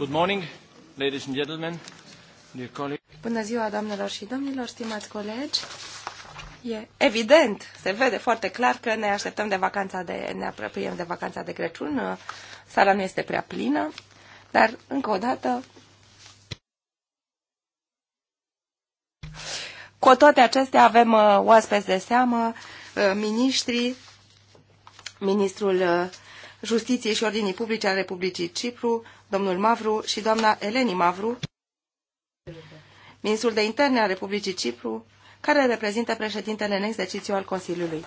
Good morning, ladies and gentlemen, dear colleagues. Bună ziua, doamnelor și domnilor, stimați colegi. E evident, se vede foarte clar că ne așteptăm de vacanța de, ne apropiem de vacanța de Crăciun. Sala nu este prea plină, dar încă o dată Cu toate acestea avem uh, oaspeți de seamă, uh, miniștri, ministrul uh, Justiției și Ordinii Publice al Republicii Cipru, domnul Mavru și doamna Eleni Mavru, ministrul de interne al Republicii Cipru, care reprezintă președintele în exercițiu al Consiliului.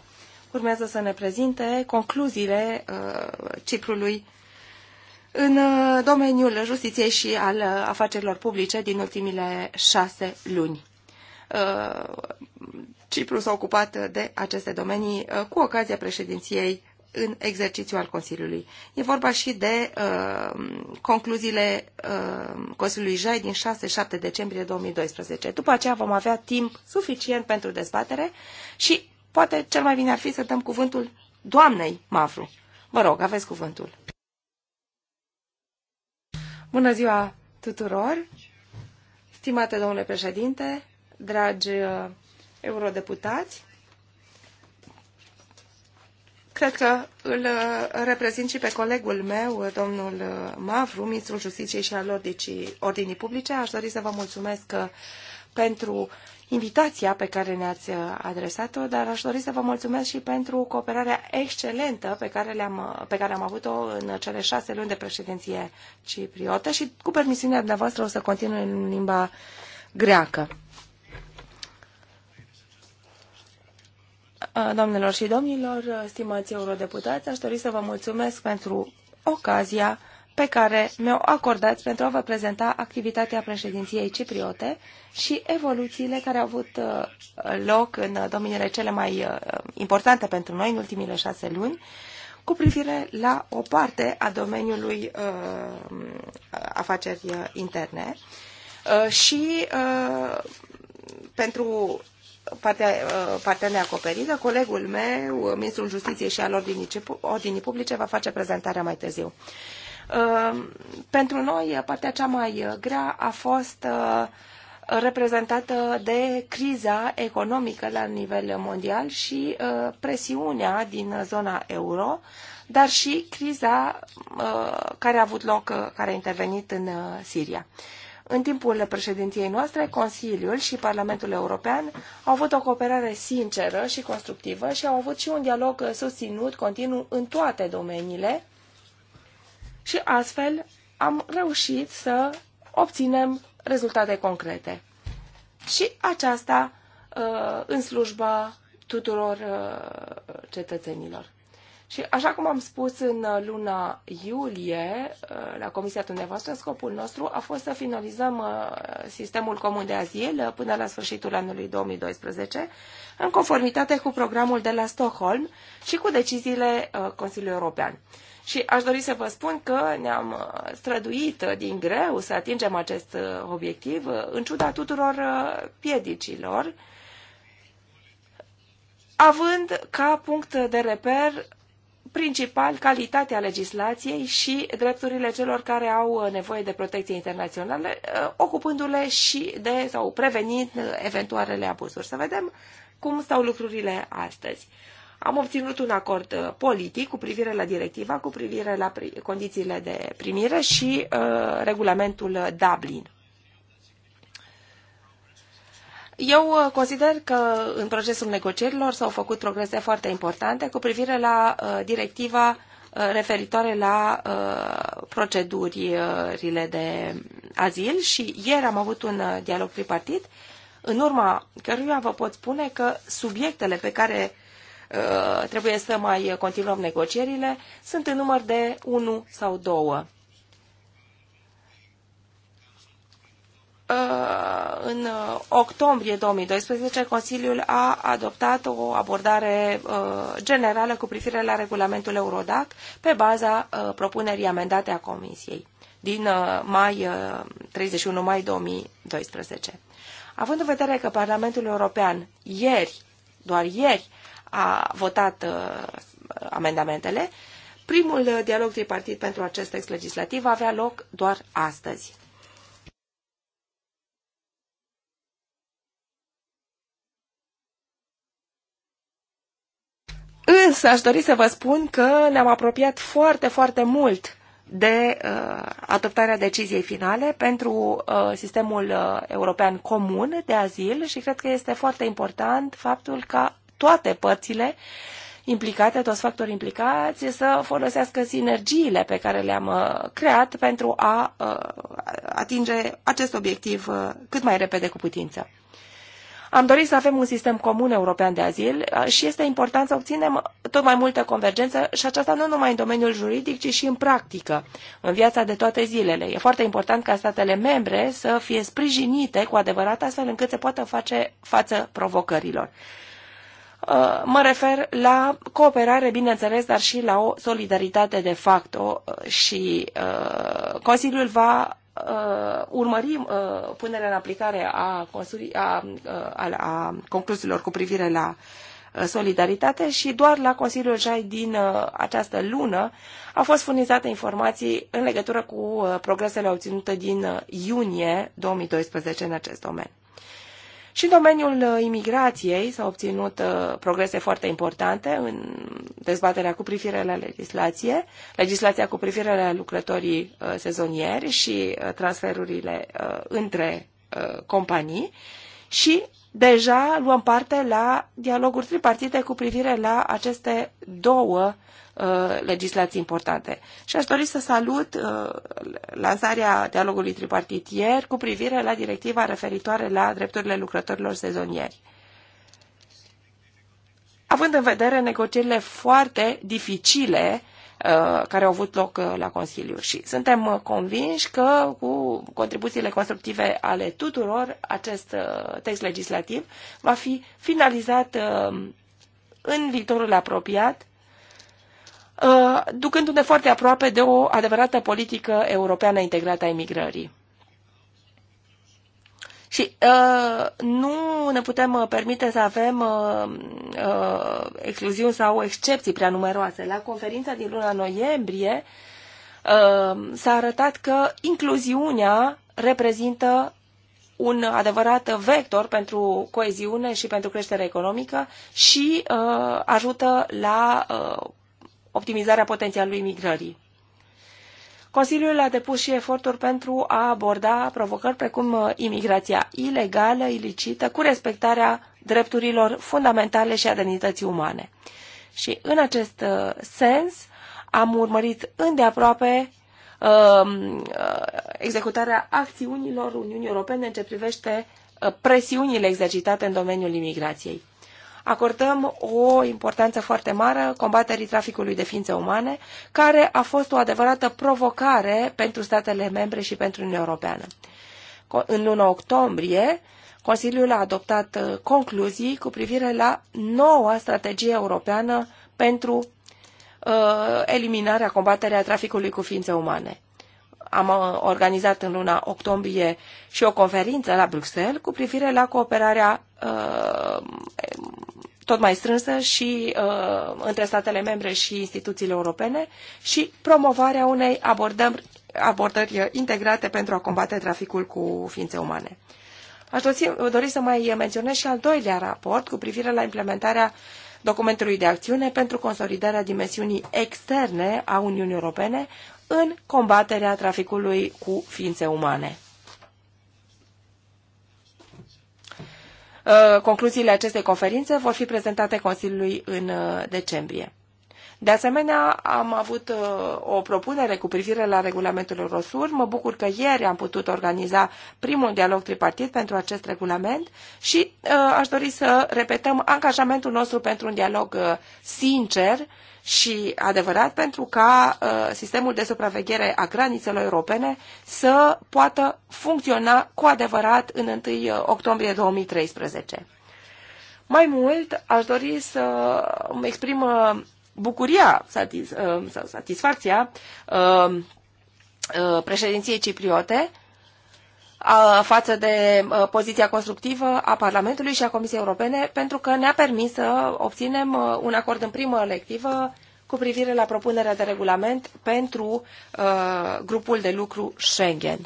Urmează să ne prezinte concluziile uh, Ciprului în uh, domeniul justiției și al uh, afacerilor publice din ultimile șase luni. Uh, Cipru s-a ocupat de aceste domenii uh, cu ocazia președinției în exercițiu al Consiliului. E vorba și de uh, concluziile uh, Consiliului JAI din 6-7 decembrie 2012. După aceea vom avea timp suficient pentru dezbatere și poate cel mai bine ar fi să dăm cuvântul doamnei Mavru. Vă rog, aveți cuvântul. Bună ziua tuturor! Stimate domnule președinte, dragi uh, eurodeputați, Cred că îl uh, reprezint și pe colegul meu, domnul uh, Mavru, ministrul Justiției și al Ordicii, Ordinii Publice. Aș dori să vă mulțumesc uh, pentru invitația pe care ne-ați adresat-o, dar aș dori să vă mulțumesc și pentru cooperarea excelentă pe care, le-am, pe care am avut-o în cele șase luni de președinție cipriotă și cu permisiunea dumneavoastră o să continui în limba greacă. Uh, doamnelor și domnilor, uh, stimați eurodeputați, aș dori să vă mulțumesc pentru ocazia pe care mi-o acordați pentru a vă prezenta activitatea președinției cipriote și evoluțiile care au avut uh, loc în domeniile cele mai importante pentru noi în ultimile șase luni, cu privire la o parte a domeniului uh, afaceri interne uh, și uh, pentru partea, uh, partea neacoperită, colegul meu, ministrul justiției și al ordinii, ordinii publice, va face prezentarea mai târziu. Uh, pentru noi, partea cea mai grea a fost uh, reprezentată de criza economică la nivel mondial și presiunea din zona euro, dar și criza care a avut loc, care a intervenit în Siria. În timpul președinției noastre, Consiliul și Parlamentul European au avut o cooperare sinceră și constructivă și au avut și un dialog susținut continuu în toate domeniile și astfel am reușit să obținem rezultate concrete. Și aceasta uh, în slujba tuturor uh, cetățenilor. Și așa cum am spus în uh, luna iulie uh, la comisia dumneavoastră, scopul nostru a fost să finalizăm uh, sistemul comun de azil până la sfârșitul anului 2012, în conformitate cu programul de la Stockholm și cu deciziile Consiliului European. Și aș dori să vă spun că ne-am străduit din greu să atingem acest obiectiv, în ciuda tuturor piedicilor, având ca punct de reper principal calitatea legislației și drepturile celor care au uh, nevoie de protecție internațională, uh, ocupându-le și de sau prevenind uh, eventualele abuzuri. Să vedem cum stau lucrurile astăzi. Am obținut un acord politic cu privire la directiva, cu privire la condițiile de primire și uh, regulamentul Dublin. Eu uh, consider că în procesul negocierilor s-au făcut progrese foarte importante cu privire la uh, directiva uh, referitoare la procedurile de azil și ieri am avut un dialog tripartit în urma căruia vă pot spune că subiectele pe care trebuie să mai continuăm negocierile sunt în număr de unu sau două. Uh, în uh, octombrie 2012, Consiliul a adoptat o abordare uh, generală cu privire la regulamentul Eurodac pe baza propunerii amendate a Comisiei din mai 31 mai 2012. Având în vedere că Parlamentul European ieri, doar ieri, a votat amendamentele, primul dialog tripartit pentru acest text legislativ avea loc doar astăzi. Însă aș dori să vă spun că ne-am apropiat foarte, foarte mult de uh, adoptarea deciziei finale pentru uh, sistemul uh, european comun de azil și cred că este foarte important faptul ca toate părțile implicate, toți factorii implicați, să folosească sinergiile pe care le-am uh, creat pentru a uh, atinge acest obiectiv uh, cât mai repede cu putință. Am dorit să avem un sistem comun european de azil și este important să obținem tot mai multă convergență și aceasta nu numai în domeniul juridic, ci și în practică, în viața de toate zilele. E foarte important ca statele membre să fie sprijinite cu adevărat astfel încât se poată face față provocărilor. Mă refer la cooperare, bineînțeles, dar și la o solidaritate de facto și Consiliul va uh, urmărim uh, punerea în aplicare a, a, uh, a, a concluziilor cu privire la uh, solidaritate și doar la Consiliul Jai din uh, această lună au fost furnizate informații în legătură cu uh, progresele obținute din uh, iunie 2012 în acest domeniu. Și în domeniul uh, imigrației s-au obținut uh, progrese foarte importante în dezbaterea cu privire la legislație, legislația cu privire la lucrătorii uh, sezonieri și transferurile între companii și deja luăm parte la dialoguri tripartite cu privire la aceste două Uh, legislații importante. Și aș dori să salut uh, lansarea dialogului tripartit ieri cu privire la directiva referitoare la drepturile lucrătorilor sezonieri. Având în vedere negocierile foarte dificile uh, care au avut loc la Consiliu. Și suntem convinși că cu contribuțiile constructive ale tuturor, acest text legislativ va fi finalizat în viitorul apropiat Uh, ducându-ne foarte aproape de o adevărată politică europeană integrată a imigrării. Și uh, nu ne putem uh, permite să avem uh, uh, excluziuni sau excepții prea numeroase. La conferința din luna noiembrie uh, s-a arătat că incluziunea reprezintă un adevărat vector pentru coeziune și pentru creștere economică și uh, ajută la uh, optimizarea potențialului migrării. Consiliul a depus și eforturi pentru a aborda provocări precum uh, imigrația ilegală, ilicită, cu respectarea drepturilor fundamentale și a demnității umane. Și în acest uh, sens am urmărit îndeaproape um, uh, executarea acțiunilor Uniunii Europene în ce privește uh, presiunile exercitate în domeniul imigrației acordăm o importanță foarte mare combaterii traficului de ființe umane, care a fost o adevărată provocare pentru statele membre și pentru Uniunea Europeană. În luna octombrie, Consiliul a adoptat uh, concluzii cu privire la noua strategie europeană pentru uh, eliminarea, combaterea traficului cu ființe umane am uh, organizat în luna octombrie și o conferință la Bruxelles cu privire la cooperarea uh, tot mai strânsă și uh, între statele membre și instituțiile europene și promovarea unei abordări, abordări integrate pentru a combate traficul cu ființe umane. Aș dori să mai menționez și al doilea raport cu privire la implementarea documentului de acțiune pentru consolidarea dimensiunii externe a Uniunii Europene în combaterea traficului cu ființe umane. Uh, concluziile acestei conferințe vor fi prezentate Consiliului în uh, decembrie. De asemenea, am avut uh, o propunere cu privire la regulamentul Rosur. Mă bucur că ieri am putut organiza primul dialog tripartit pentru acest regulament și uh, aș dori să repetăm angajamentul nostru pentru un dialog uh, sincer și adevărat pentru ca sistemul de supraveghere a granițelor europene să poată funcționa cu adevărat în 1 octombrie 2013. Mai mult, aș dori să îmi exprim bucuria satis, uh, sau satisfacția uh, uh, președinției cipriote față de poziția constructivă a Parlamentului și a Comisiei Europene, pentru că ne-a permis să obținem un acord în primă lectivă cu privire la propunerea de regulament pentru uh, grupul de lucru Schengen.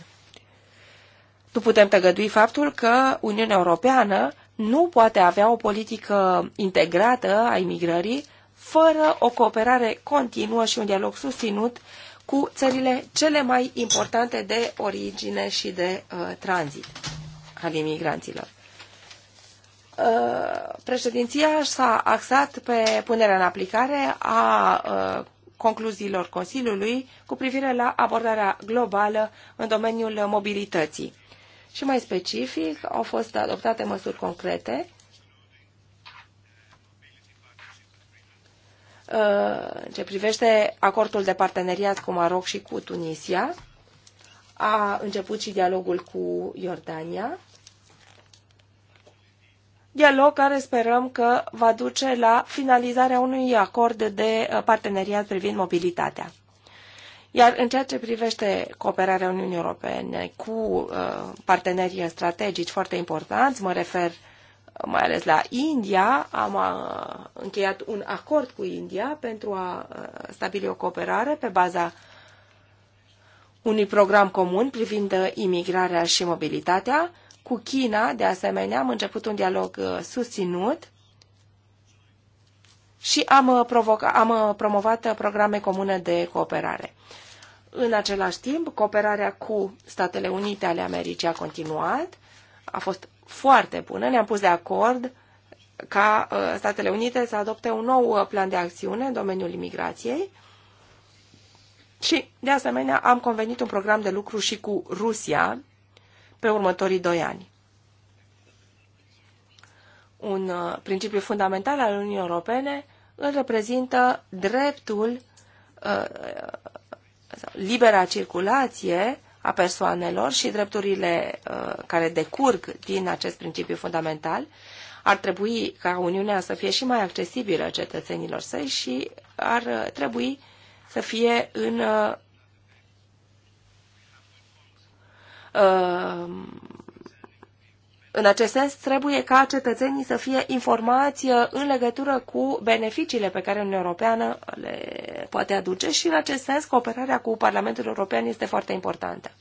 Nu putem tăgădui faptul că Uniunea Europeană nu poate avea o politică integrată a imigrării fără o cooperare continuă și un dialog susținut cu țările cele mai importante de origine și de uh, tranzit al imigranților. Uh, președinția s-a axat pe punerea în aplicare a uh, concluziilor Consiliului cu privire la abordarea globală în domeniul mobilității. Și mai specific, au fost adoptate măsuri concrete ce privește acordul de parteneriat cu Maroc și cu Tunisia. A început și dialogul cu Iordania. Dialog care sperăm că va duce la finalizarea unui acord de uh, parteneriat privind mobilitatea. Iar în ceea ce privește cooperarea Uniunii Europene cu uh, partenerii strategici foarte importanți, mă refer mai ales la India, am uh, încheiat un acord cu India pentru a uh, stabili o cooperare pe baza unui program comun privind uh, imigrarea și mobilitatea. Cu China, de asemenea, am început un dialog susținut și am, provoca, am promovat programe comune de cooperare. În același timp, cooperarea cu Statele Unite ale Americii a continuat, a fost foarte bună. Ne-am pus de acord ca uh, Statele Unite să adopte un nou uh, plan de acțiune în domeniul imigrației și, de asemenea, am convenit un program de lucru și cu Rusia pe următorii doi ani. Un uh, principiu fundamental al Uniunii Europene îl reprezintă dreptul libera circulație a persoanelor și drepturile uh, care decurg din acest principiu fundamental, ar trebui ca Uniunea să fie și mai accesibilă cetățenilor săi și ar uh, trebui să fie în uh, în acest sens, trebuie ca cetățenii să fie informați uh, în legătură cu beneficiile pe care Uniunea Europeană le poate aduce și, în acest sens, cooperarea cu Parlamentul European este foarte importantă.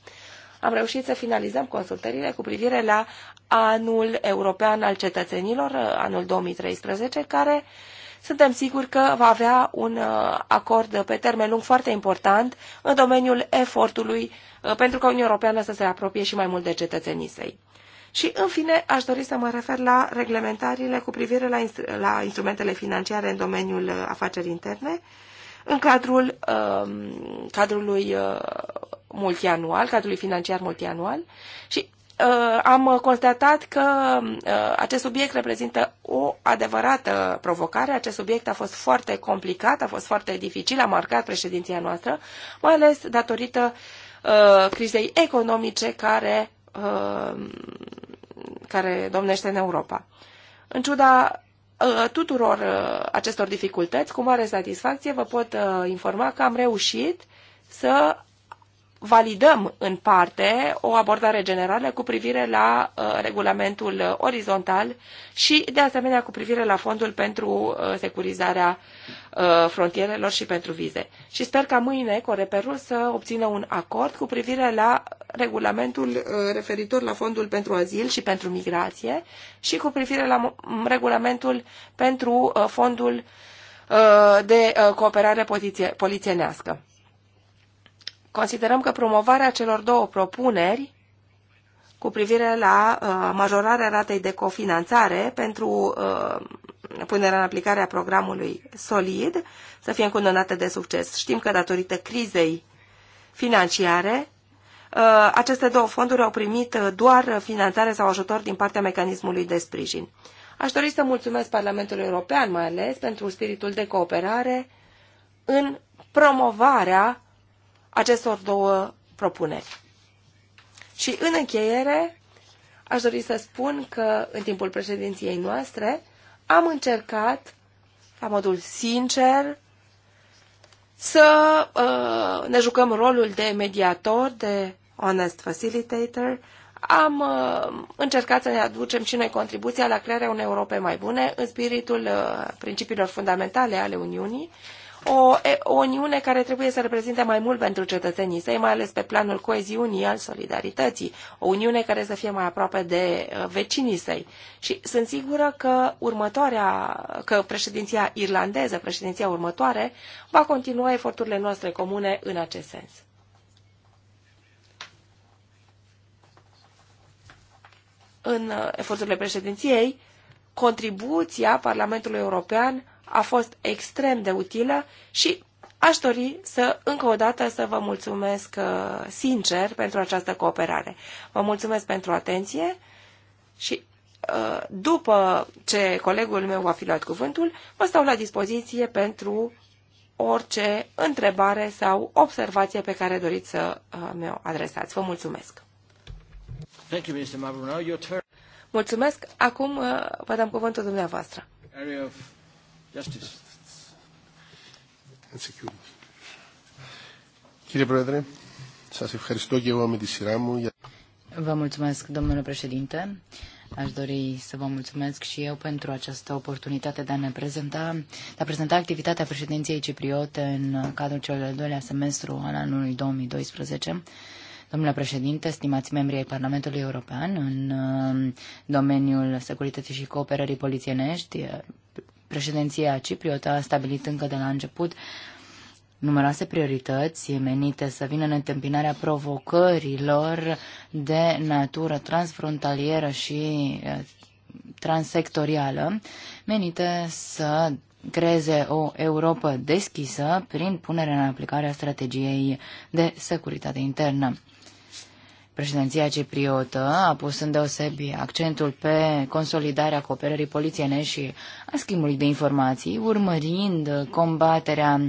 Am reușit să finalizăm consultările cu privire la anul european al cetățenilor, uh, anul 2013, care suntem siguri că va avea un uh, acord pe termen lung foarte important în domeniul efortului pentru ca Uniunea Europeană să se apropie și mai mult de cetățenii săi. Și, în fine, aș dori să mă refer la reglementările cu privire la, instru- la instrumentele financiare în domeniul uh, afacerii interne, în cadrul uh, cadrului uh, multianual, cadrului financiar multianual și uh, am constatat că uh, acest subiect reprezintă o adevărată provocare. Acest subiect a fost foarte complicat, a fost foarte dificil, a marcat președinția noastră, mai ales datorită uh, crizei economice care uh, care domnește în Europa. În ciuda uh, tuturor uh, acestor dificultăți, cu mare satisfacție vă pot uh, informa că am reușit să validăm în parte o abordare generală cu privire la regulamentul orizontal și, de asemenea, cu privire la fondul pentru securizarea frontierelor și pentru vize. Și sper ca mâine Coreperul să obțină un acord cu privire la regulamentul uh, referitor la fondul pentru azil și pentru migrație și cu privire la regulamentul pentru uh, fondul uh, de cooperare polițienească. Considerăm că promovarea celor două propuneri cu privire la majorarea ratei de cofinanțare pentru punerea în aplicare a programului solid să fie încununată de succes. Știm că datorită crizei financiare, Uh, aceste două fonduri au primit uh, doar finanțare sau ajutor din partea mecanismului de sprijin. Aș dori să mulțumesc Parlamentului European, mai ales, pentru spiritul de cooperare în promovarea acestor două propuneri. Și în încheiere, aș dori să spun că în timpul președinției noastre am încercat, la modul sincer, să uh, ne jucăm rolul de mediator, de Honest Facilitator, am uh, încercat să ne aducem și noi contribuția la crearea unei Europe mai bune în spiritul uh, principiilor fundamentale ale Uniunii, o, o Uniune care trebuie să reprezinte mai mult pentru cetățenii săi, mai ales pe planul coeziunii, al solidarității, o Uniune care să fie mai aproape de uh, vecinii săi. Și sunt sigură că următoarea, că președinția irlandeză, președinția următoare, va continua eforturile noastre comune în acest sens. în uh, eforturile președinției, contribuția Parlamentului European a fost extrem de utilă și aș dori să, încă o dată, să vă mulțumesc uh, sincer pentru această cooperare. Vă mulțumesc pentru atenție și uh, după ce colegul meu va fi luat cuvântul, vă stau la dispoziție pentru orice întrebare sau observație pe care doriți să mi-o adresați. Vă mulțumesc! Thank you, Mr. your turn. Mulțumesc. Acum uh, vă dăm cuvântul dumneavoastră. Area of justice. And security. Κύριε Πρόεδρε, σας ευχαριστώ και εγώ με τη σειρά μου για... Vă mulțumesc, domnule președinte. Aș dori să vă mulțumesc și eu pentru această oportunitate de a ne prezenta, de a prezenta activitatea președinției cipriote în cadrul celor de-al doilea semestru al anului 2012. Domnule președinte, stimați membri ai Parlamentului European, în um, domeniul securității și cooperării polițienești, președinția cipriotă a stabilit încă de la început numeroase priorități menite să vină în întâmpinarea provocărilor de natură transfrontalieră și uh, transsectorială, menite să creeze o Europa deschisă prin punerea în aplicare a strategiei de securitate internă. Președinția cipriotă a pus îndeosebi accentul pe consolidarea cooperării polițiene și a schimbului de informații, urmărind combaterea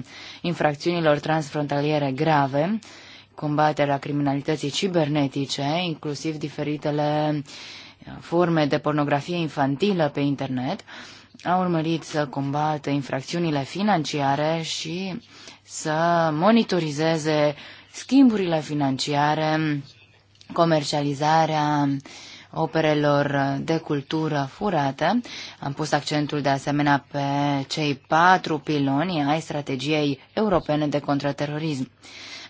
infracțiunilor transfrontaliere grave, combaterea criminalității cibernetice, inclusiv diferitele uh, forme de pornografie infantilă pe internet, a urmărit să combată infracțiunile financiare și să monitorizeze schimburile financiare comercializarea operelor de cultură furată. Am pus accentul de asemenea pe cei patru piloni ai strategiei europene de contraterorism.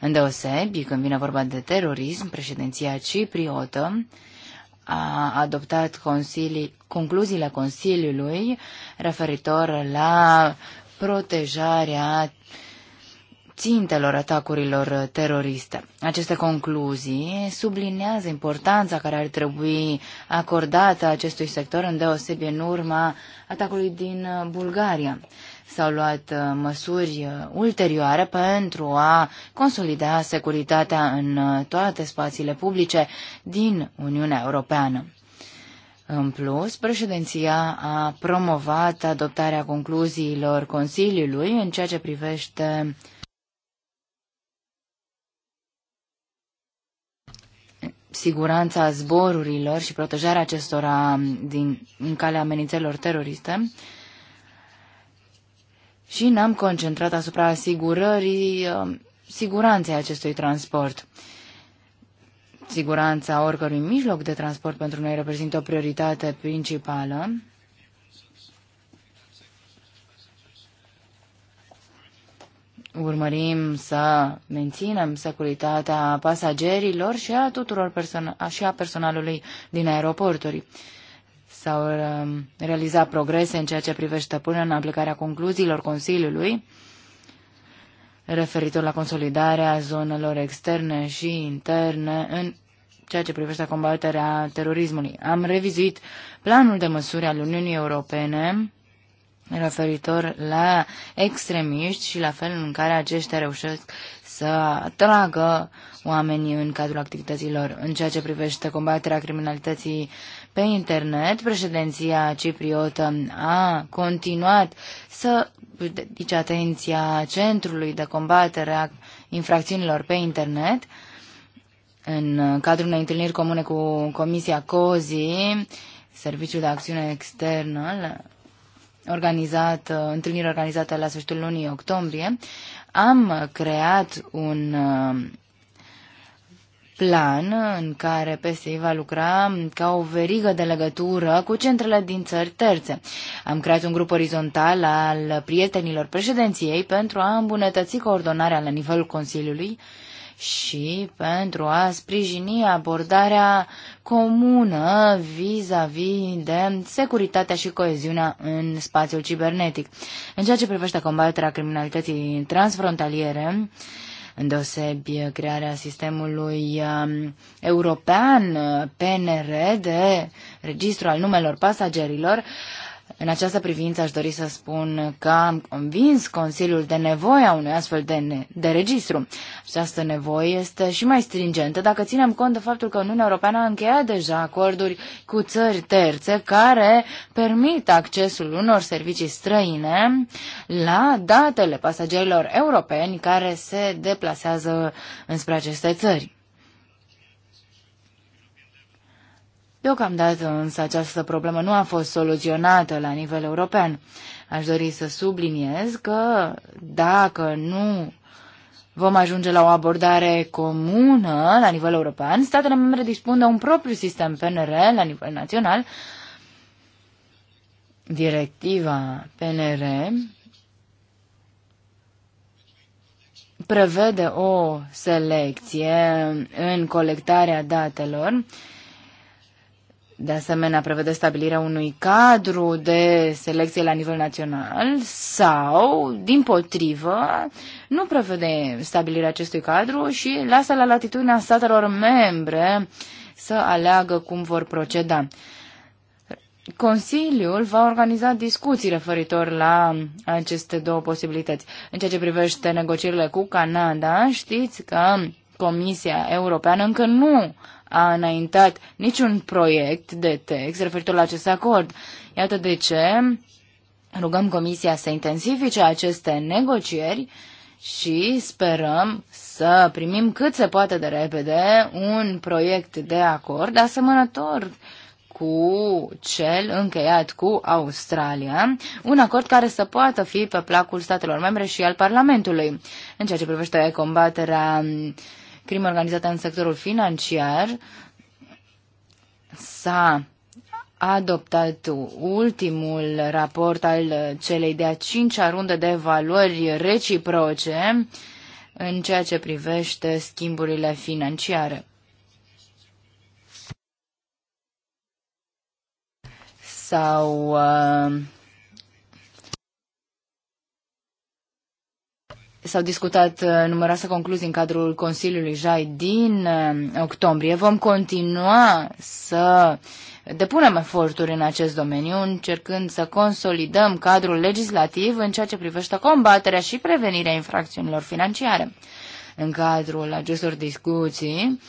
Îndeosebi, când vine vorba de terorism, președinția cipriotă a adoptat consilii, concluziile Consiliului referitor la protejarea uh, țintelor atacurilor teroriste. Aceste concluzii sublinează importanța care ar trebui acordată acestui sector, în deosebire în urma atacului din Bulgaria. S-au luat uh, măsuri uh, ulterioare pentru a consolida securitatea în uh, toate spațiile publice din Uniunea Europeană. În plus, președinția a promovat adoptarea concluziilor Consiliului în ceea ce privește siguranța zborurilor și protejarea acestora din, în calea amenințelor teroriste și ne-am concentrat asupra asigurării uh, siguranței acestui transport. Siguranța oricărui mijloc de transport pentru noi reprezintă o prioritate principală urmărim să menținem securitatea pasagerilor și a tuturor personal, și a personalului din aeroporturi. S-au um, realizat progrese în ceea ce privește până în aplicarea concluziilor Consiliului referitor la consolidarea zonelor externe și interne în ceea ce privește combaterea terorismului. Am revizuit planul de măsuri al Uniunii Europene referitor la extremiști și la felul în care aceștia reușesc să atragă oamenii în cadrul activităților. În ceea ce privește combaterea criminalității pe internet, președinția cipriotă a continuat să dedice atenția Centrului de Combatere a Infracțiunilor pe internet, în cadrul unei întâlniri comune cu Comisia COZI, Serviciul de Acțiune Externă, organizat, uh, întâlnire organizată la sfârșitul lunii octombrie, am creat un uh, plan în care PSI va lucra ca o verigă de legătură cu centrele din țări terțe. Am creat un grup orizontal al prietenilor președinției pentru a îmbunătăți coordonarea la nivelul Consiliului și pentru a sprijini abordarea comună vis-a-vis -vis de securitatea și coeziunea în spațiul cibernetic. În ceea ce privește combaterea criminalității transfrontaliere, îndeosebi crearea sistemului um, european PNR de registru al numelor pasagerilor, în această privință aș dori să spun că am convins Consiliul de nevoia unui astfel de, de registru. Această nevoie este și mai stringentă dacă ținem cont de faptul că Uniunea Europeană a încheiat deja acorduri cu țări terțe care permit accesul unor servicii străine la datele pasagerilor europeni care se deplasează înspre aceste țări. Deocamdată însă această problemă nu a fost soluționată la nivel european. Aș dori să subliniez că dacă nu vom ajunge la o abordare comună la nivel european, statele membre dispun de un propriu sistem PNR la nivel național. Directiva PNR prevede o selecție în colectarea datelor de asemenea, prevede stabilirea unui cadru de selecție la nivel național sau, din potrivă, nu prevede stabilirea acestui cadru și lasă la latitudinea statelor membre să aleagă cum vor proceda. Consiliul va organiza discuții referitor la aceste două posibilități. În ceea ce privește negocierile cu Canada, știți că Comisia Europeană încă nu a înaintat niciun proiect de text referitor la acest acord. Iată de ce rugăm Comisia să intensifice aceste negocieri și sperăm să primim cât se poate de repede un proiect de acord asemănător cu cel încheiat cu Australia, un acord care să poată fi pe placul statelor membre și al Parlamentului. În ceea ce privește combaterea crimă organizată în sectorul financiar. S-a adoptat ultimul raport al celei de-a cincea rundă de evaluări reciproce în ceea ce privește schimburile financiare. S-au uh, S-au discutat uh, numeroase concluzii în cadrul Consiliului JAI din uh, octombrie. Vom continua să depunem eforturi în acest domeniu, încercând să consolidăm cadrul legislativ în ceea ce privește combaterea și prevenirea infracțiunilor financiare. În cadrul acestor discuții,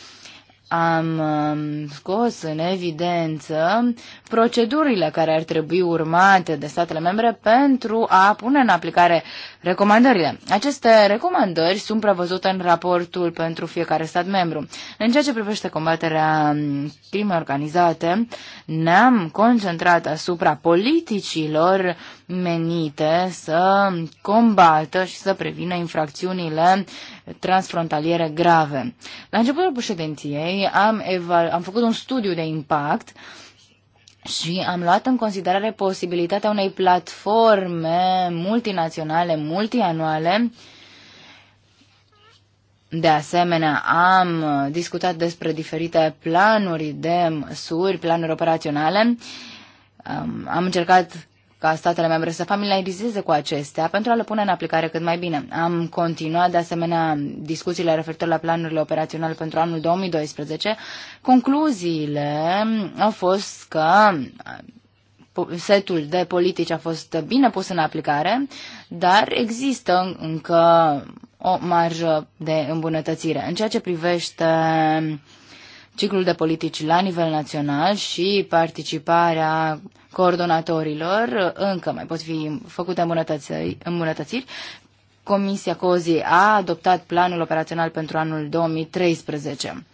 am um, scos în evidență procedurile care ar trebui urmate de statele membre pentru a pune în aplicare recomandările. Aceste recomandări sunt prevăzute în raportul pentru fiecare stat membru. În ceea ce privește combaterea mm, crimei organizate, ne-am concentrat asupra politicilor menite să combată și să prevină infracțiunile transfrontaliere grave. La începutul președinției am, am făcut un studiu de impact uh, și am luat în considerare posibilitatea unei platforme multinaționale, multianuale. De asemenea, am discutat despre diferite planuri de măsuri, planuri operaționale. Am încercat ca statele membre să familiarizeze cu acestea pentru a le pune în aplicare cât mai bine. Am continuat de asemenea discuțiile referitor la planurile operaționale pentru anul 2012. Concluziile au fost că setul de politici a fost bine pus în aplicare, dar există încă o marjă de îmbunătățire. În ceea ce privește ciclul de politici la nivel național și participarea coordonatorilor, încă mai pot fi făcute îmbunătățiri, Comisia COZI a adoptat planul operațional pentru anul 2013.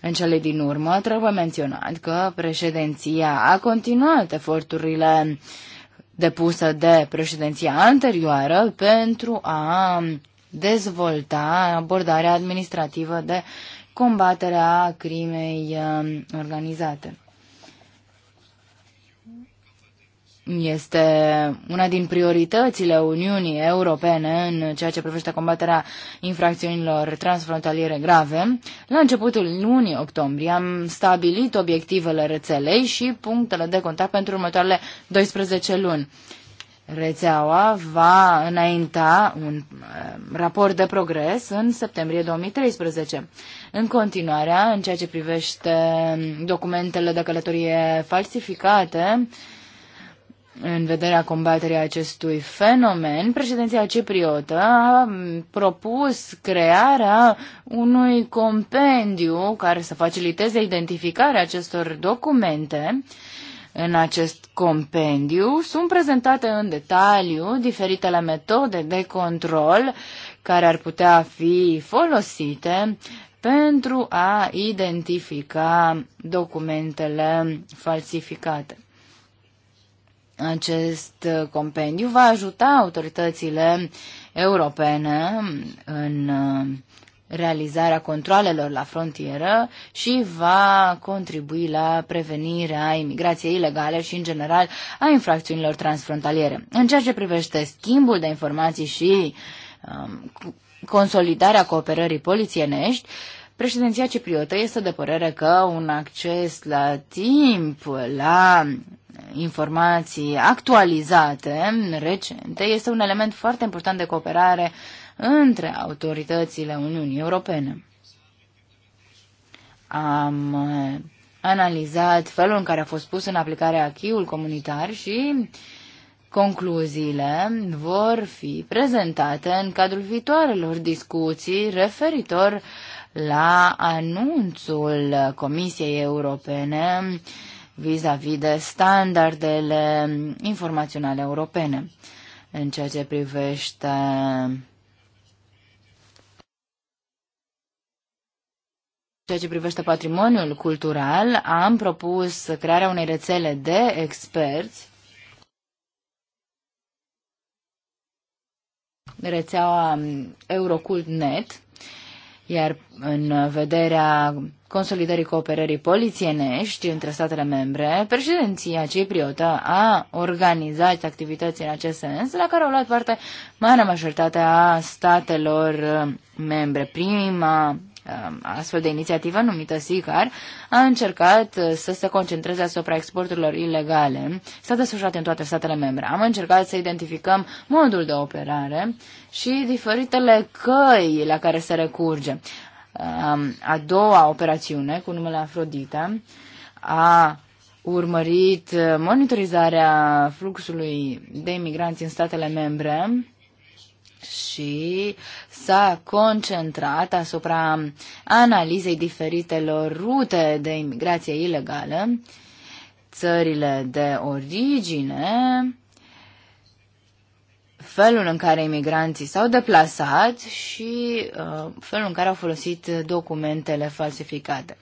În cele din urmă, trebuie menționat că președinția a continuat eforturile depuse de președinția anterioară pentru a dezvolta abordarea administrativă de combaterea crimei um, organizate. este una din prioritățile Uniunii Europene în ceea ce privește combaterea infracțiunilor transfrontaliere grave. La începutul lunii octombrie am stabilit obiectivele rețelei și punctele de contact pentru următoarele 12 luni. Rețeaua va înainta un uh, raport de progres în septembrie 2013. În continuare, în ceea ce privește documentele de călătorie falsificate, în vederea combaterii acestui fenomen, președinția cipriotă a propus crearea unui compendiu care să faciliteze identificarea acestor documente. În acest compendiu sunt prezentate în detaliu diferitele metode de control care ar putea fi folosite pentru a identifica documentele falsificate. Acest uh, compendiu va ajuta autoritățile europene în uh, realizarea controlelor la frontieră și va contribui la prevenirea imigrației ilegale și, în general, a infracțiunilor transfrontaliere. În ceea ce privește schimbul de informații și um, consolidarea cooperării polițienești, președinția cipriotă este de părere că un acces la timp la informații actualizate, recente, este un element foarte important de cooperare între autoritățile Uniunii Europene. Am uh, analizat felul în care a fost pus în aplicare acquis comunitar și concluziile vor fi prezentate în cadrul viitoarelor discuții referitor la anunțul Comisiei Europene uh, vis-a-vis -vis de standardele informaționale europene în ceea ce privește ceea ce privește patrimoniul cultural, am propus crearea unei rețele de experți rețeaua Eurocult.net iar în vederea consolidării cooperării polițienești între statele membre, președinția cipriotă a organizat activități în acest sens, la care au luat parte marea majoritatea a statelor membre. Prima Um, astfel de inițiativă numită SICAR a încercat uh, să se concentreze asupra exporturilor ilegale. S-a desfășurat în toate statele membre. Am încercat să identificăm modul de operare și diferitele căi la care se recurge. Um, a doua operațiune, cu numele Afrodita, a urmărit uh, monitorizarea fluxului de imigranți în statele membre și s-a concentrat asupra analizei diferitelor rute de imigrație ilegală, țările de origine, felul în care imigranții s-au deplasat și uh, felul în care au folosit documentele falsificate.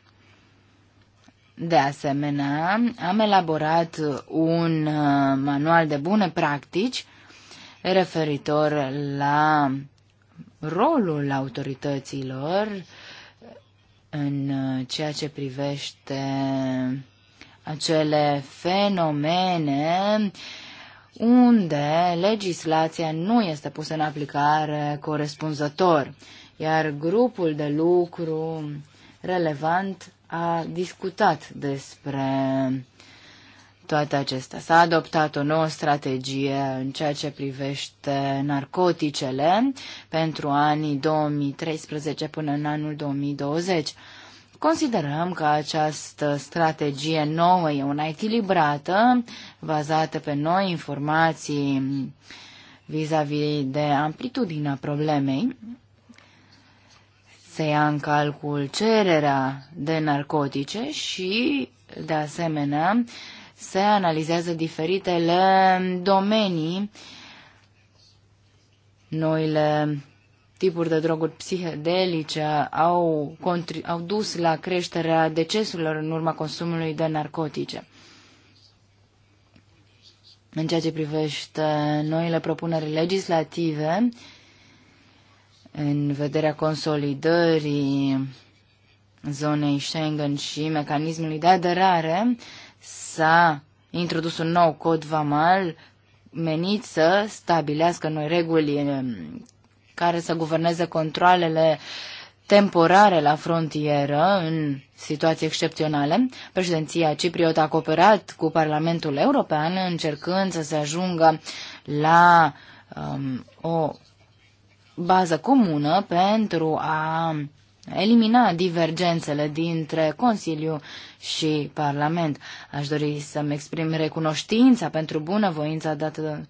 De asemenea, am elaborat un uh, manual de bune practici referitor la rolul autorităților în ceea ce privește acele fenomene unde legislația nu este pusă în aplicare corespunzător, iar grupul de lucru relevant a discutat despre toate acestea. S-a adoptat o nouă strategie în ceea ce privește narcoticele pentru anii 2013 până în anul 2020. Considerăm că această strategie nouă e una echilibrată, bazată pe noi informații vis-a-vis -vis de amplitudinea problemei. Se ia în calcul cererea de narcotice și, de asemenea, uh, se analizează diferitele domenii, noile tipuri de droguri psihedelice au, au dus la creșterea deceselor în urma consumului de narcotice. În ceea ce privește noile propuneri legislative, în vederea consolidării zonei Schengen și mecanismului de aderare, s-a introdus un nou cod vamal menit să stabilească noi reguli um, care să guverneze controlele temporare la frontieră în situații excepționale. Președinția cipriotă a cooperat cu Parlamentul European încercând să se ajungă la um, o bază comună pentru a elimina divergențele dintre Consiliu și Parlament. Aș dori să-mi exprim recunoștința pentru bunăvoința dată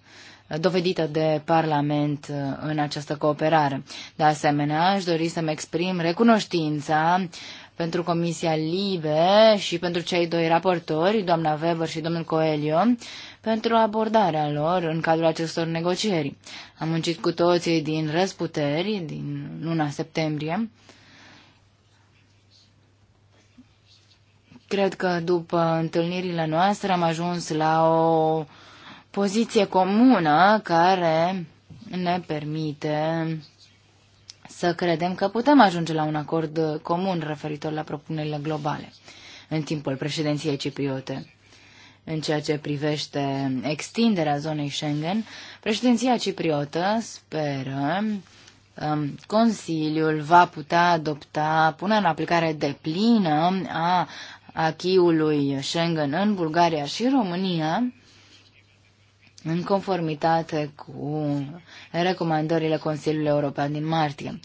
dovedită de Parlament uh, în această cooperare. De asemenea, aș dori să-mi exprim recunoștința pentru Comisia Libe și pentru cei doi raportori, doamna Weber și domnul Coelio, pentru abordarea lor în cadrul acestor negocieri. Am muncit cu toții din răsputeri, din luna septembrie, Cred că după întâlnirile noastre am ajuns la o poziție comună care ne permite să credem că putem ajunge la un acord comun referitor la propunerile globale în timpul președinției cipriote. În ceea ce privește extinderea zonei Schengen, președinția cipriotă speră că um, Consiliul va putea adopta punerea în aplicare deplină a ului Schengen în Bulgaria și România, în conformitate cu recomandările Consiliului European din martie.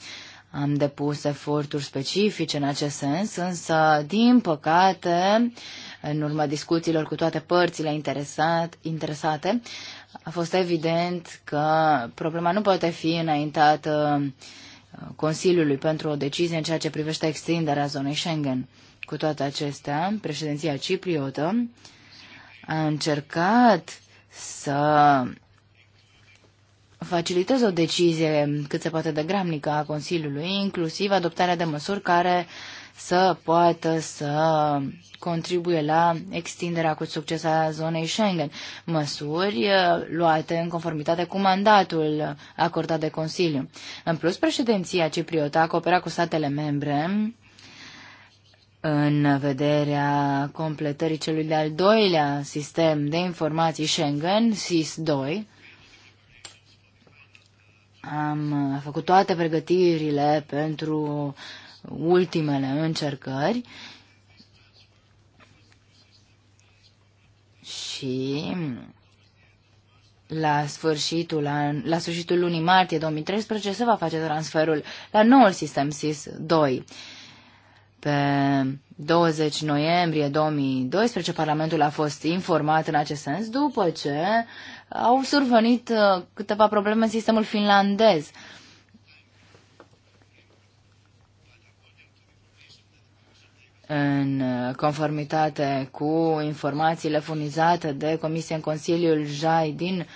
Am depus eforturi specifice în acest sens, însă, din păcate, în urma discuțiilor cu toate părțile interesat, interesate, a fost evident că problema nu poate fi înaintată Consiliului pentru o decizie în ceea ce privește extinderea zonei Schengen. Cu toate acestea, președinția cipriotă a încercat să faciliteze o decizie cât se poate de gramnică a Consiliului, inclusiv adoptarea de măsuri care să poată să contribuie la extinderea cu succes a zonei Schengen. Măsuri uh, luate în conformitate cu mandatul acordat de Consiliu. În plus, președinția cipriotă a cooperat cu statele membre în vederea completării celui de-al doilea sistem de informații Schengen, SIS-2. Am făcut toate pregătirile pentru ultimele încercări și la sfârșitul, an, la sfârșitul lunii martie 2013 se va face transferul la noul sistem SIS-2. Pe 20 noiembrie 2012 Parlamentul a fost informat în acest sens după ce au survenit uh, câteva probleme în sistemul finlandez. în uh, conformitate cu informațiile furnizate de Comisia în Consiliul JAI din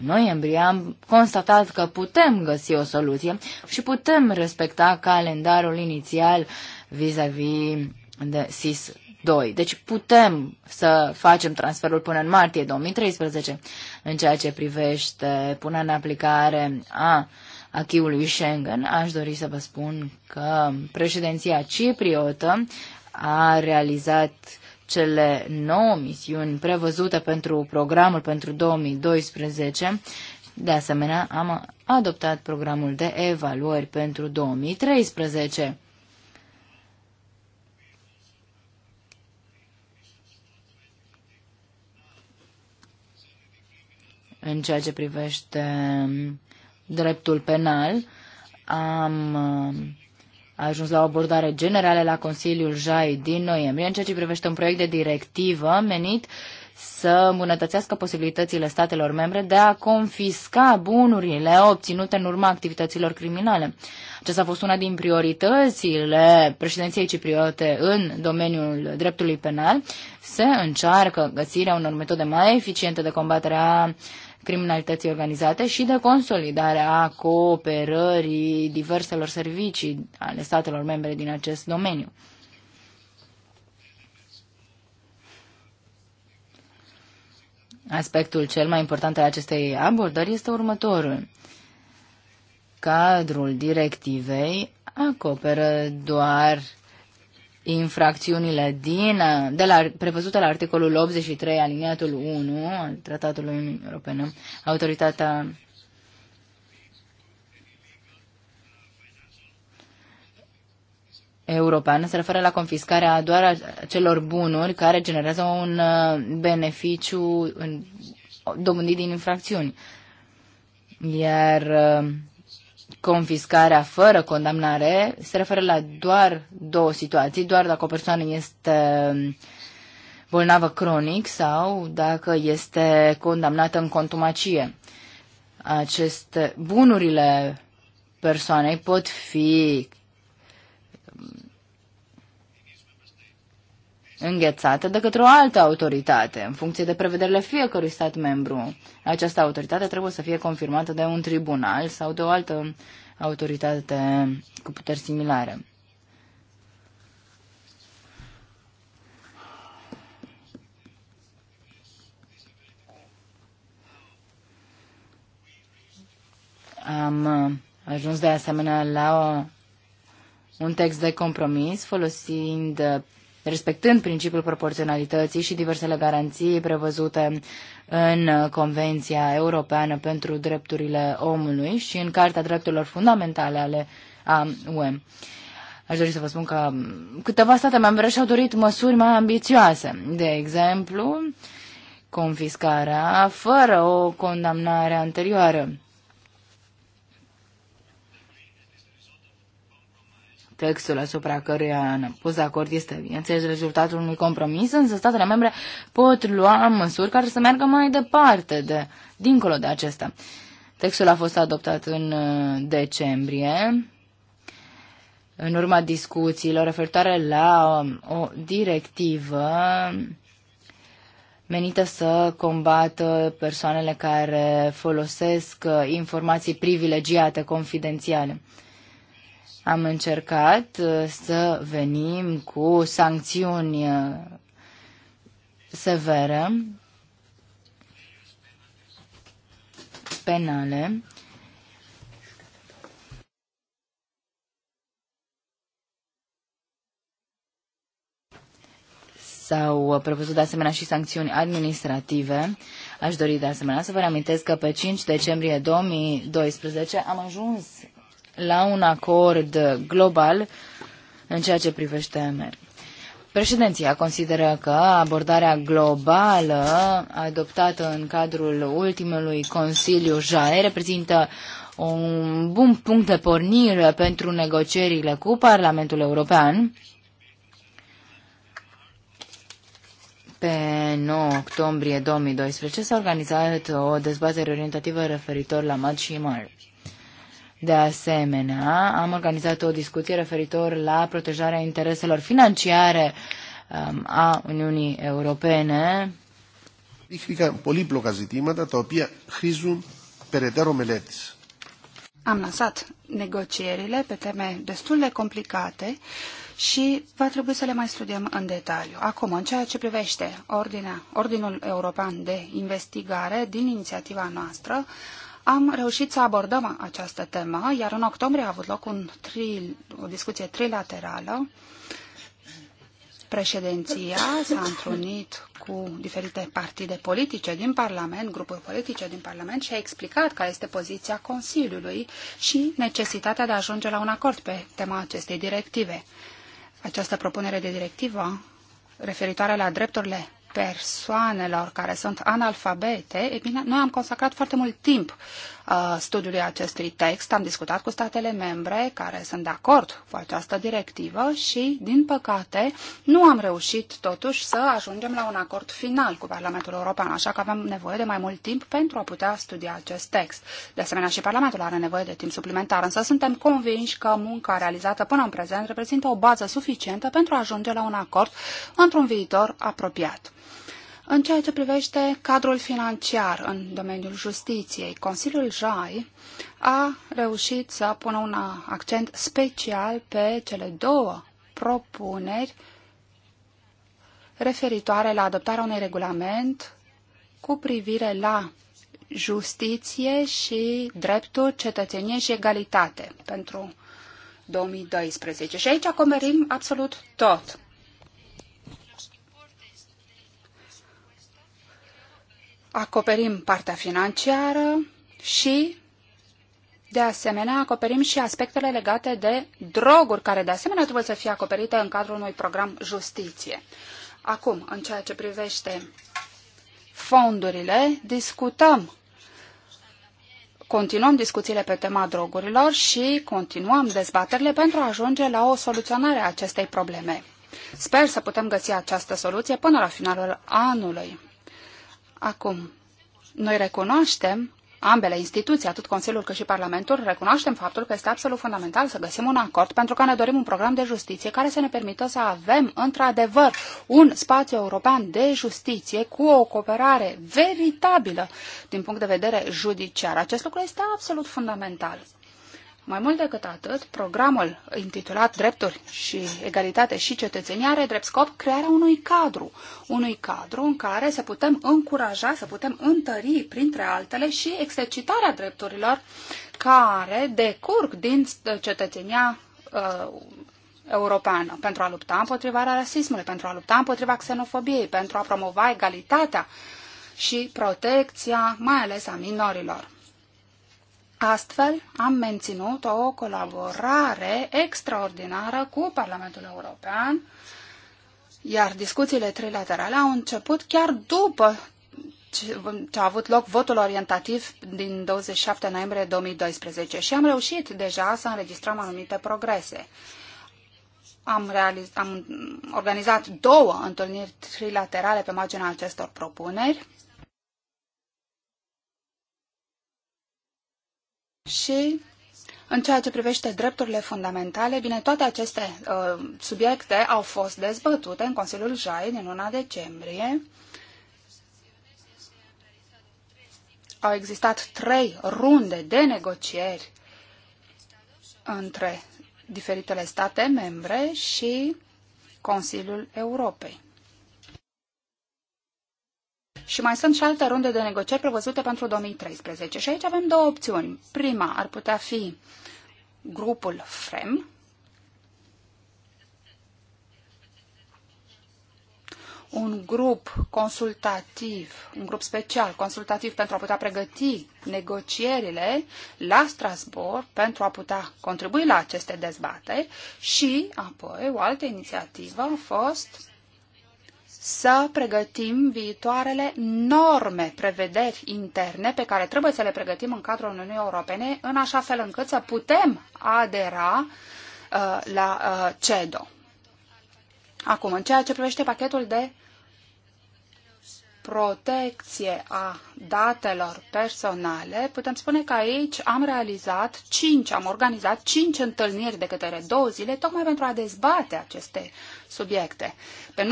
noiembrie, am constatat că putem găsi o soluție și putem respecta calendarul inițial uh, vis-a-vis de SIS 2. Deci putem să facem transferul până în martie 2013 în ceea ce privește punerea în aplicare a achiului Schengen. Aș dori să vă spun că președinția cipriotă a realizat cele nouă misiuni prevăzute pentru programul pentru 2012. De asemenea, am adoptat programul de evaluări pentru 2013. în ceea ce privește dreptul penal. Am uh, ajuns la o abordare generală la Consiliul JAI din noiembrie în ceea ce privește un proiect de directivă menit să îmbunătățească posibilitățile statelor membre de a confisca bunurile obținute în urma activităților criminale. Aceasta a fost una din prioritățile președinției cipriote în domeniul dreptului penal. Se încearcă găsirea unor metode mai eficiente de combatere a criminalității organizate și de consolidarea cooperării diverselor servicii ale statelor membre din acest domeniu. Aspectul cel mai important al acestei abordări este următorul. Cadrul directivei acoperă doar infracțiunile din, de la, prevăzute la articolul 83 aliniatul 1 al Tratatului Uniunii Europene, autoritatea europeană se referă la confiscarea doar a celor bunuri care generează un uh, beneficiu în, dobândit din infracțiuni. Iar uh, confiscarea fără condamnare se referă la doar două situații, doar dacă o persoană este bolnavă cronic sau dacă este condamnată în contumacie. Aceste bunurile persoanei pot fi înghețată de către o altă autoritate, în funcție de prevederile fiecărui stat membru. Această autoritate trebuie să fie confirmată de un tribunal sau de o altă autoritate cu puteri similare. Am ajuns de asemenea la un text de compromis folosind respectând principiul proporționalității și diversele garanții prevăzute în Convenția Europeană pentru Drepturile Omului și în Carta Drepturilor Fundamentale ale a UE. Aș dori să vă spun că câteva state membre și-au dorit măsuri mai ambițioase. De exemplu, confiscarea fără o condamnare anterioară. Textul asupra căruia în pus de acord este, bineînțeles, rezultatul unui compromis, însă statele membre pot lua măsuri care să meargă mai departe, de, dincolo de acesta. Textul a fost adoptat în uh, decembrie, în urma discuțiilor referitoare la um, o directivă menită să combată persoanele care folosesc uh, informații privilegiate, confidențiale. Am încercat uh, să venim cu sancțiuni uh, severe, penale, S-au uh, prevăzut de asemenea și sancțiuni administrative. Aș dori de asemenea să vă reamintesc că pe 5 decembrie 2012 am ajuns la un acord global în ceea ce privește MERC. Președinția consideră că abordarea globală adoptată în cadrul ultimului Consiliu JAE reprezintă un bun punct de pornire pentru negocierile cu Parlamentul European. Pe 9 octombrie 2012 s-a organizat o dezbatere orientativă referitor la MAD și MAR. De asemenea, am organizat o discuție referitor la protejarea intereselor financiare um, a Uniunii Europene. Δείχθηκαν πολύπλοκα ζητήματα τα οποία χρήζουν περαιτέρω μελέτης. Am lansat negocierile pe teme destul de complicate și va trebui să le mai studiem în detaliu. Acum, în ceea ce privește ordinea, Ordinul European de Investigare din inițiativa noastră, am reușit să abordăm această temă, iar în octombrie a avut loc un tri, o discuție trilaterală. Președinția s-a întrunit cu diferite partide politice din Parlament, grupuri politice din Parlament și a explicat care este poziția Consiliului și necesitatea de a ajunge la un acord pe tema acestei directive. Această propunere de directivă referitoare la drepturile persoanelor care sunt analfabete, e bine, noi am consacrat foarte mult timp Uh, studiului acestui text, am discutat cu statele membre care sunt de acord cu această directivă și, din păcate, nu am reușit totuși să ajungem la un acord final cu Parlamentul European, așa că avem nevoie de mai mult timp pentru a putea studia acest text. De asemenea, și Parlamentul are nevoie de timp suplimentar, însă suntem convinși că munca realizată până în prezent reprezintă o bază suficientă pentru a ajunge la un acord într-un viitor apropiat. În ceea ce privește cadrul financiar în domeniul justiției, Consiliul JAI a reușit să pună un accent special pe cele două propuneri referitoare la adoptarea unui regulament cu privire la justiție și dreptul, cetățeniei și egalitate pentru 2012. Și aici acoperim absolut tot. acoperim partea financiară și, de asemenea, acoperim și aspectele legate de droguri, care, de asemenea, trebuie să fie acoperite în cadrul unui program justiție. Acum, în ceea ce privește fondurile, discutăm continuăm discuțiile pe tema drogurilor și continuăm dezbaterile pentru a ajunge la o soluționare a acestei probleme. Sper să putem găsi această soluție până la finalul anului. Acum, noi recunoaștem Ambele instituții, atât Consiliul cât și Parlamentul, recunoaștem faptul că este absolut fundamental să găsim un acord pentru că ne dorim un program de justiție care să ne permită să avem, într-adevăr, un spațiu european de justiție cu o cooperare veritabilă din punct de vedere judiciar. Acest lucru este absolut fundamental. Mai mult decât atât, programul intitulat Drepturi și Egalitate și Cetățenie are drept scop crearea unui cadru, unui cadru în care să putem încuraja, să putem întări, printre altele, și exercitarea drepturilor care decurg din cetățenia uh, europeană pentru a lupta împotriva rasismului, pentru a lupta împotriva xenofobiei, pentru a promova egalitatea și protecția, mai ales a minorilor. Astfel, am menținut o colaborare extraordinară cu Parlamentul European, iar discuțiile trilaterale au început chiar după ce a avut loc votul orientativ din 27 noiembrie 2012 și am reușit deja să înregistrăm anumite progrese. Am, realiz- am organizat două întâlniri trilaterale pe marginea acestor propuneri și în ceea ce privește drepturile fundamentale, bine, toate aceste uh, subiecte au fost dezbătute în Consiliul JAI din luna decembrie. Au existat trei runde de negocieri între diferitele state membre și Consiliul Europei și mai sunt și alte runde de negocieri prevăzute pentru 2013. Și aici avem două opțiuni. Prima ar putea fi grupul FREM, un grup consultativ, un grup special consultativ pentru a putea pregăti negocierile la Strasbourg pentru a putea contribui la aceste dezbateri și apoi o altă inițiativă a fost să pregătim viitoarele norme, prevederi interne pe care trebuie să le pregătim în cadrul Uniunii Europene, în așa fel încât să putem adera uh, la uh, CEDO. Acum, în ceea ce privește pachetul de protecție a datelor personale, putem spune că aici am realizat cinci, am organizat cinci întâlniri de către două zile, tocmai pentru a dezbate aceste subiecte. Pe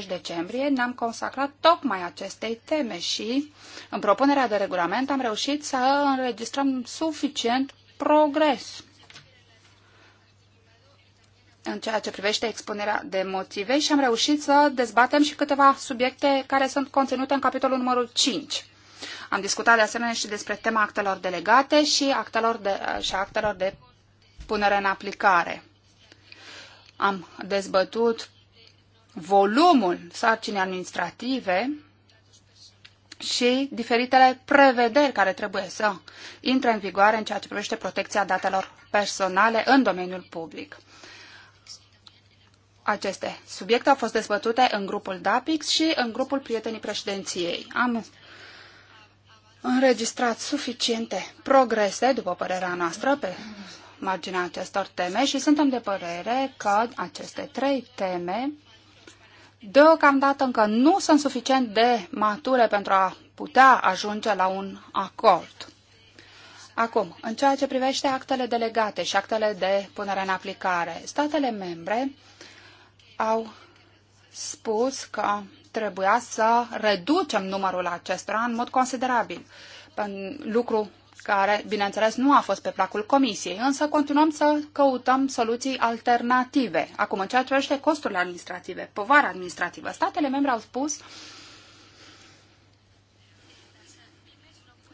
19-20 decembrie ne-am consacrat tocmai acestei teme și, în propunerea de regulament, am reușit să înregistrăm suficient progres în ceea ce privește expunerea de motive și am reușit să dezbatem și câteva subiecte care sunt conținute în capitolul numărul 5. Am discutat de asemenea și despre tema actelor delegate și actelor de, și actelor de punere în aplicare. Am dezbătut volumul sarcinii administrative și diferitele prevederi care trebuie să intre în vigoare în ceea ce privește protecția datelor personale în domeniul public. Aceste subiecte au fost dezbătute în grupul DAPIX și în grupul Prietenii Președinției. Am înregistrat suficiente progrese, după părerea noastră, pe marginea acestor teme și suntem de părere că aceste trei teme deocamdată încă nu sunt suficient de mature pentru a putea ajunge la un acord. Acum, în ceea ce privește actele delegate și actele de punere în aplicare, statele membre au spus că trebuia să reducem numărul acestora în mod considerabil. Lucru care, bineînțeles, nu a fost pe placul comisiei, însă continuăm să căutăm soluții alternative. Acum, în ceea ce privește costurile administrative, povara administrativă, statele membre au spus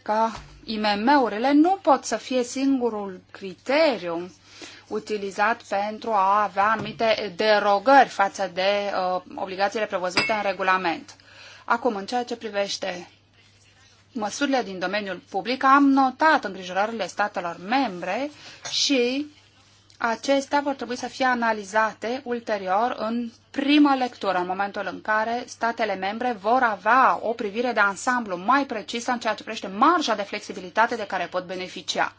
că IMM-urile nu pot să fie singurul criteriu utilizat pentru a avea anumite derogări față de uh, obligațiile prevăzute în regulament. Acum, în ceea ce privește măsurile din domeniul public, am notat îngrijorările statelor membre și acestea vor trebui să fie analizate ulterior în prima lectură, în momentul în care statele membre vor avea o privire de ansamblu mai precisă în ceea ce privește marja de flexibilitate de care pot beneficia.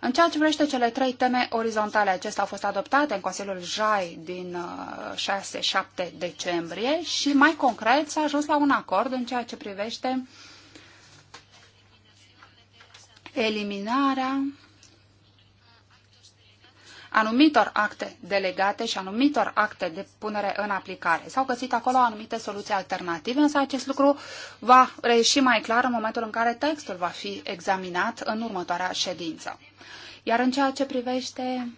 În ceea ce privește cele trei teme orizontale, acestea au fost adoptate în Consiliul JAI din 6-7 uh, decembrie și mai concret s-a ajuns la un acord în ceea ce privește eliminarea anumitor acte delegate și anumitor acte de punere în aplicare. S-au găsit acolo anumite soluții alternative, însă acest lucru va reieși mai clar în momentul în care textul va fi examinat în următoarea ședință. Iar în ceea ce privește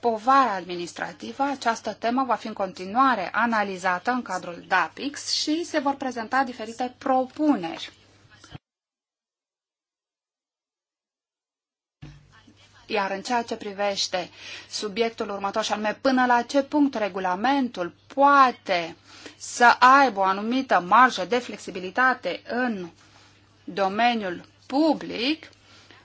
povara administrativă, această temă va fi în continuare analizată în cadrul DAPIX și se vor prezenta diferite propuneri Iar în ceea ce privește subiectul următor și anume până la ce punct regulamentul poate să aibă o anumită marjă de flexibilitate în domeniul public,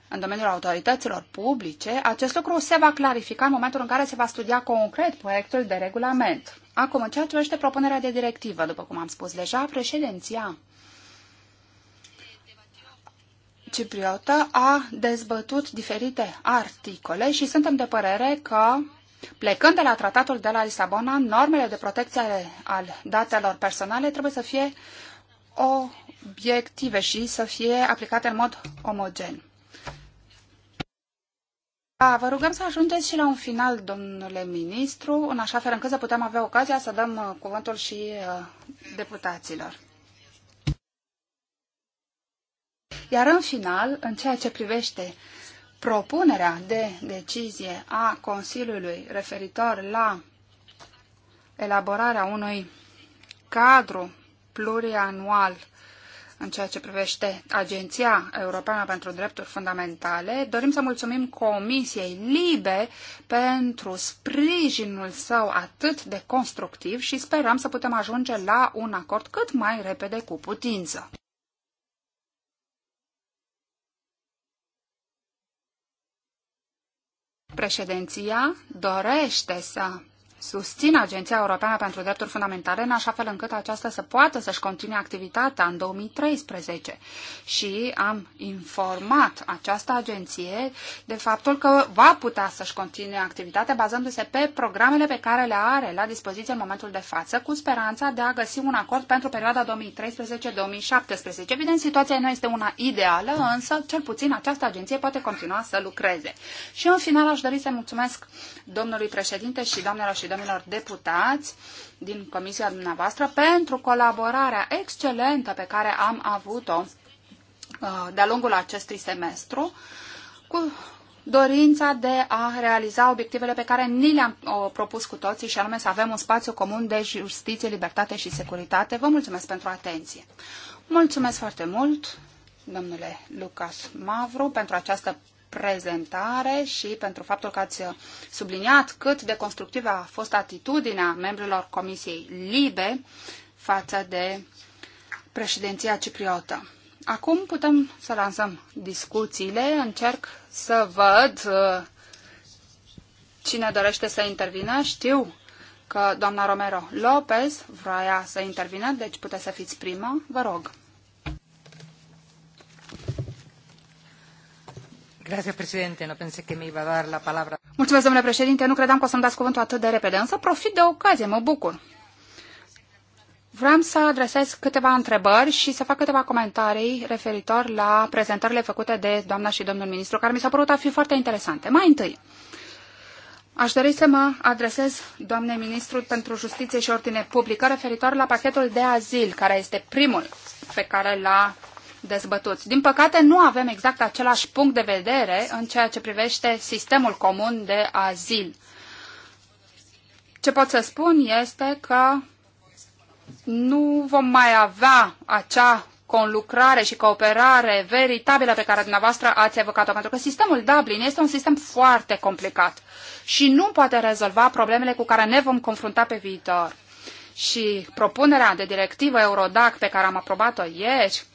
în domeniul autorităților publice, acest lucru se va clarifica în momentul în care se va studia concret proiectul de regulament. Acum, în ceea ce privește propunerea de directivă, după cum am spus deja, președinția cipriotă a dezbătut diferite articole și suntem de părere că Plecând de la tratatul de la Lisabona, normele de protecție al datelor personale trebuie să fie obiective și să fie aplicate în mod omogen. A, da, vă rugăm să ajungeți și la un final, domnule ministru, în așa fel încât să putem avea ocazia să dăm uh, cuvântul și uh, deputaților. Iar în final, în ceea ce privește propunerea de decizie a Consiliului referitor la elaborarea unui cadru plurianual în ceea ce privește Agenția Europeană pentru Drepturi Fundamentale, dorim să mulțumim Comisiei Libe pentru sprijinul său atât de constructiv și sperăm să putem ajunge la un acord cât mai repede cu putință. Președinția dorește să susțin Agenția Europeană pentru Drepturi Fundamentale în așa fel încât aceasta să poată să-și continue activitatea în 2013 și am informat această agenție de faptul că va putea să-și continue activitatea bazându-se pe programele pe care le are la dispoziție în momentul de față cu speranța de a găsi un acord pentru perioada 2013-2017. Evident, situația nu este una ideală, însă cel puțin această agenție poate continua să lucreze. Și în final aș dori să mulțumesc domnului președinte și doamnelor și domnilor deputați din comisia dumneavoastră pentru colaborarea excelentă pe care am avut-o uh, de-a lungul acestui semestru cu dorința de a realiza obiectivele pe care ni le-am propus cu toții și anume să avem un spațiu comun de justiție, libertate și securitate. Vă mulțumesc pentru atenție. Mulțumesc foarte mult, domnule Lucas Mavru, pentru această prezentare și pentru faptul că ați subliniat cât de constructivă a fost atitudinea membrilor Comisiei Libe față de președinția cipriotă. Acum putem să lansăm discuțiile. Încerc să văd uh, cine dorește să intervină. Știu că doamna Romero Lopez vrea să intervină, deci puteți să fiți prima. Vă rog. Mulțumesc, domnule președinte. Nu credeam că o să-mi dați cuvântul atât de repede, însă profit de ocazie, mă bucur. Vreau să adresez câteva întrebări și să fac câteva comentarii referitor la prezentările făcute de doamna și domnul ministru, care mi s-au părut a fi foarte interesante. Mai întâi, Aș dori să mă adresez doamnei ministru pentru justiție și ordine publică referitor la pachetul de azil, care este primul pe care l-a dezbătuți. Din păcate, nu avem exact același punct de vedere în ceea ce privește sistemul comun de azil. Ce pot să spun este că nu vom mai avea acea conlucrare și cooperare veritabilă pe care dumneavoastră ați evocat-o, pentru că sistemul Dublin este un sistem foarte complicat și nu poate rezolva problemele cu care ne vom confrunta pe viitor. Și propunerea de directivă Eurodac pe care am aprobat-o ieri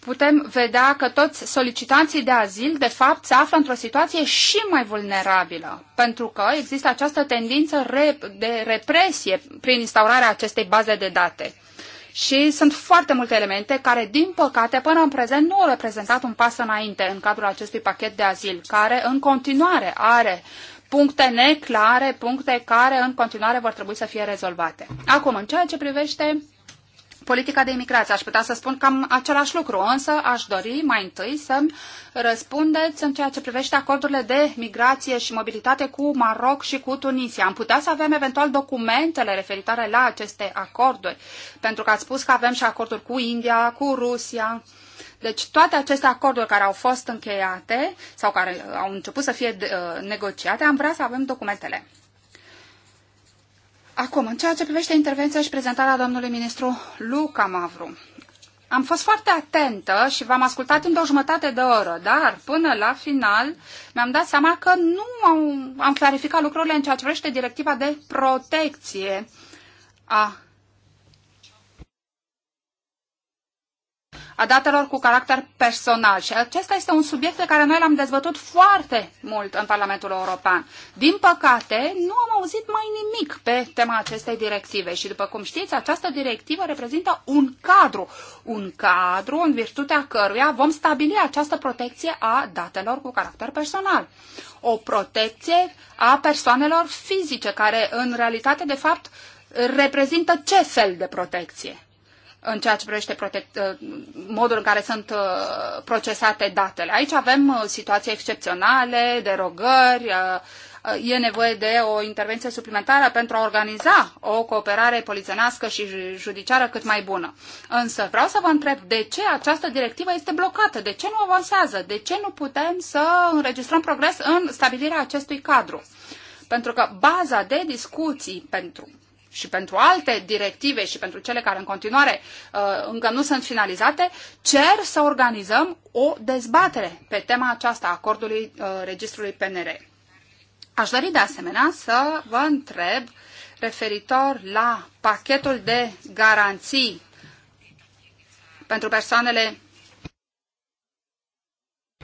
putem vedea că toți solicitanții de azil, de fapt, se află într-o situație și mai vulnerabilă, pentru că există această tendință de represie prin instaurarea acestei baze de date. Și sunt foarte multe elemente care, din păcate, până în prezent nu au reprezentat un pas înainte în cadrul acestui pachet de azil, care în continuare are puncte neclare, puncte care în continuare vor trebui să fie rezolvate. Acum, în ceea ce privește politica de imigrație. Aș putea să spun cam același lucru, însă aș dori mai întâi să-mi răspundeți în ceea ce privește acordurile de migrație și mobilitate cu Maroc și cu Tunisia. Am putea să avem eventual documentele referitoare la aceste acorduri, pentru că ați spus că avem și acorduri cu India, cu Rusia. Deci toate aceste acorduri care au fost încheiate sau care au început să fie uh, negociate, am vrea să avem documentele. Acum, în ceea ce privește intervenția și prezentarea domnului ministru Luca Mavru, am fost foarte atentă și v-am ascultat în o jumătate de oră, dar până la final mi-am dat seama că nu am, am clarificat lucrurile în ceea ce privește directiva de protecție a a datelor cu caracter personal. Și acesta este un subiect pe care noi l-am dezbătut foarte mult în Parlamentul European. Din păcate, nu am auzit mai nimic pe tema acestei directive și, după cum știți, această directivă reprezintă un cadru, un cadru în virtutea căruia vom stabili această protecție a datelor cu caracter personal. O protecție a persoanelor fizice, care în realitate, de fapt, reprezintă ce fel de protecție? în ceea ce privește protect, uh, modul în care sunt uh, procesate datele. Aici avem uh, situații excepționale, derogări, e nevoie de o intervenție suplimentară pentru a organiza o cooperare polițenească și judiciară cât mai bună. Însă vreau să vă întreb de ce această directivă este blocată, de ce nu avansează, de ce nu putem să înregistrăm progres în stabilirea acestui cadru. Pentru că baza de discuții pentru și pentru alte directive și pentru cele care în continuare uh, încă nu sunt finalizate, cer să organizăm o dezbatere pe tema aceasta a acordului uh, registrului PNR. Aș dori de asemenea să vă întreb referitor la pachetul de garanții pentru persoanele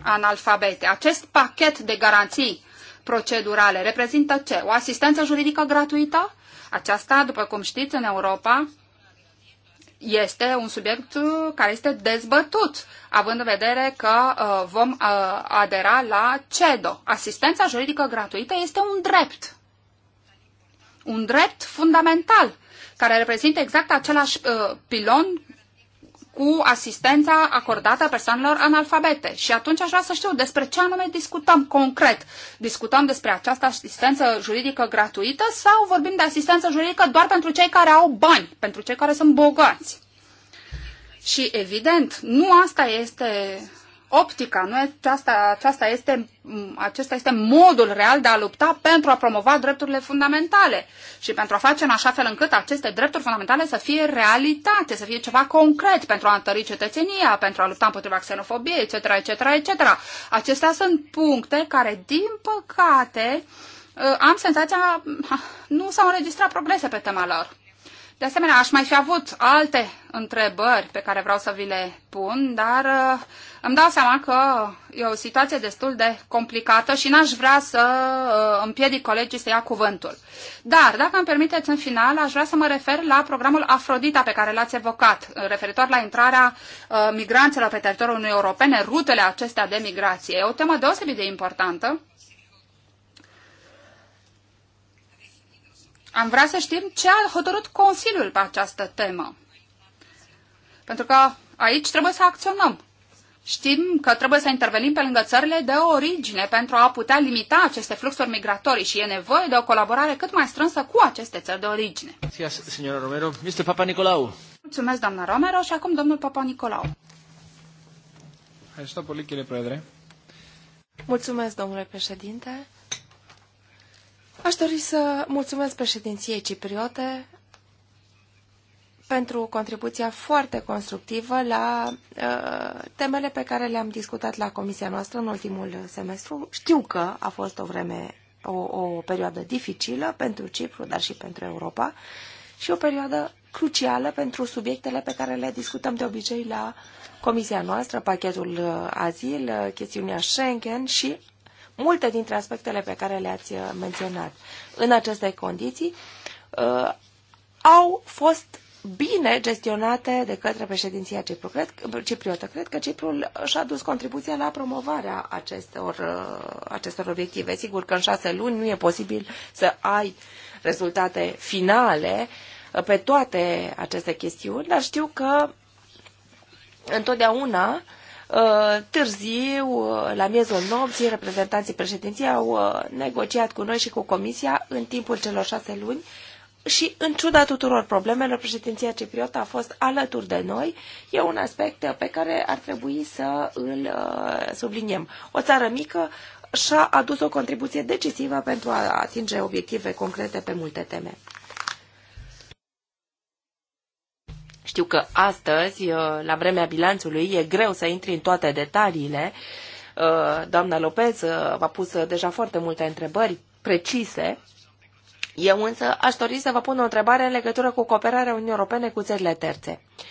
analfabete. Acest pachet de garanții procedurale reprezintă ce? O asistență juridică gratuită? Aceasta, după cum știți, în Europa este un subiect uh, care este dezbătut, având în vedere că uh, vom uh, adera la CEDO. Asistența juridică gratuită este un drept. Un drept fundamental, care reprezintă exact același uh, pilon cu asistența acordată persoanelor analfabete. Și atunci aș vrea să știu despre ce anume discutăm concret. Discutăm despre această asistență juridică gratuită sau vorbim de asistență juridică doar pentru cei care au bani, pentru cei care sunt bogați? Și evident, nu asta este optica, nu Aceasta, aceasta este, acesta este modul real de a lupta pentru a promova drepturile fundamentale și pentru a face în așa fel încât aceste drepturi fundamentale să fie realitate, să fie ceva concret pentru a întări cetățenia, pentru a lupta împotriva xenofobiei, etc., etc., etc. Acestea sunt puncte care, din păcate, ă, am senzația, nu s-au înregistrat progrese pe tema lor. De asemenea, aș mai fi avut alte întrebări pe care vreau să vi le pun, dar uh, îmi dau seama că e o situație destul de complicată și n-aș vrea să uh, împiedic colegii să ia cuvântul. Dar, dacă îmi permiteți în final, aș vrea să mă refer la programul Afrodita pe care l-ați evocat, uh, referitor la intrarea migranților pe teritoriul Uniunii Europene, rutele acestea de migrație. E o temă deosebit de importantă Am vrea să știm ce a hotărât Consiliul pe această temă. Pentru că aici trebuie să acționăm. Știm că trebuie să intervenim pe lângă țările de origine pentru a putea limita aceste fluxuri migratorii și e nevoie de o colaborare cât mai strânsă cu aceste țări de origine. Mulțumesc, Papa Nicolau. Mulțumesc, doamna Romero, și acum domnul Papa Nicolau. Mulțumesc, domnule președinte. Aș dori să mulțumesc președinției cipriote pentru contribuția foarte constructivă la uh, temele pe care le-am discutat la comisia noastră în ultimul semestru. Știu că a fost o vreme, o, o perioadă dificilă pentru Cipru, dar și pentru Europa și o perioadă crucială pentru subiectele pe care le discutăm de obicei la comisia noastră, pachetul uh, azil, uh, chestiunea Schengen și multe dintre aspectele pe care le-ați uh, menționat. În aceste condiții uh, au fost bine gestionate de către președinția Cipru. Cred, cipriotă. Cred că Ciprul și-a dus contribuția la promovarea acestor, uh, acestor obiective. Sigur că în șase luni nu e posibil să ai rezultate finale pe toate aceste chestiuni, dar știu că întotdeauna uh, Uh, târziu, uh, la miezul nopții, reprezentanții președinției au uh, negociat cu noi și cu Comisia în timpul celor șase luni și în ciuda tuturor problemelor, președinția cipriotă a fost alături de noi. E un aspect pe care ar trebui să îl subliniem. O țară mică și-a adus o contribuție decisivă pentru a atinge obiective concrete pe multe teme. Știu că astăzi, uh, la vremea bilanțului, e greu să intri în toate detaliile. Uh, doamna Lopez uh, v-a pus deja foarte multe întrebări precise. Eu însă aș dori să vă pun o întrebare în legătură cu cooperarea Uniunii Europene cu țările terțe. Uh,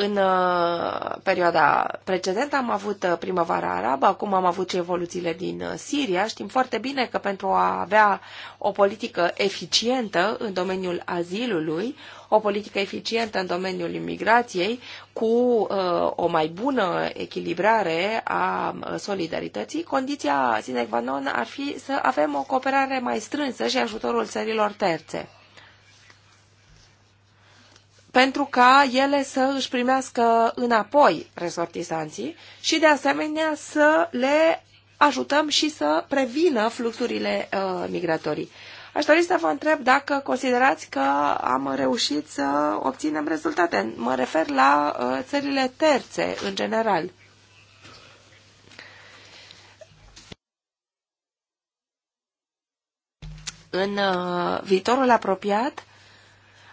în uh, perioada precedentă am avut uh, primăvara arabă, acum am avut și evoluțiile din uh, Siria. Știm foarte bine că pentru a avea o politică eficientă în domeniul azilului, o politică eficientă în domeniul imigrației, cu o mai bună echilibrare a solidarității, condiția sine qua non ar fi să avem o cooperare mai strânsă și ajutorul țărilor terțe pentru ca ele să își primească înapoi resortizanții și, de asemenea, să le ajutăm și să prevină fluxurile uh, migratorii. Aș dori să vă întreb dacă considerați că am reușit să obținem rezultate. Mă refer la uh, țările terțe, în general. În uh, viitorul apropiat,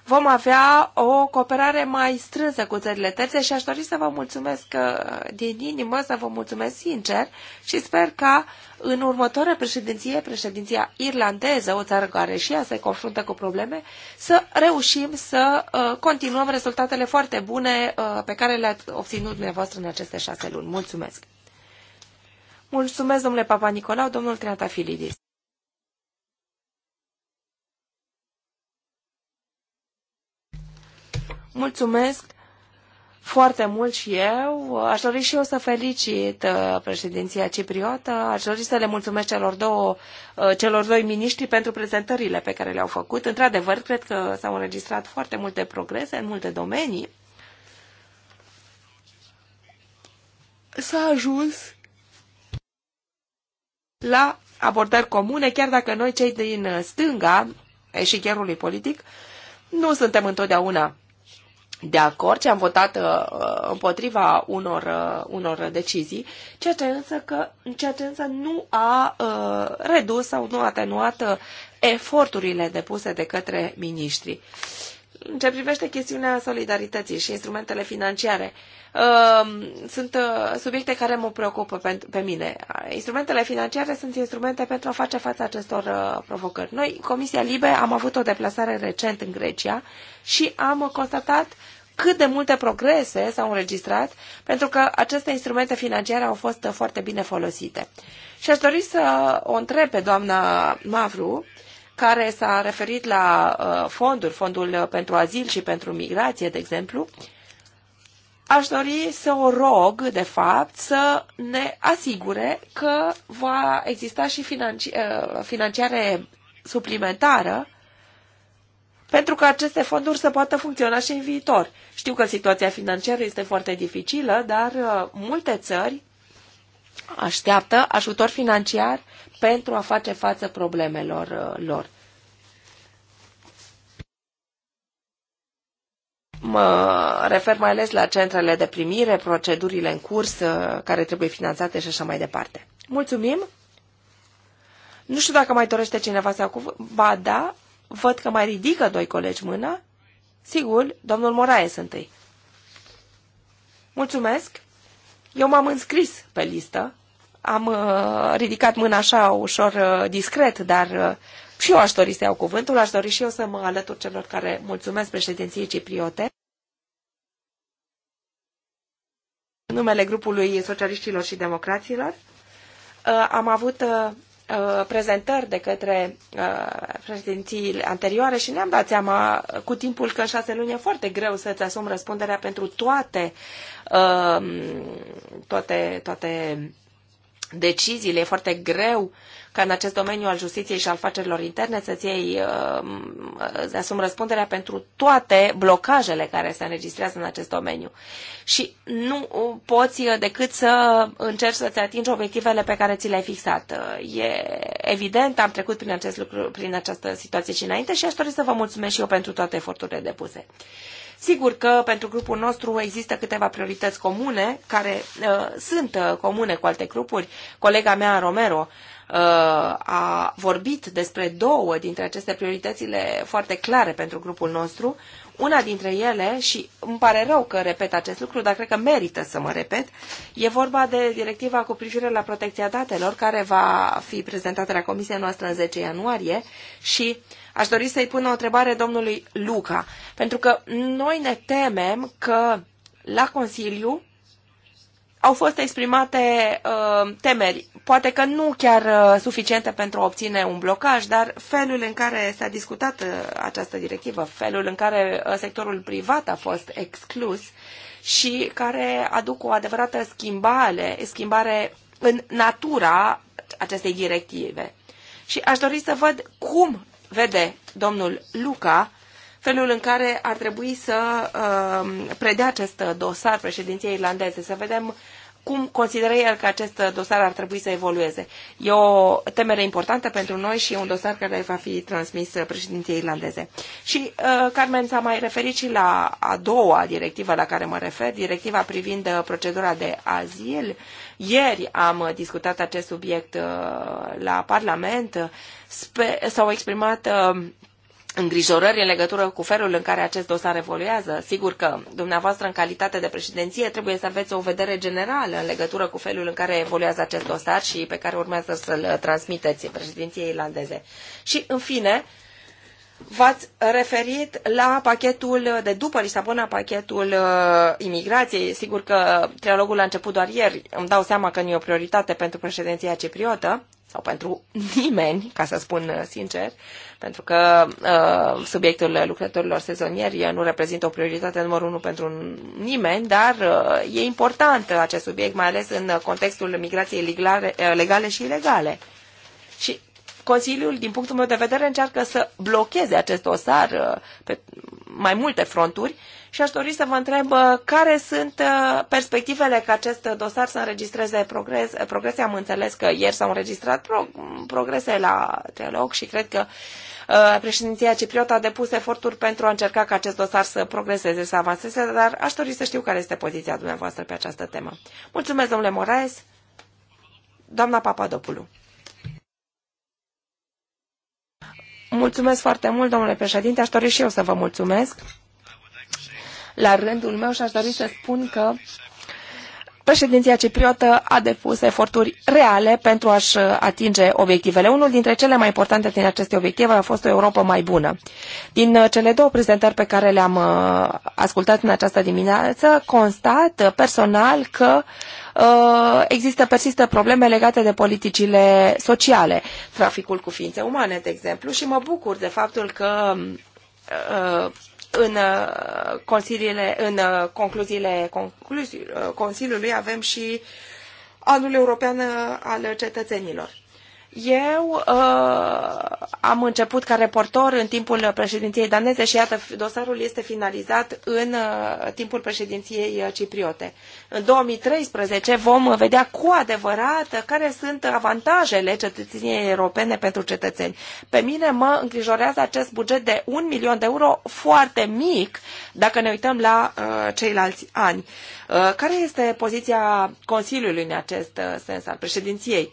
vom avea o cooperare mai strânsă cu țările terțe și aș dori să vă mulțumesc uh, din inimă, să vă mulțumesc sincer și sper ca în următoarea președinție, președinția irlandeză, o țară care și ea se confruntă cu probleme, să reușim să uh, continuăm rezultatele foarte bune uh, pe care le-ați obținut dumneavoastră în aceste șase luni. Mulțumesc! Mulțumesc, domnule Papa Nicolau, domnul filidis. Mulțumesc foarte mult și eu. Aș dori și eu să felicit uh, președinția cipriotă. Aș dori să le mulțumesc celor, două, uh, celor doi miniștri pentru prezentările pe care le-au făcut. Într-adevăr, cred că s-au înregistrat foarte multe progrese în multe domenii. S-a ajuns la abordări comune, chiar dacă noi, cei din stânga eșichierului politic, nu suntem întotdeauna de acord și am votat uh, uh, împotriva unor, uh, unor decizii, ceea ce, însă că, ceea ce însă nu a uh, redus sau nu a atenuat uh, eforturile depuse de către miniștri. Uh, în ce privește chestiunea solidarității și instrumentele financiare, um, sunt uh, subiecte care mă preocupă pe mine. Instrumentele financiare sunt instrumente pentru a face față acestor uh, provocări. Noi, Comisia Libe, am avut o deplasare recent în Grecia și am constatat cât de multe progrese s-au înregistrat, pentru că aceste instrumente financiare au fost uh, foarte bine folosite. Și aș dori să o întreb pe doamna Mavru care s-a referit la uh, fonduri, fondul pentru azil și pentru migrație, de exemplu, aș dori să o rog, de fapt, să ne asigure că va exista și financi uh, financiare suplimentară pentru că aceste fonduri să poată funcționa și în viitor. Știu că situația financiară este foarte dificilă, dar uh, multe țări așteaptă ajutor financiar pentru a face față problemelor uh, lor. Mă refer mai ales la centrele de primire, procedurile în curs uh, care trebuie finanțate și așa mai departe. Mulțumim! Nu știu dacă mai dorește cineva să acum. Ba da, văd că mai ridică doi colegi mâna. Sigur, domnul Moraes întâi. Mulțumesc! Eu m-am înscris pe listă, am uh, ridicat mâna așa ușor uh, discret, dar uh, și eu aș dori să iau cuvântul, aș dori și eu să mă alătur celor care mulțumesc președinției cipriote. În numele grupului socialiștilor și democraților, am avut Uh, prezentări de către uh, președinții anterioare și ne-am dat seama cu timpul că în șase luni e foarte greu să-ți asumi răspunderea pentru toate, uh, toate, toate deciziile. E foarte greu ca în acest domeniu al justiției și al afacerilor interne să-ți iei, um, să asum răspunderea pentru toate blocajele care se înregistrează în acest domeniu. Și nu poți decât să încerci să-ți atingi obiectivele pe care ți le-ai fixat. E evident, am trecut prin, acest lucru, prin această situație și înainte și aș dori să vă mulțumesc și eu pentru toate eforturile depuse. Sigur că pentru grupul nostru există câteva priorități comune, care uh, sunt uh, comune cu alte grupuri. Colega mea, Romero, uh, a vorbit despre două dintre aceste prioritățile foarte clare pentru grupul nostru. Una dintre ele, și îmi pare rău că repet acest lucru, dar cred că merită să mă repet, e vorba de directiva cu privire la protecția datelor, care va fi prezentată la comisia noastră în 10 ianuarie și uh, Aș dori să-i pun o întrebare domnului Luca, pentru că noi ne temem că la Consiliu au fost exprimate uh, temeri, poate că nu chiar uh, suficiente pentru a obține un blocaj, dar felul în care s-a discutat uh, această directivă, felul în care uh, sectorul privat a fost exclus și care aduc o adevărată schimbare, schimbare în natura acestei directive. Și aș dori să văd cum vede domnul Luca felul în care ar trebui să uh, predea acest dosar președinției irlandeze, să vedem cum consideră el că acest dosar ar trebui să evolueze. E o temere importantă pentru noi și e un dosar care va fi transmis președinției irlandeze. Și uh, Carmen s-a mai referit și la a doua directivă la care mă refer, directiva privind uh, procedura de azil. Uh, ieri am discutat acest subiect uh, la Parlament. S-au exprimat uh, îngrijorări în legătură cu felul în care acest dosar evoluează. Sigur că dumneavoastră, în calitate de președinție, trebuie să aveți o vedere generală în legătură cu felul în care evoluează acest dosar și pe care urmează să-l transmiteți președinției irlandeze. Și, în fine, uh, V-ați referit la pachetul de după Lisabona, pachetul uh, imigrației. Sigur că trialogul a început doar ieri. Îmi dau seama că nu e o prioritate pentru președinția cipriotă sau pentru nimeni, ca să spun uh, sincer, pentru că uh, subiectul lucrătorilor sezonieri nu reprezintă o prioritate numărul unu pentru nimeni, dar uh, e important acest subiect, mai ales în contextul migrației legale, uh, legale și ilegale. Și Consiliul, din punctul meu de vedere, încearcă să blocheze acest dosar uh, pe mai multe fronturi și aș dori să vă întreb uh, care sunt uh, perspectivele ca acest dosar să înregistreze progres, progrese. Am înțeles că ieri s-au înregistrat pro, progrese la dialog și cred că președinția Cipriot a depus eforturi pentru a încerca ca acest dosar să progreseze, să avanseze, dar aș dori să știu care este poziția dumneavoastră pe această temă. Mulțumesc, domnule Moraes. Doamna Papadopoulou. Mulțumesc foarte mult, domnule președinte. Aș dori și eu să vă mulțumesc. La rândul meu și-aș dori să spun că președinția cipriotă a depus eforturi reale pentru a-și atinge obiectivele. Unul dintre cele mai importante din aceste obiective a fost o Europa mai bună. Din uh, cele două prezentări pe care le-am uh, ascultat în această dimineață, constat personal că uh, există, persistă probleme legate de politicile sociale, traficul cu ființe umane, de exemplu, și mă bucur de faptul că în uh, consiliile, în uh, concluziile uh, Consiliului avem și anul european al cetățenilor. Eu uh, am început ca reportor în timpul președinției daneze și iată, dosarul este finalizat în uh, timpul președinției uh, cipriote. În 2013 vom vedea cu adevărat care sunt avantajele cetățeniei europene pentru cetățeni. Pe mine mă îngrijorează acest buget de un milion de euro foarte mic dacă ne uităm la uh, ceilalți ani. Uh, care este poziția Consiliului în acest uh, sens al președinției?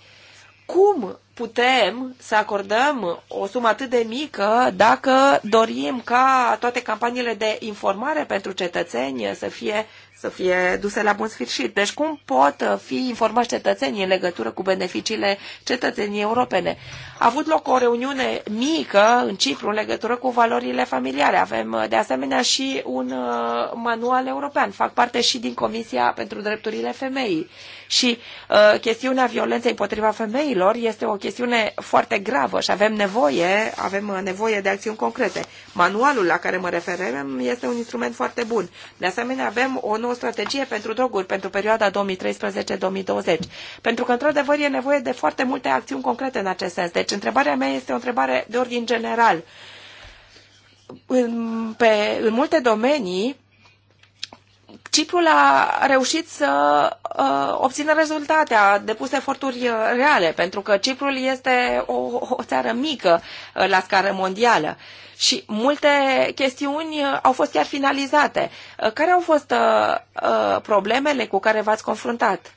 cum putem să acordăm o sumă atât de mică dacă dorim ca toate campaniile de informare pentru cetățeni să fie, să fie duse la bun sfârșit. Deci cum pot fi informați cetățenii în legătură cu beneficiile cetățenii europene? A avut loc o reuniune mică în Cipru în legătură cu valorile familiale. Avem de asemenea și un uh, manual european. Fac parte și din Comisia pentru Drepturile Femeii. Și uh, chestiunea violenței împotriva femeilor este o chestiune foarte gravă și avem nevoie, avem uh, nevoie de acțiuni concrete. Manualul la care mă referem este un instrument foarte bun. De asemenea, avem o nouă strategie pentru droguri pentru perioada 2013-2020, pentru că, într-adevăr, e nevoie de foarte multe acțiuni concrete în acest sens. Deci, întrebarea mea este o întrebare de ordin general. În, pe, în multe domenii, Ciprul a reușit să uh, obțină rezultate, a depus eforturi uh, reale, pentru că Ciprul este o, o țară mică uh, la scară mondială și multe chestiuni uh, au fost chiar finalizate. Uh, care au fost uh, uh, problemele cu care v-ați confruntat?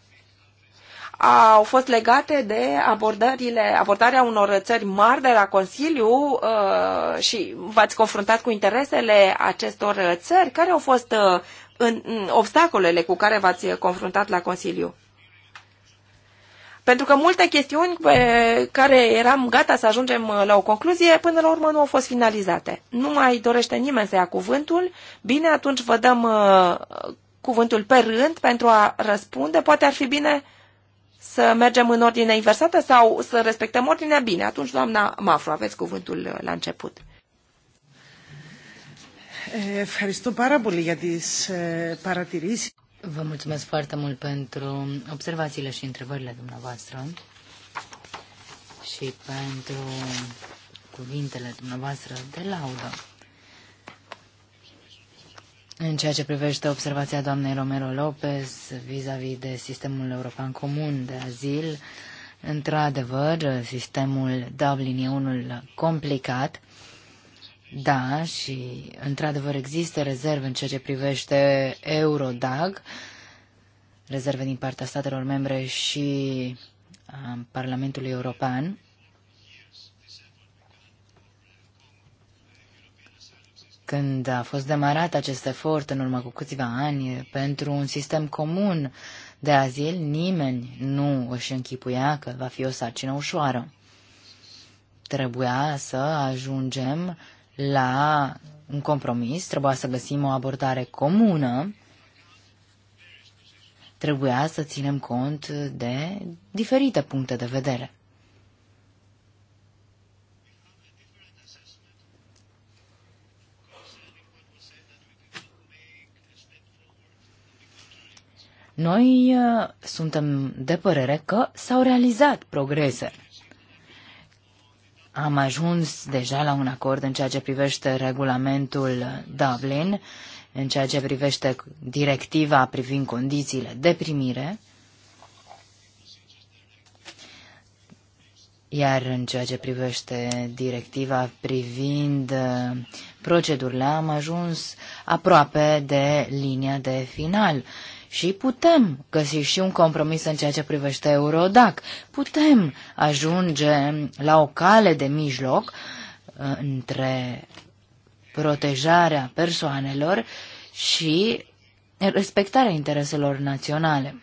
au fost legate de abordările, abordarea unor țări mari de la Consiliu uh, și v-ați confruntat cu interesele acestor uh, țări. Care au fost uh, în, în obstacolele cu care v-ați confruntat la Consiliu? Pentru că multe chestiuni pe care eram gata să ajungem uh, la o concluzie, până la urmă nu au fost finalizate. Nu mai dorește nimeni să ia cuvântul. Bine, atunci vă dăm uh, cuvântul pe rând pentru a răspunde. Poate ar fi bine să mergem în ordine inversată sau să respectăm ordinea bine. Atunci, doamna Mafru, aveți cuvântul uh, la început. Ευχαριστώ πάρα πολύ για τις παρατηρήσεις. Vă mulțumesc foarte mult pentru observațiile și întrebările dumneavoastră și pentru cuvintele dumneavoastră de laudă. În ceea ce privește observația doamnei Romero Lopez vis-a-vis -vis de sistemul european comun de azil, într-adevăr, sistemul Dublin e unul complicat, da, și într-adevăr există rezerve în ceea ce privește Eurodag, rezerve din partea statelor membre și a Parlamentului European. Când a fost demarat acest efort în urmă cu câțiva ani pentru un sistem comun de azil, nimeni nu își închipuia că va fi o sarcină ușoară. Trebuia să ajungem la un compromis, trebuia să găsim o abordare comună, trebuia să ținem cont de diferite puncte de vedere. Noi uh, suntem de părere că s-au realizat progrese am ajuns deja la un acord în ceea ce privește regulamentul Dublin, în ceea ce privește directiva privind condițiile de primire, iar în ceea ce privește directiva privind uh, procedurile, am ajuns aproape de linia de final și putem găsi și un compromis în ceea ce privește Eurodac. Putem ajunge la o cale de mijloc uh, între protejarea persoanelor și respectarea intereselor naționale.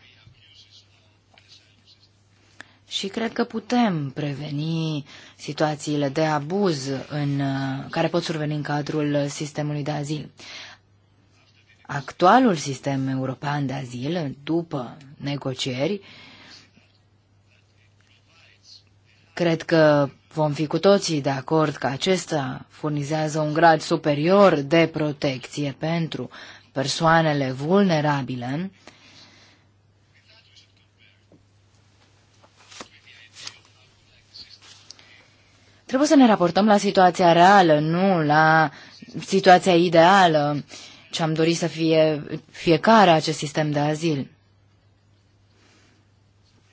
Și cred că putem preveni situațiile de abuz în, uh, care pot surveni în cadrul sistemului de azil actualul sistem european de azil, după negocieri, cred că vom fi cu toții de acord că acesta furnizează un grad superior de protecție pentru persoanele vulnerabile, Trebuie să ne raportăm la situația reală, nu la situația ideală. Uh, ce am dorit să fie fiecare acest sistem de azil.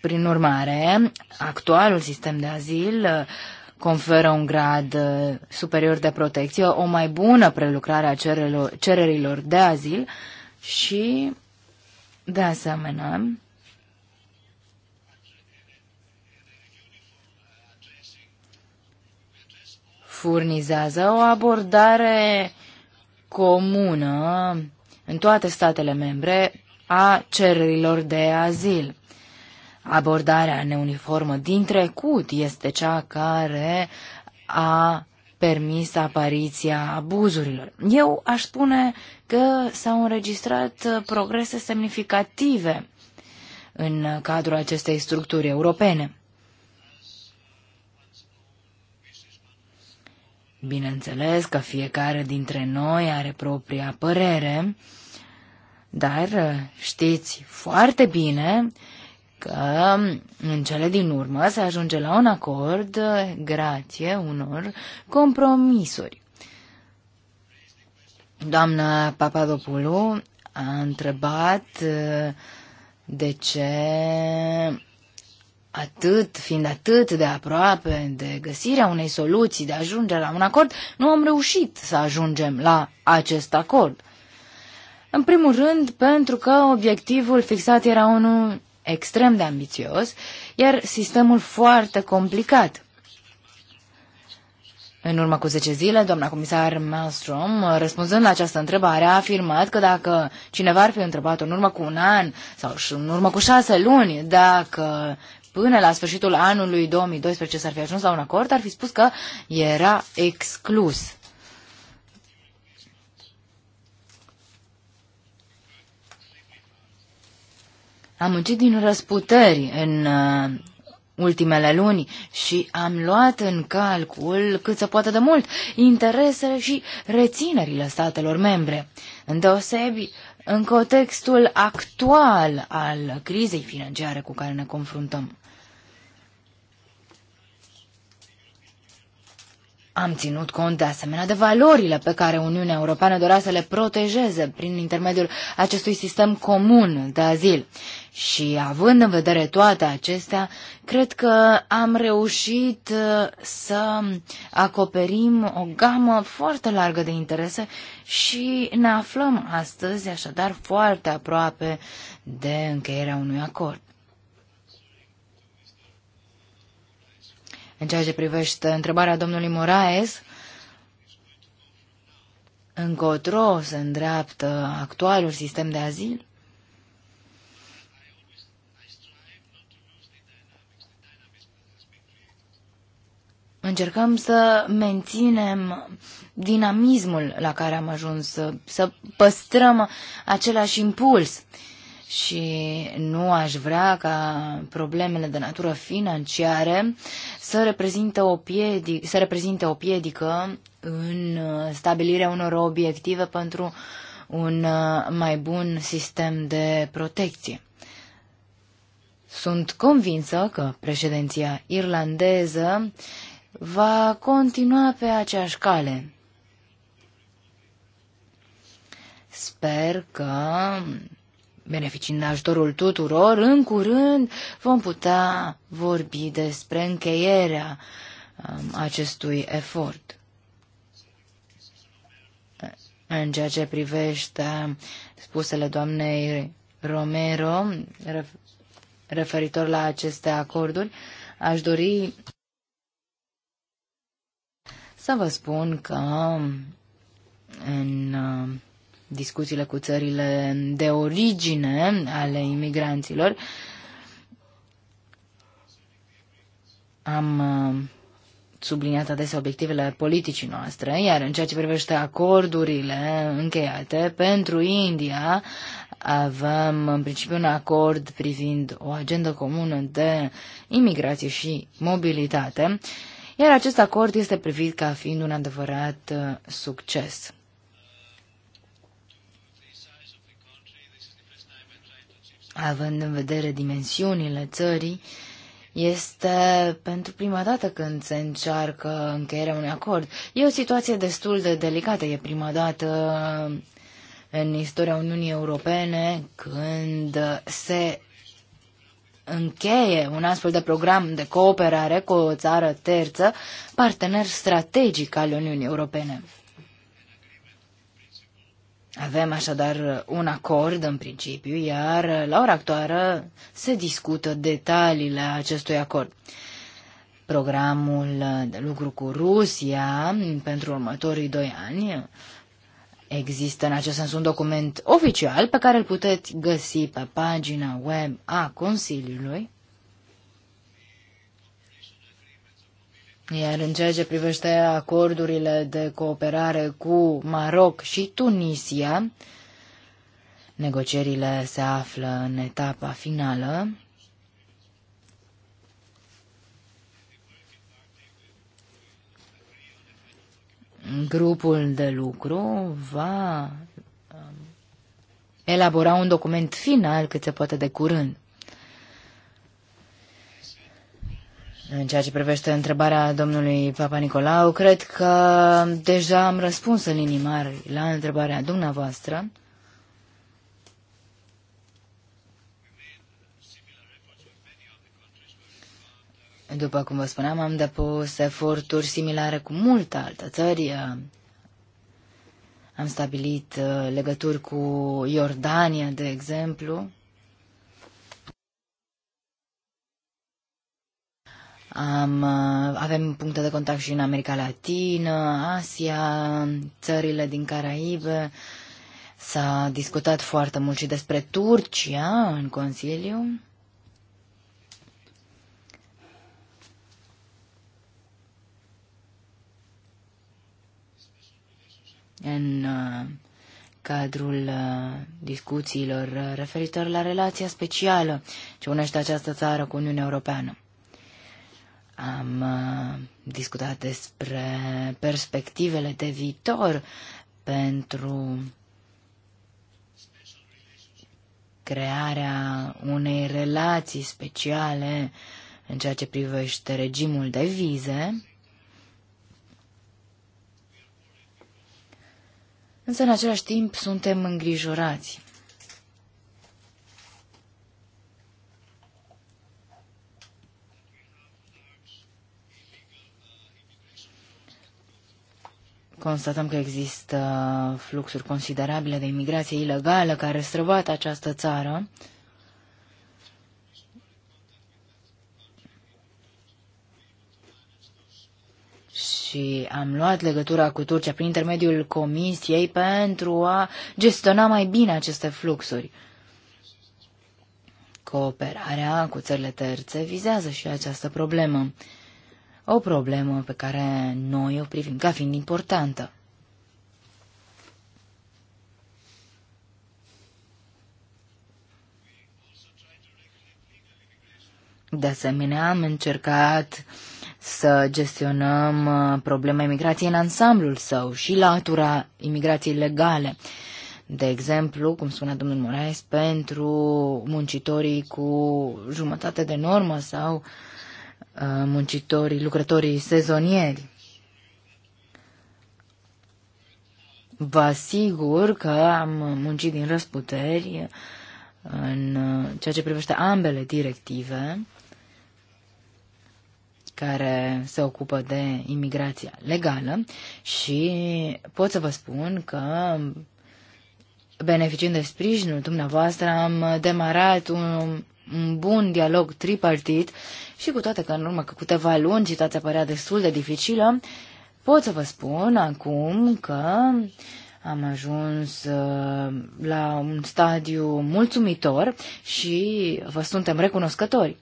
Prin urmare, actualul sistem de azil uh, conferă un grad uh, superior de protecție, o mai bună prelucrare a cererilor, de azil și, de asemenea, furnizează o abordare comună în toate statele membre a cererilor de azil. Abordarea neuniformă din trecut este cea care a permis apariția abuzurilor. Eu aș spune că s-au înregistrat progrese semnificative în cadrul acestei structuri europene. Bineînțeles că fiecare dintre noi are propria părere, dar uh, știți foarte bine că um, în cele din urmă se ajunge la un acord uh, grație unor compromisuri. Doamna Papadopoulou a întrebat uh, de ce atât, fiind atât de aproape de găsirea unei soluții, de ajungerea ajunge la un acord, nu am reușit să ajungem la acest acord. În primul rând, pentru că obiectivul fixat era unul extrem de ambițios, iar sistemul foarte complicat. În urmă cu 10 zile, doamna comisar Maelstrom, răspunzând la această întrebare, a afirmat că dacă cineva ar fi întrebat în urmă cu un an sau în urmă cu șase luni dacă până la sfârșitul anului 2012 s-ar fi ajuns la un acord, ar fi spus că era exclus. Am muncit din răsputeri în uh, ultimele luni și am luat în calcul cât se poate de mult interesele și reținerile statelor membre. Îndeosebi, în contextul actual al crizei financiare cu care ne confruntăm. Am ținut cont de asemenea de valorile pe care Uniunea Europeană dorea să le protejeze prin intermediul acestui sistem comun de azil. Și având în vedere toate acestea, cred că am reușit uh, să acoperim o gamă foarte largă de interese și ne aflăm astăzi așadar foarte aproape de încheierea unui acord. În ceea ce privește întrebarea domnului Moraes, încotro se îndreaptă actualul sistem de azil? Încercăm să menținem dinamismul la care am ajuns, să, să păstrăm același impuls. Uh, și nu aș vrea ca problemele de natură financiară să reprezinte o, să reprezinte o piedică în stabilirea unor obiective pentru un mai bun sistem de protecție. Sunt convinsă că președinția irlandeză va continua pe aceeași cale. Sper că beneficiind de ajutorul tuturor, în curând vom putea vorbi despre încheierea um, acestui efort. În ceea ce privește spusele doamnei Romero referitor la aceste acorduri, aș dori să vă spun că um, în um, discuțiile cu țările de origine ale imigranților. Am uh, subliniat adesea obiectivele politicii noastre, iar în ceea ce privește acordurile încheiate pentru India, avem în principiu un acord privind o agendă comună de imigrație și mobilitate, iar acest acord este privit ca fiind un adevărat uh, succes. având în vedere dimensiunile țării, este pentru prima dată când se încearcă încheierea unui acord. E o situație destul de delicată. E prima dată în istoria Uniunii Europene când se încheie un astfel de program de cooperare cu o țară terță, partener strategic al Uniunii Europene. Avem așadar un acord în principiu, iar la ora actuală se discută detaliile acestui acord. Programul de lucru cu Rusia pentru următorii doi ani Există în acest sens un document oficial pe care îl puteți găsi pe pagina web a Consiliului. Iar în ceea ce privește acordurile de cooperare cu Maroc și Tunisia, negocierile se află în etapa finală. Grupul de lucru va um, elabora un document final cât se poate de curând. În ceea ce privește întrebarea domnului Papa Nicolau, cred că deja am răspuns în linii mari la întrebarea dumneavoastră. După cum vă spuneam, am depus eforturi similare cu multe alte țări. Am stabilit uh, legături cu Iordania, de exemplu, Am, uh, avem puncte de contact și în America Latină, Asia, țările din Caraibe. S-a discutat foarte mult și despre Turcia în Consiliu. În uh, cadrul uh, discuțiilor referitor la relația specială ce unește această țară cu Uniunea Europeană. Am uh, discutat despre perspectivele de viitor pentru crearea unei relații speciale în ceea ce privește regimul de vize. Însă, în același timp, suntem îngrijorați. Constatăm că există fluxuri considerabile de imigrație ilegală care străbat această țară. și am luat legătura cu Turcia prin intermediul Comisiei pentru a gestiona mai bine aceste fluxuri. Cooperarea cu țările terțe vizează și această problemă o problemă pe care noi o privim ca fiind importantă. De asemenea, am încercat să gestionăm uh, problema imigrației în ansamblul său și latura imigrației legale. De exemplu, cum spunea domnul Moraes, pentru muncitorii cu jumătate de normă sau uh, Uh, muncitorii, lucrătorii sezonieri. Vă asigur că am muncit din răsputeri în uh, ceea ce privește ambele directive care se ocupă de imigrația legală și pot să vă spun că beneficiind de sprijinul dumneavoastră am demarat un, un bun dialog tripartit și cu toate că în urmă cu câteva luni situația părea destul de dificilă, pot să vă spun acum că am ajuns uh, la un stadiu mulțumitor și vă suntem recunoscători.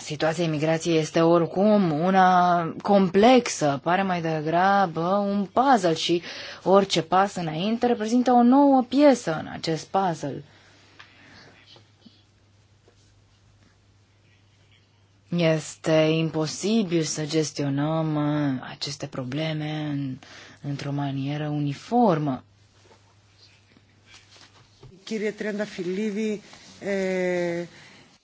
Situația imigrației este oricum una complexă, pare mai degrabă un puzzle și orice pas înainte reprezintă o nouă piesă în acest puzzle. Este imposibil să gestionăm uh, aceste probleme în, într-o manieră uniformă. Chirie Trendafilidi, e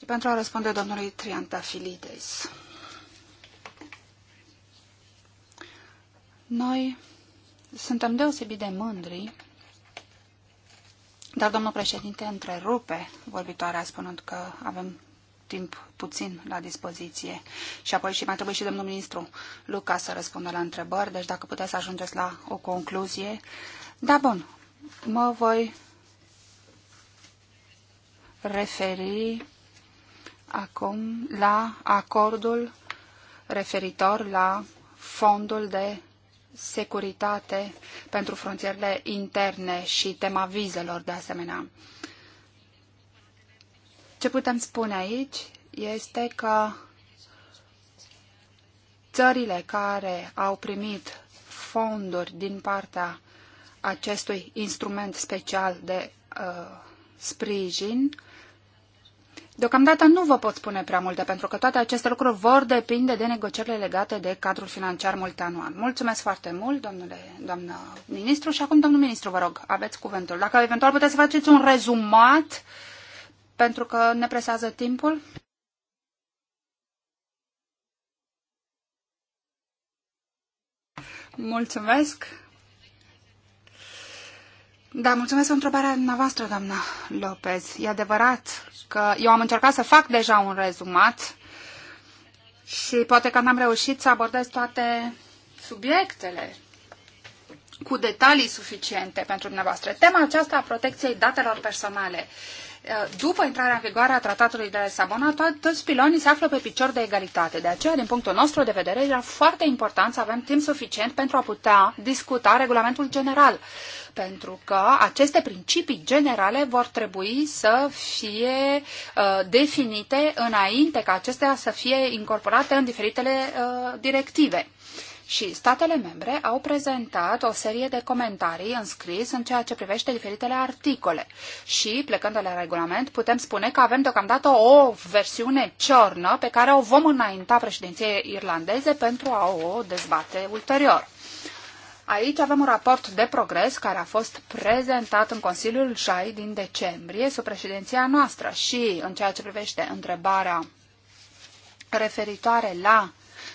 pentru a răspunde domnului Triantafilides. Noi suntem deosebit de mândri, dar domnul președinte întrerupe vorbitoarea spunând că avem timp puțin la dispoziție și apoi și mai trebuie și domnul ministru Luca să răspundă la întrebări, deci dacă puteți să ajungeți la o concluzie. Da, bun, mă voi referi acum la acordul referitor la fondul de securitate pentru frontierele interne și tema vizelor de asemenea. Ce putem spune aici este că țările care au primit fonduri din partea acestui instrument special de uh, sprijin Deocamdată nu vă pot spune prea multe, pentru că toate aceste lucruri vor depinde de negocierile legate de cadrul financiar multianual. Mulțumesc foarte mult, domnule, doamnă ministru, și acum, domnul ministru, vă rog, aveți cuvântul. Dacă eventual puteți să faceți un rezumat, pentru că ne presează timpul. Mulțumesc! Da, mulțumesc pentru întrebarea dumneavoastră, doamna Lopez. E adevărat că eu am încercat să fac deja un rezumat și poate că n-am reușit să abordez toate subiectele cu detalii suficiente pentru dumneavoastră. Tema aceasta a protecției datelor personale Eh, după intrarea în vigoare a tratatului de la Lisabona, toți pilonii se află pe picior de egalitate. De aceea, din punctul nostru de vedere, era foarte important să avem timp suficient pentru a putea discuta regulamentul general. Pentru că aceste principii generale vor trebui să fie uh, definite înainte ca acestea să fie incorporate în diferitele uh, directive. Uh, și statele membre au prezentat o serie de comentarii înscris în ceea ce privește diferitele articole. Și, plecând de la regulament, putem spune că avem deocamdată o versiune ciornă pe care o vom înainta președinției irlandeze pentru a o dezbate ulterior. Aici avem un raport de progres care a fost prezentat în Consiliul JAI din decembrie sub președinția noastră și în ceea ce privește întrebarea referitoare la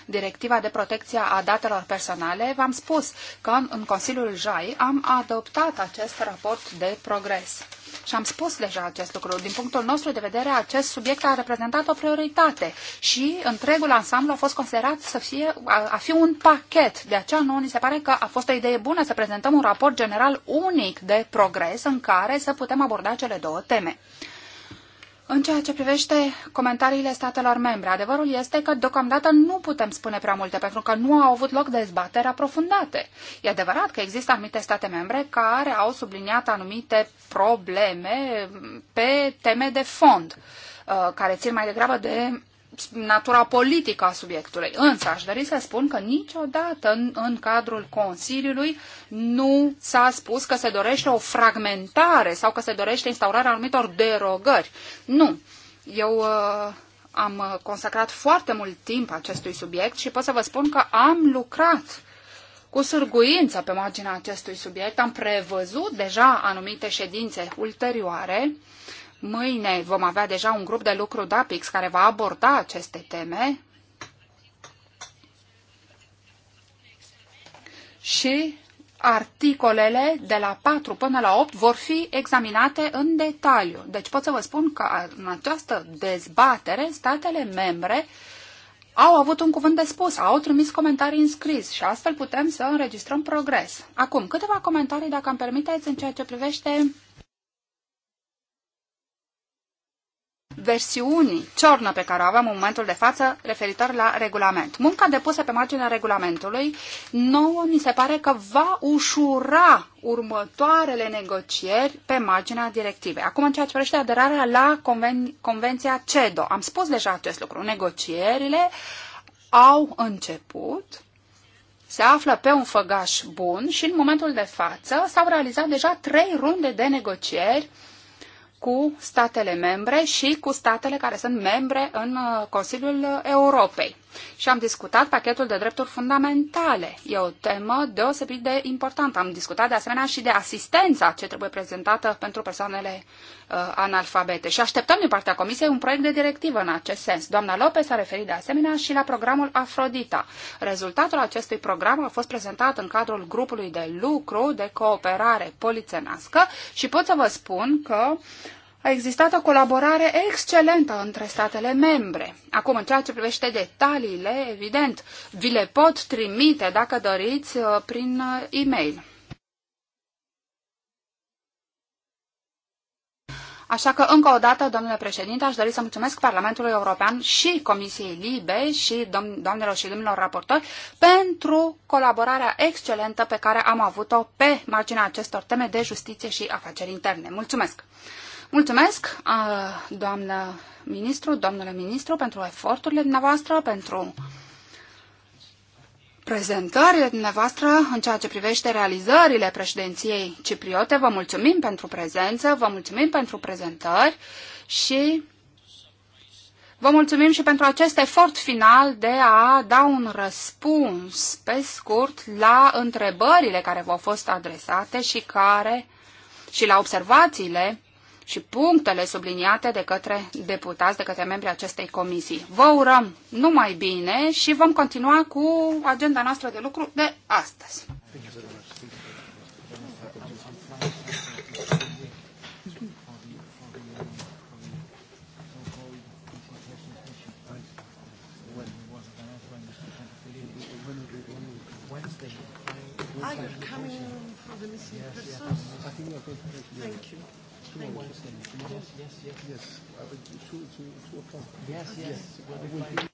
directiva de protecție a datelor personale, v-am spus că în Consiliul JAI am adoptat acest raport de progres. Și am spus deja acest lucru. Din punctul nostru de vedere, acest subiect a reprezentat o prioritate și întregul ansamblu a fost considerat să fie, a, a fi un pachet. De aceea nouă ni se pare că a fost o idee bună să prezentăm un raport general unic de progres în care să putem aborda cele două teme. În ceea ce privește comentariile statelor membre, adevărul este că deocamdată nu putem spune prea multe, pentru că nu au avut loc dezbateri aprofundate. E adevărat că există anumite state membre care au subliniat anumite probleme pe teme de fond, uh, care țin mai degrabă de natura politică a subiectului. Însă aș dori să spun că niciodată în, în cadrul Consiliului nu s-a spus că se dorește o fragmentare sau că se dorește instaurarea anumitor derogări. Nu. Eu uh, am consacrat foarte mult timp acestui subiect și pot să vă spun că am lucrat cu sârguință pe marginea acestui subiect. Am prevăzut deja anumite ședințe ulterioare uh, Mâine vom avea deja un grup de lucru DAPIX care va aborda aceste teme și articolele de la 4 până la 8 vor fi examinate în detaliu. Deci pot să vă spun că în această dezbatere statele membre au avut un cuvânt de spus, au trimis comentarii în scris și astfel putem să înregistrăm progres. Acum, câteva comentarii, dacă îmi permiteți, în ceea ce privește versiunii ciornă pe care o avem în momentul de față referitor la regulament. Munca depusă pe marginea regulamentului nouă ni se pare că va ușura următoarele negocieri pe marginea directivei. Acum, în ceea ce privește aderarea la conven- Convenția CEDO, am spus deja acest lucru. Negocierile au început se află pe un făgaș bun și în momentul de față s-au realizat deja trei runde de negocieri cu statele membre și cu statele care sunt membre în uh, Consiliul Europei și am discutat pachetul de drepturi fundamentale. E o temă deosebit de importantă. Am discutat de asemenea și de asistența ce trebuie prezentată pentru persoanele uh, analfabete și așteptăm din partea Comisiei un proiect de directivă în acest sens. Doamna Lopez a referit de asemenea și la programul Afrodita. Rezultatul acestui program a fost prezentat în cadrul grupului de lucru de cooperare polițenească și pot să vă spun că uh, a existat o colaborare excelentă între statele membre. Acum, în ceea ce privește detaliile, evident, vi le pot trimite, dacă doriți, uh, prin uh, e-mail. Așa că, încă o dată, domnule președinte, aș dori să mulțumesc Parlamentului European și Comisiei Libe și dom domnilor și domnilor raportori pentru colaborarea excelentă pe care am avut-o pe marginea acestor teme de justiție și afaceri interne. Mulțumesc! Mulțumesc, doamnă ministru, domnule ministru, pentru eforturile dumneavoastră, pentru prezentările dumneavoastră în ceea ce privește realizările președinției cipriote. Vă mulțumim pentru prezență, vă mulțumim pentru prezentări și vă mulțumim și pentru acest efort final de a da un răspuns pe scurt la întrebările care v-au fost adresate și care și la observațiile și punctele subliniate de către deputați, de către membrii acestei comisii. Vă urăm numai bine și vom continua cu agenda noastră de lucru de astăzi. Are you coming for the missing yes, persons? Yes. I think going to Thank you two or one thing. Yes, yes, yes. Yes, two, two, two o'clock. Yes, yes. yes.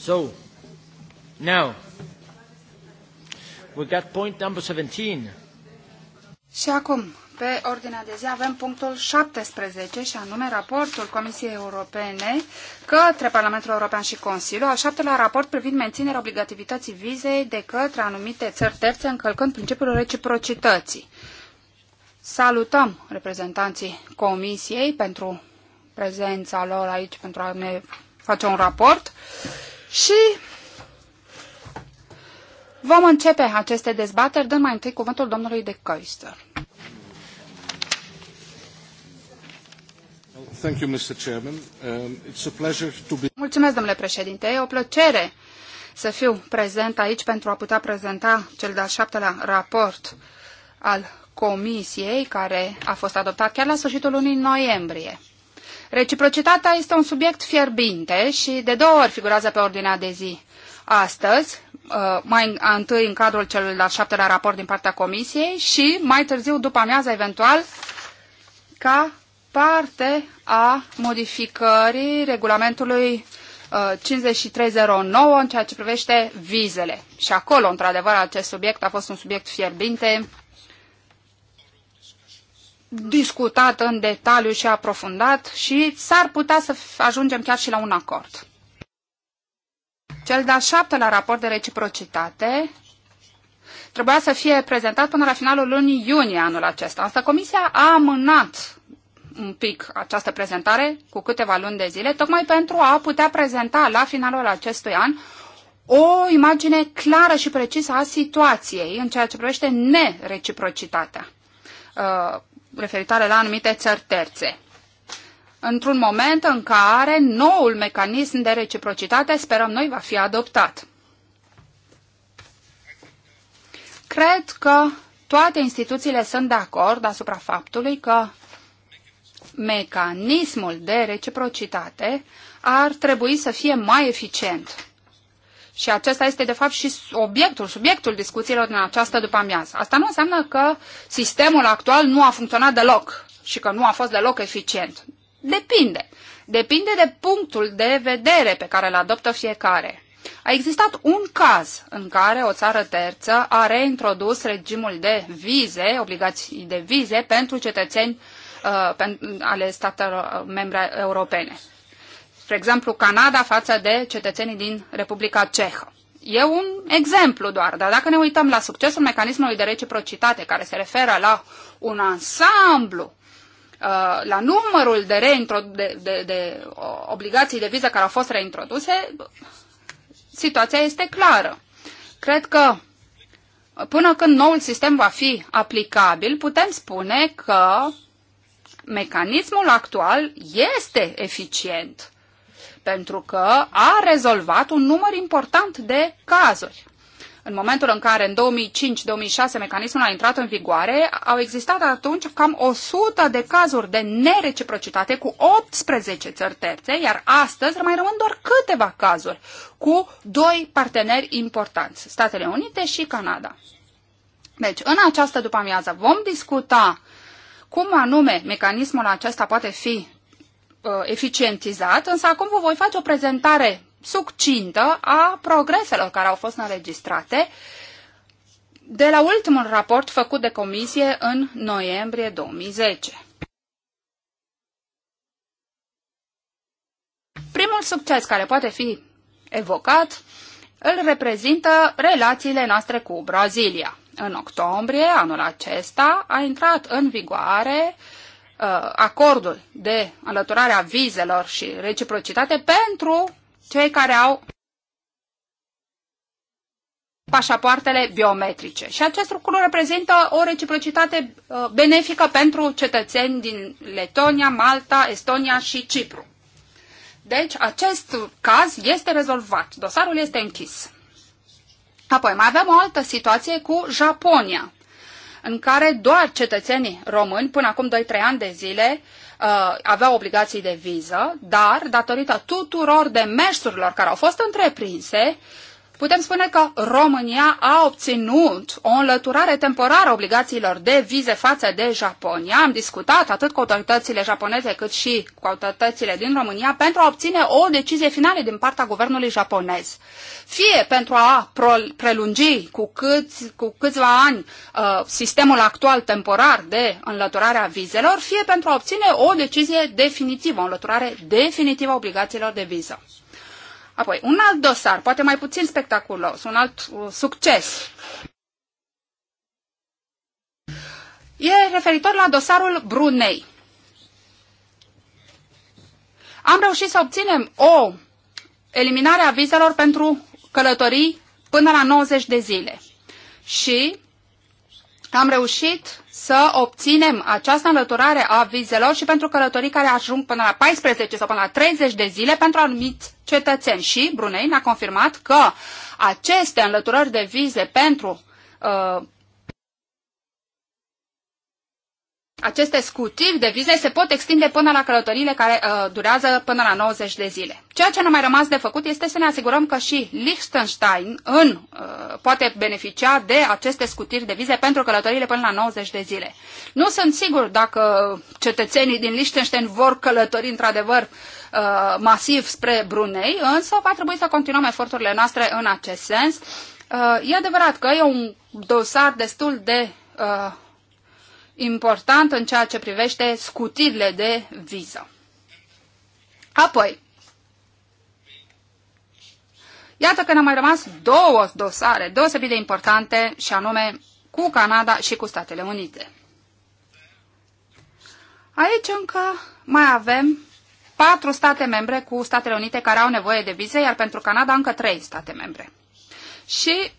So, now, we got point number 17. Și acum, pe ordinea de zi avem punctul 17 și anume raportul Comisiei Europene către Parlamentul European și Consiliu, al șaptelea raport privind menținerea obligativității vizei de către anumite țări terțe încălcând principiul reciprocității. Salutăm reprezentanții Comisiei pentru prezența lor aici pentru a ne face un raport și vom începe aceste dezbateri, Dăm mai întâi cuvântul domnului de Coister. Thank you, Mr. Chairman. Um, it's a pleasure to be... Mulțumesc, domnule președinte. E o plăcere să fiu prezent aici pentru a putea prezenta cel de-al șaptelea raport al Comisiei, care a fost adoptat chiar la sfârșitul lunii noiembrie. Reciprocitatea este un subiect fierbinte și de două ori figurează pe ordinea de zi astăzi, uh, mai întâi în cadrul celui de-al șaptelea raport din partea Comisiei și mai târziu, după amiază, eventual, ca parte a modificării regulamentului 5309 uh, în ceea ce privește vizele. Și acolo, într-adevăr, acest subiect a fost un subiect fierbinte discutat în detaliu și aprofundat și s-ar putea să ajungem chiar și la un acord. Cel de-al șaptelea raport de reciprocitate trebuia să fie prezentat până la finalul lunii iunie anul acesta. Asta comisia a amânat un pic această prezentare cu câteva luni de zile, tocmai pentru a putea prezenta la finalul acestui an o imagine clară și precisă a situației în ceea ce privește nereciprocitatea. Uh, referitoare la anumite țări terțe într-un moment în care noul mecanism de reciprocitate, sperăm noi, va fi adoptat. Cred că toate instituțiile sunt de acord asupra faptului că mecanismul de reciprocitate ar trebui să fie mai eficient. Și acesta este, de fapt, și obiectul, subiectul discuțiilor din această după-amiază. Asta nu înseamnă că sistemul actual nu a funcționat deloc și că nu a fost deloc eficient. Depinde. Depinde de punctul de vedere pe care îl adoptă fiecare. A existat un caz în care o țară terță a reintrodus regimul de vize, obligații de vize pentru cetățeni uh, ale statelor uh, membre europene spre exemplu, Canada față de cetățenii din Republica Cehă. E un exemplu doar, dar dacă ne uităm la succesul mecanismului de reciprocitate, care se referă la un ansamblu, uh, la numărul de, reintro- de, de, de uh, obligații de viză care au fost reintroduse, situația este clară. Cred că până când noul sistem va fi aplicabil, putem spune că mecanismul actual este eficient pentru că a rezolvat un număr important de cazuri. În momentul în care în 2005-2006 mecanismul a intrat în vigoare, au existat atunci cam 100 de cazuri de nereciprocitate cu 18 țări terțe, iar astăzi mai rămân doar câteva cazuri cu doi parteneri importanți, Statele Unite și Canada. Deci, în această după-amiază vom discuta cum anume mecanismul acesta poate fi uh, eficientizat, însă acum vă voi face o prezentare succintă a progreselor care au fost înregistrate de la ultimul raport făcut de comisie în noiembrie 2010. Primul succes care poate fi evocat îl reprezintă relațiile noastre cu Brazilia. În octombrie anul acesta a intrat în vigoare uh, Uh, acordul de alăturare a vizelor și reciprocitate pentru cei care au pașapoartele biometrice. Și acest lucru reprezintă o reciprocitate uh, benefică pentru cetățeni din Letonia, Malta, Estonia și Cipru. Deci, acest caz este rezolvat. Dosarul este închis. Apoi, mai avem o altă situație cu Japonia în care doar cetățenii români, până acum 2-3 ani de zile, uh, aveau obligații de viză, dar datorită tuturor demersurilor care au fost întreprinse, putem spune că România a obținut o înlăturare temporară a obligațiilor de vize față de Japonia. Am discutat atât cu autoritățile japoneze cât și cu autoritățile din România pentru a obține o decizie finală din partea guvernului japonez. Fie pentru a prelungi cu, câți, cu câțiva ani uh, sistemul actual temporar de înlăturare a vizelor, fie pentru a obține o decizie definitivă, o înlăturare definitivă a obligațiilor de viză. Apoi, un alt dosar, poate mai puțin spectaculos, un alt uh, succes. E referitor la dosarul Brunei. Am reușit să obținem o eliminare a vizelor pentru călătorii până la 90 de zile. Și am reușit să obținem această înlăturare a vizelor și pentru călătorii care ajung până la 14 sau până la 30 de zile pentru anumiți cetățeni. Și Brunei ne-a confirmat că aceste înlăturări de vize pentru uh, aceste scutiri de vize se pot extinde până la călătoriile care uh, durează până la 90 de zile. Ceea ce ne mai rămas de făcut este să ne asigurăm că și Liechtenstein în, uh, poate beneficia de aceste scutiri de vize pentru călătoriile până la 90 de zile. Nu sunt sigur dacă cetățenii din Liechtenstein vor călători într-adevăr uh, masiv spre Brunei, însă va trebui să continuăm eforturile noastre în acest sens. Uh, e adevărat că e un dosar destul de uh, important în ceea ce privește scutirile de viză. Apoi, Iată că ne-au mai rămas două dosare deosebit de importante și anume cu Canada și cu Statele Unite. Aici încă mai avem patru state membre cu Statele Unite care au nevoie de vize, iar pentru Canada încă trei state membre. Și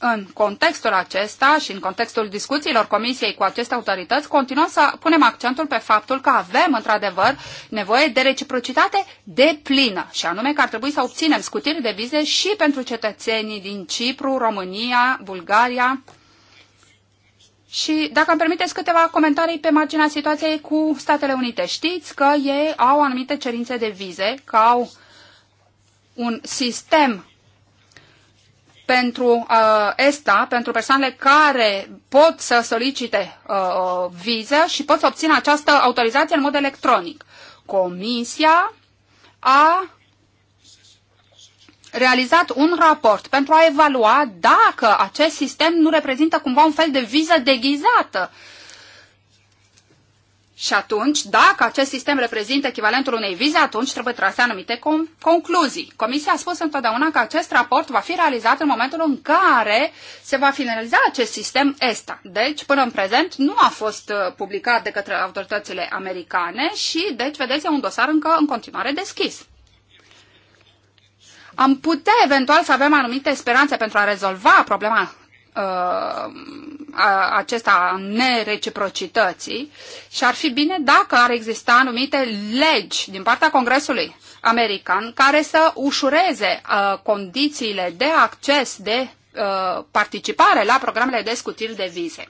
în contextul acesta și în contextul discuțiilor Comisiei cu aceste autorități, continuăm să punem accentul pe faptul că avem, într-adevăr, nevoie de reciprocitate de plină și anume că ar trebui să obținem scutiri de vize și pentru cetățenii din Cipru, România, Bulgaria, și dacă îmi permiteți câteva comentarii pe marginea situației cu Statele Unite. Știți că ei au anumite cerințe de vize, că au un sistem pentru uh, ESTA, pentru persoanele care pot să solicite uh, viză și pot să obțină această autorizație în mod electronic. Comisia a realizat un raport pentru a evalua dacă acest sistem nu reprezintă cumva un fel de viză deghizată uh, și atunci, dacă acest sistem reprezintă echivalentul unei vize, atunci trebuie trase anumite com- concluzii. Comisia a spus întotdeauna că acest raport va fi realizat în momentul în care se va finaliza acest sistem ESTA. Deci, până în prezent, nu a fost uh, publicat de către autoritățile americane și, deci, vedeți, e un dosar încă în continuare deschis. Am putea eventual să avem anumite speranțe pentru a rezolva problema uh, acesta nereciprocității și ar fi bine dacă ar exista anumite legi din partea Congresului american care să ușureze uh, condițiile de acces, de uh, participare la programele de scutiri de vize.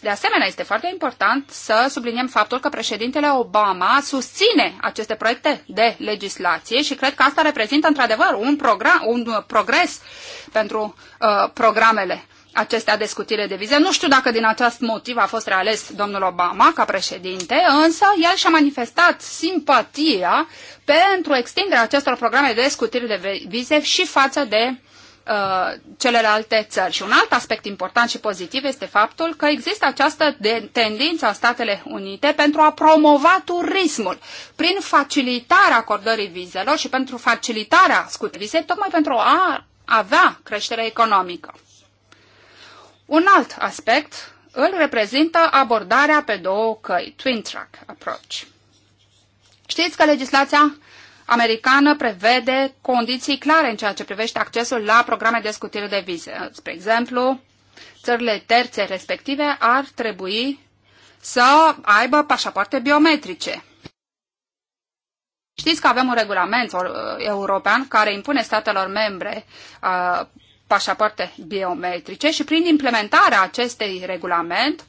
De asemenea, este foarte important să subliniem faptul că președintele Obama susține aceste proiecte de legislație și cred că asta reprezintă într-adevăr un, un progres pentru uh, programele de scutire de vize. Nu știu dacă din acest motiv a fost reales domnul Obama ca președinte, însă el și-a manifestat simpatia pentru extinderea acestor programe de scutire de vize și față de uh, celelalte țări. Și un alt aspect important și pozitiv este faptul că există această de tendință a Statele Unite pentru a promova turismul prin facilitarea acordării vizelor și pentru facilitarea scutirii tocmai pentru a avea creștere economică. Un alt aspect îl reprezintă abordarea pe două căi, twin track approach. Știți că legislația americană prevede condiții clare în ceea ce privește accesul la programe de scutire de vize. Spre exemplu, țările terțe respective ar trebui să aibă pașapoarte biometrice. Știți că avem un regulament uh, european care impune statelor membre uh, pașapoarte biometrice și prin implementarea acestei regulament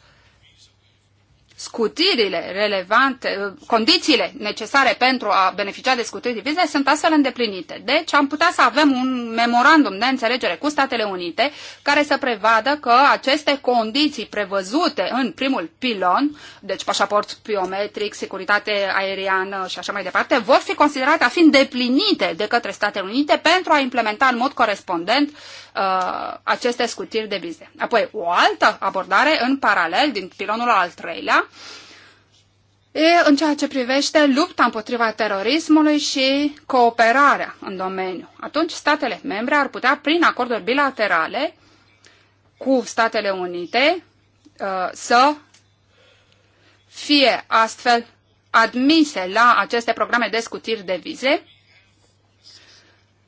scutirile relevante, condițiile necesare pentru a beneficia de scutiri de vize sunt astfel îndeplinite. Deci am putea să avem un memorandum de înțelegere cu Statele Unite care să prevadă că aceste condiții prevăzute în primul pilon, deci pașaport biometric, securitate aeriană și așa mai departe, vor fi considerate a fi îndeplinite de către Statele Unite pentru a implementa în mod corespondent uh, aceste scutiri de vize. Apoi, o altă abordare în paralel din pilonul al treilea e, în ceea ce privește lupta împotriva terorismului și cooperarea în domeniu. Atunci statele membre ar putea, prin acorduri bilaterale cu Statele Unite, uh, să fie astfel admise la aceste programe de scutiri de vize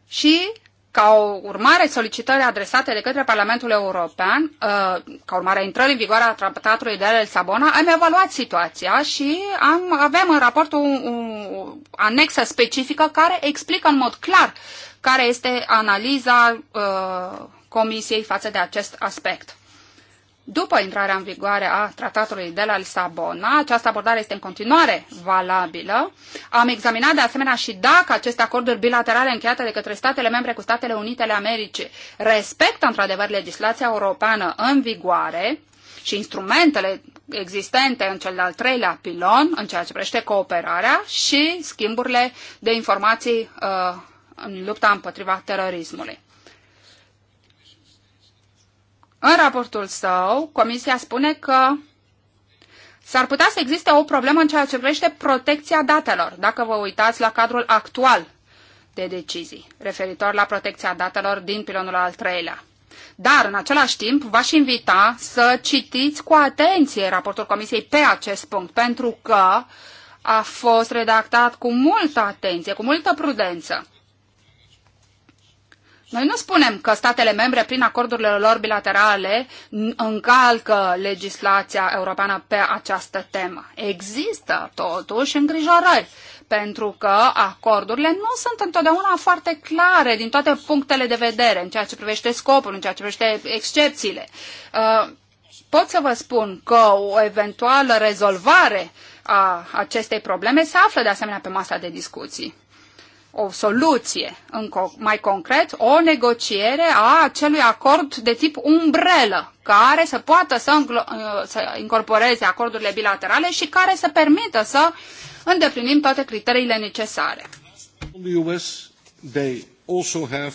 și ca o urmare solicitării adresate de către Parlamentul European, uh, ca urmare a intrării în vigoare a Tratatului de la Lisabona, am evaluat situația și am, avem în raport o, o anexă specifică care explică în mod clar care este analiza uh, Comisiei față de acest aspect după intrarea în vigoare a tratatului de la Lisabona. Această abordare este în continuare valabilă. Am examinat de asemenea și dacă aceste acorduri bilaterale încheiate de către statele membre cu Statele Unite ale Americii respectă într-adevăr legislația europeană în vigoare și instrumentele existente în cel de-al treilea pilon, în ceea ce privește cooperarea și schimburile de informații uh, în lupta împotriva terorismului. În raportul său, Comisia spune că s-ar putea să existe o problemă în ceea ce privește protecția datelor, dacă vă uitați la cadrul actual de decizii referitor la protecția datelor din pilonul al treilea. Dar, în același timp, v-aș invita să citiți cu atenție raportul Comisiei pe acest punct, pentru că a fost redactat cu multă atenție, cu multă prudență. Noi nu spunem că statele membre, prin acordurile lor bilaterale, încalcă legislația europeană pe această temă. Există, totuși, îngrijorări, pentru că acordurile nu sunt întotdeauna foarte clare din toate punctele de vedere, în ceea ce privește scopul, în ceea ce privește excepțiile. Uh, pot să vă spun că o eventuală rezolvare a acestei probleme se află, de asemenea, pe masa de discuții o soluție, co- mai concret, o negociere a acelui acord de tip umbrelă, care să poată să, uh, să incorporeze acordurile bilaterale și care să permită să îndeplinim toate criteriile necesare. US, they also have...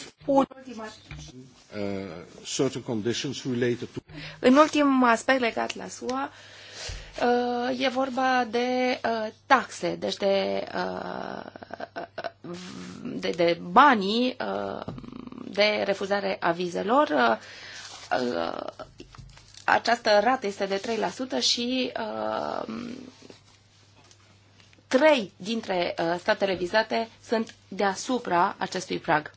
În ultimul uh, aspect legat la SUA, Uh, e vorba de uh, taxe, deci de, uh, de, de banii de refuzare a vizelor. Această rată este de 3% și trei dintre statele vizate sunt deasupra acestui prag.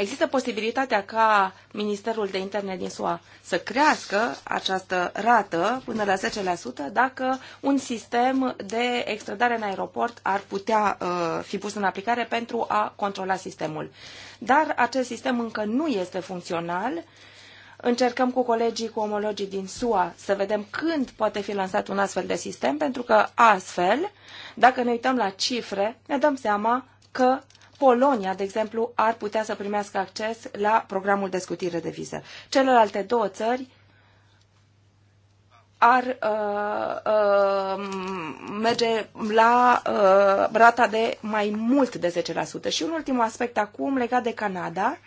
Există posibilitatea ca Ministerul de Interne din SUA să crească această rată până la 10% dacă un sistem de extradare în aeroport ar putea uh, fi pus în aplicare pentru a controla sistemul. Dar acest sistem încă nu este funcțional. Încercăm cu colegii, cu omologii din SUA să vedem când poate fi lansat un astfel de sistem, pentru că astfel, dacă ne uităm la cifre, ne dăm seama că Polonia, de exemplu, ar putea să primească acces la programul de scutire de viză. Celelalte două țări ar uh, uh, merge la uh, rata de mai mult de 10%. Și un ultim aspect acum legat de Canada.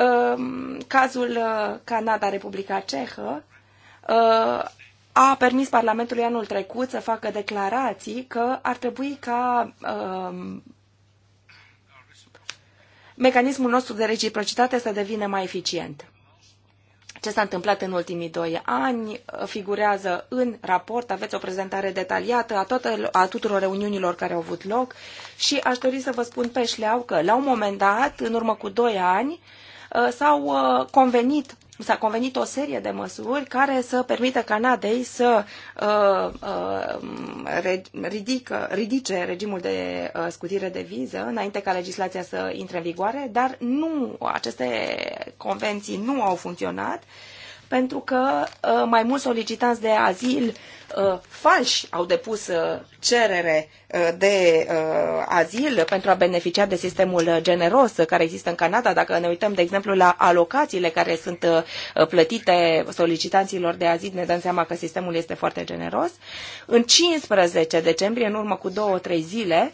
Uh, cazul uh, Canada-Republica Cehă uh, a permis Parlamentului anul trecut să facă declarații că ar trebui ca mecanismul nostru de reciprocitate să devină mai eficient. Ce s-a întâmplat în ultimii doi ani figurează în raport, aveți o prezentare detaliată a, toată, a tuturor reuniunilor care au avut loc și aș dori să vă spun pe șleau că la un moment dat, în urmă cu doi ani, s-au uh, convenit s-a convenit o serie de măsuri care să permită Canadei să uh, uh, ridică, ridice regimul de uh, scutire de viză înainte ca legislația să intre în vigoare, dar nu, aceste convenții nu au funcționat uh, pentru că uh, mai mulți solicitanți de azil uh, falși au depus uh, cerere de azil pentru a beneficia de sistemul generos care există în Canada. Dacă ne uităm, de exemplu, la alocațiile care sunt plătite solicitanților de azil, ne dăm seama că sistemul este foarte generos. În 15 decembrie, în urmă cu două-trei zile,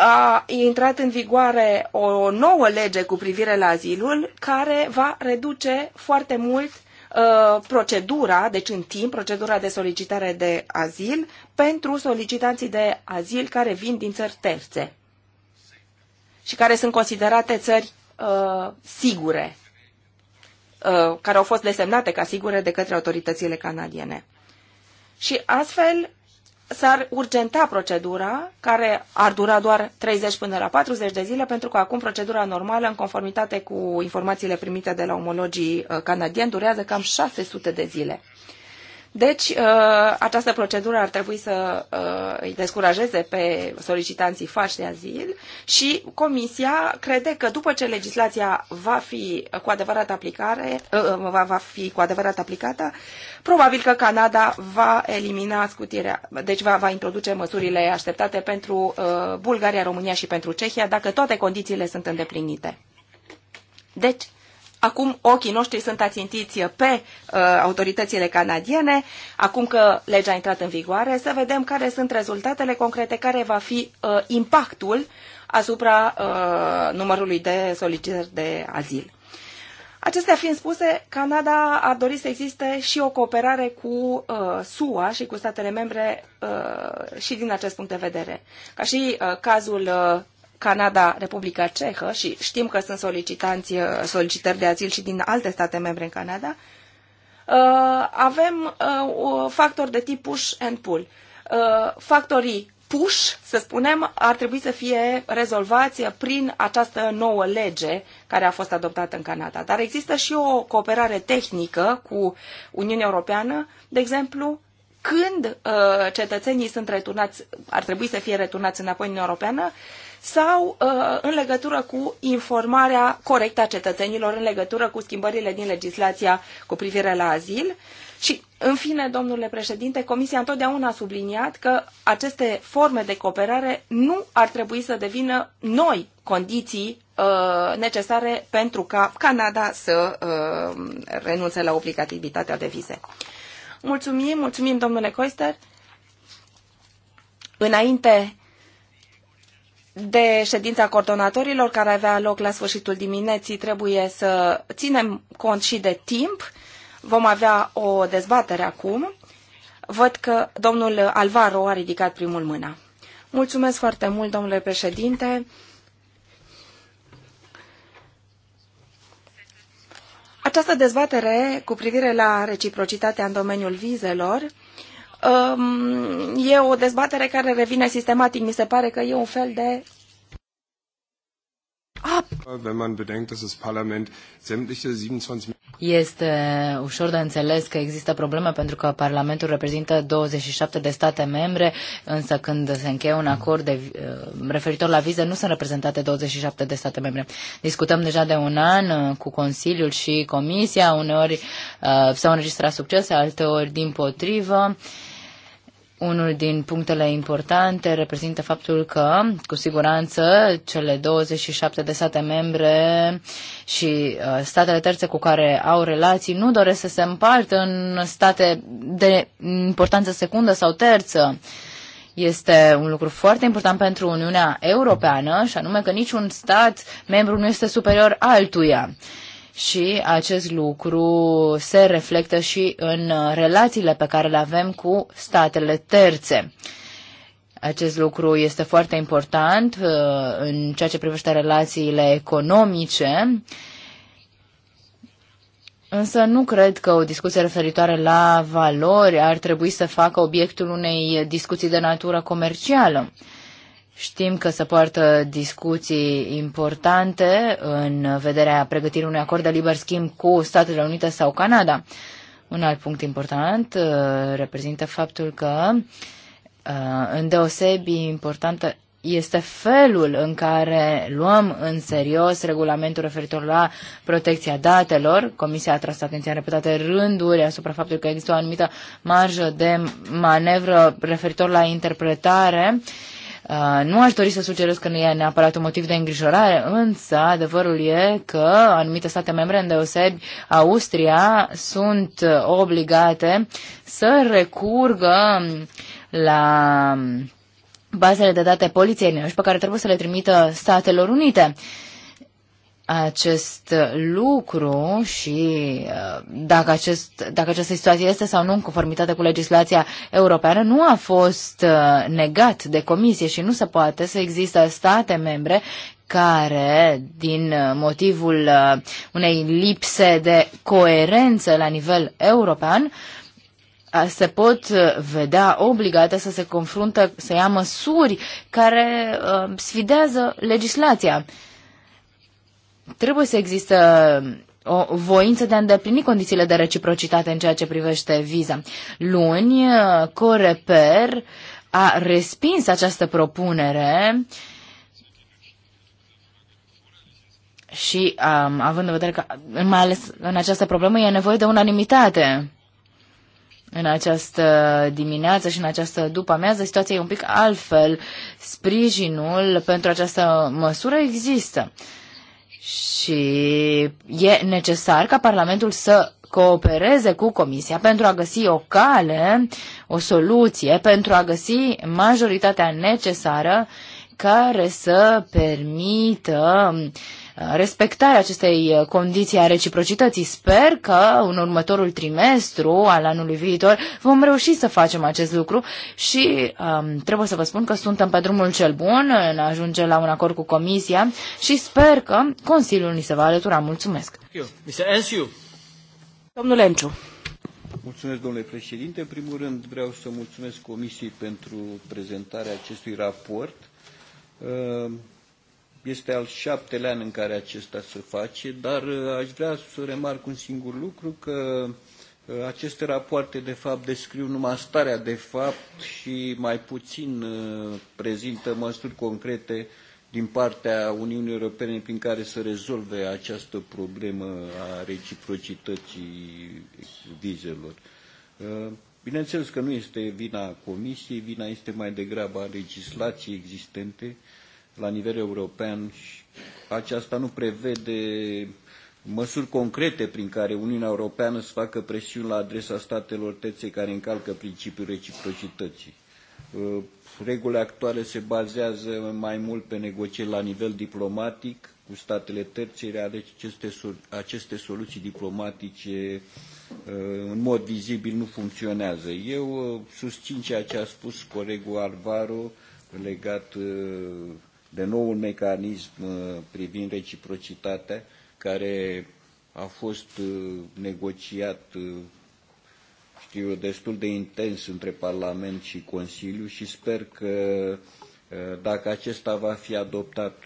a intrat în vigoare o nouă lege cu privire la azilul care va reduce foarte mult uh, procedura, deci în timp, procedura de solicitare de azil pentru solicitanții de azil care vin din țări terțe și care sunt considerate țări uh, sigure, uh, care au fost desemnate ca sigure de către autoritățile canadiene. Și astfel s-ar urgenta procedura, care ar dura doar 30 până la 40 de zile, pentru că acum procedura normală, în conformitate cu informațiile primite de la omologii uh, canadieni, durează cam 600 de zile. Deci, uh, această procedură ar trebui să uh, îi descurajeze pe solicitanții faci de azil și Comisia crede că după ce legislația va fi cu adevărat, aplicare, uh, va fi cu adevărat aplicată, probabil că Canada va elimina scutirea, deci va, va introduce măsurile așteptate pentru Bulgaria, România și pentru Cehia, dacă toate condițiile sunt îndeplinite. Deci, Acum ochii noștri sunt ațintiți pe uh, autoritățile canadiene, acum că legea a intrat în vigoare, să vedem care sunt rezultatele concrete, care va fi uh, impactul asupra uh, numărului de solicitări de azil. Acestea fiind spuse, Canada ar dori să existe și o cooperare cu uh, SUA și cu statele membre uh, și din acest punct de vedere. Ca și uh, cazul uh, Canada, Republica Cehă și știm că sunt solicitanți, uh, solicitări de azil și din alte state membre în Canada, uh, avem uh, factori de tip push and pull. Factorii push, să spunem, ar trebui să fie rezolvați prin această nouă lege care a fost adoptată în Canada. Dar există și o cooperare tehnică cu Uniunea Europeană, de exemplu, când uh, cetățenii sunt returnați, ar trebui să fie returnați înapoi în Europeană, uh, sau uh, în legătură cu informarea corectă a cetățenilor în legătură cu schimbările din legislația cu privire la azil. Și, în fine, domnule președinte, Comisia întotdeauna a subliniat că aceste forme de cooperare nu ar trebui să devină noi condiții uh, necesare pentru ca Canada să uh, renunțe la obligativitatea de vize. Mulțumim, mulțumim, domnule Coister. Înainte de ședința coordonatorilor care avea loc la sfârșitul dimineții trebuie să ținem cont și de timp. Vom avea o dezbatere acum. Văd că domnul Alvaro a ridicat primul mâna. Mulțumesc foarte mult, domnule președinte. Această dezbatere cu privire la reciprocitatea în domeniul vizelor Um, e o dezbatere care revine sistematic. Mi se pare că e un fel de ab. Wenn man bedenkt, dass das Parlament sämtliche 27 este ușor de înțeles că există probleme pentru că Parlamentul reprezintă 27 de state membre, însă când se încheie un acord de, eh, referitor la vize nu sunt reprezentate 27 de state membre. Discutăm deja de un an eh, cu Consiliul și Comisia, uneori uh, s-au înregistrat succese, alteori din potrivă. Uh, unul din punctele importante reprezintă faptul că, cu siguranță, cele 27 de state membre și uh, statele terțe cu care au relații nu doresc să se împartă în state de importanță secundă sau terță. Este un lucru foarte important pentru Uniunea Europeană și anume că niciun stat membru nu este superior altuia și acest lucru se reflectă și în uh, relațiile pe care le avem cu statele terțe. Acest lucru este foarte important uh, în ceea ce privește relațiile economice, însă nu cred că o discuție referitoare la valori ar trebui să facă obiectul unei discuții de natură comercială. Știm că se poartă discuții importante în vederea pregătirii unui acord de liber schimb cu Statele Unite sau Canada. Un alt punct important uh, reprezintă faptul că uh, îndeosebi importantă este felul în care luăm în serios regulamentul referitor la protecția datelor. Comisia a tras atenția în repetate rânduri asupra faptului că există o anumită marjă de manevră referitor la interpretare uh, Uh, nu aș dori să sugerez că nu e neapărat un motiv de îngrijorare, însă adevărul e că anumite state membre, îndeosebi Austria, sunt obligate să recurgă la bazele de date poliției pe care trebuie să le trimită Statelor Unite. Uh, acest lucru și uh, dacă, acest, dacă această situație este sau nu în conformitate cu legislația europeană, nu a fost uh, negat de comisie și nu se poate să există state membre care, din uh, motivul unei lipse de coerență la nivel european, se pot vedea obligate să se confruntă, să ia măsuri care sfidează legislația. Trebuie să există o voință de a îndeplini condițiile de reciprocitate în ceea ce privește viza. Luni, Coreper a respins această propunere și um, având în vedere că, mai ales în această problemă, e nevoie de unanimitate. În această dimineață și în această după-amiază situația e un pic altfel. Sprijinul pentru această măsură există. Uh, și e necesar ca Parlamentul să coopereze cu Comisia pentru a găsi o cale, o soluție, pentru a găsi majoritatea necesară care să permită respectarea acestei uh, condiții a reciprocității. Sper că în următorul trimestru al anului viitor vom reuși să facem acest lucru și um, trebuie să vă spun că suntem pe drumul cel bun în a ajunge la un acord cu Comisia și sper că Consiliul ni se va alătura. Mulțumesc! Domnule Enciu. Mulțumesc, domnule președinte. În primul rând vreau să mulțumesc Comisiei pentru prezentarea acestui raport. Uh, este al șaptelea an în care acesta se face, dar uh, aș vrea să remarc un singur lucru, că uh, aceste rapoarte, de fapt, descriu numai starea de fapt și mai puțin uh, prezintă măsuri concrete din partea Uniunii Europene prin care să rezolve această problemă a reciprocității vizelor. Bineînțeles că nu este vina Comisiei, vina este mai degrabă a legislației existente la nivel european și aceasta nu prevede măsuri concrete prin care Uniunea Europeană să facă presiuni la adresa statelor terțe care încalcă principiul reciprocității. Uh, regulile actuale se bazează mai mult pe negocieri la nivel diplomatic cu statele terțe, iar aceste, aceste soluții diplomatice uh, în mod vizibil nu funcționează. Eu uh, susțin ceea ce a spus colegul Alvaro legat de noul mecanism uh, privind reciprocitatea, care a fost uh, negociat, uh, știu eu, destul de intens între Parlament și Consiliu și sper că dacă acesta va fi adoptat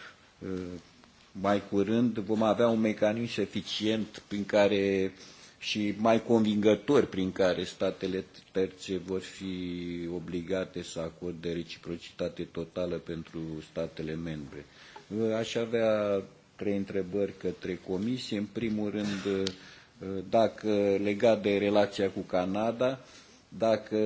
mai curând, vom avea un mecanism eficient prin care și mai convingători prin care statele terțe vor fi obligate să acorde reciprocitate totală pentru statele membre. Uh, aș avea trei întrebări către Comisie. În primul rând, uh, dacă legat de relația cu Canada, dacă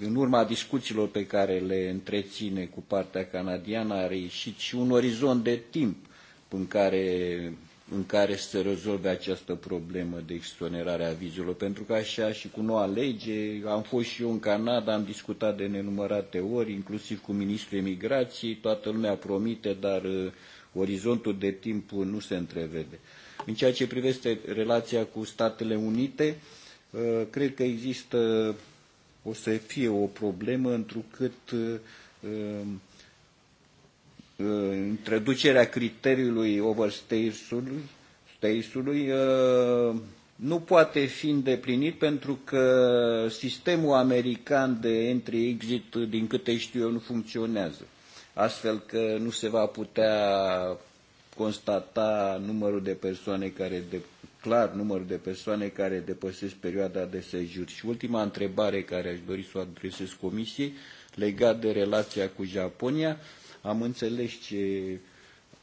în urma discuțiilor pe care le întreține cu partea canadiană a reușit și un orizont de timp în care în care să se rezolve această problemă de exonerare a vizelor, pentru că așa și cu noua lege, am fost și eu în Canada, am discutat de nenumărate ori, inclusiv cu ministrul emigrației, toată lumea promite, dar uh, orizontul de timp nu se întrevede. În ceea ce privește relația cu Statele Unite, uh, cred că există, o să fie o problemă, întrucât uh, Uh, introducerea criteriului overstays-ului uh, nu poate fi îndeplinit pentru că sistemul american de entry-exit, din câte știu eu, nu funcționează. Astfel că nu se va putea constata numărul de persoane care de, clar numărul de persoane care depășesc perioada de sejur. Și ultima întrebare care aș dori să o adresez Comisiei legat de relația cu Japonia, uh, am înțeles ce,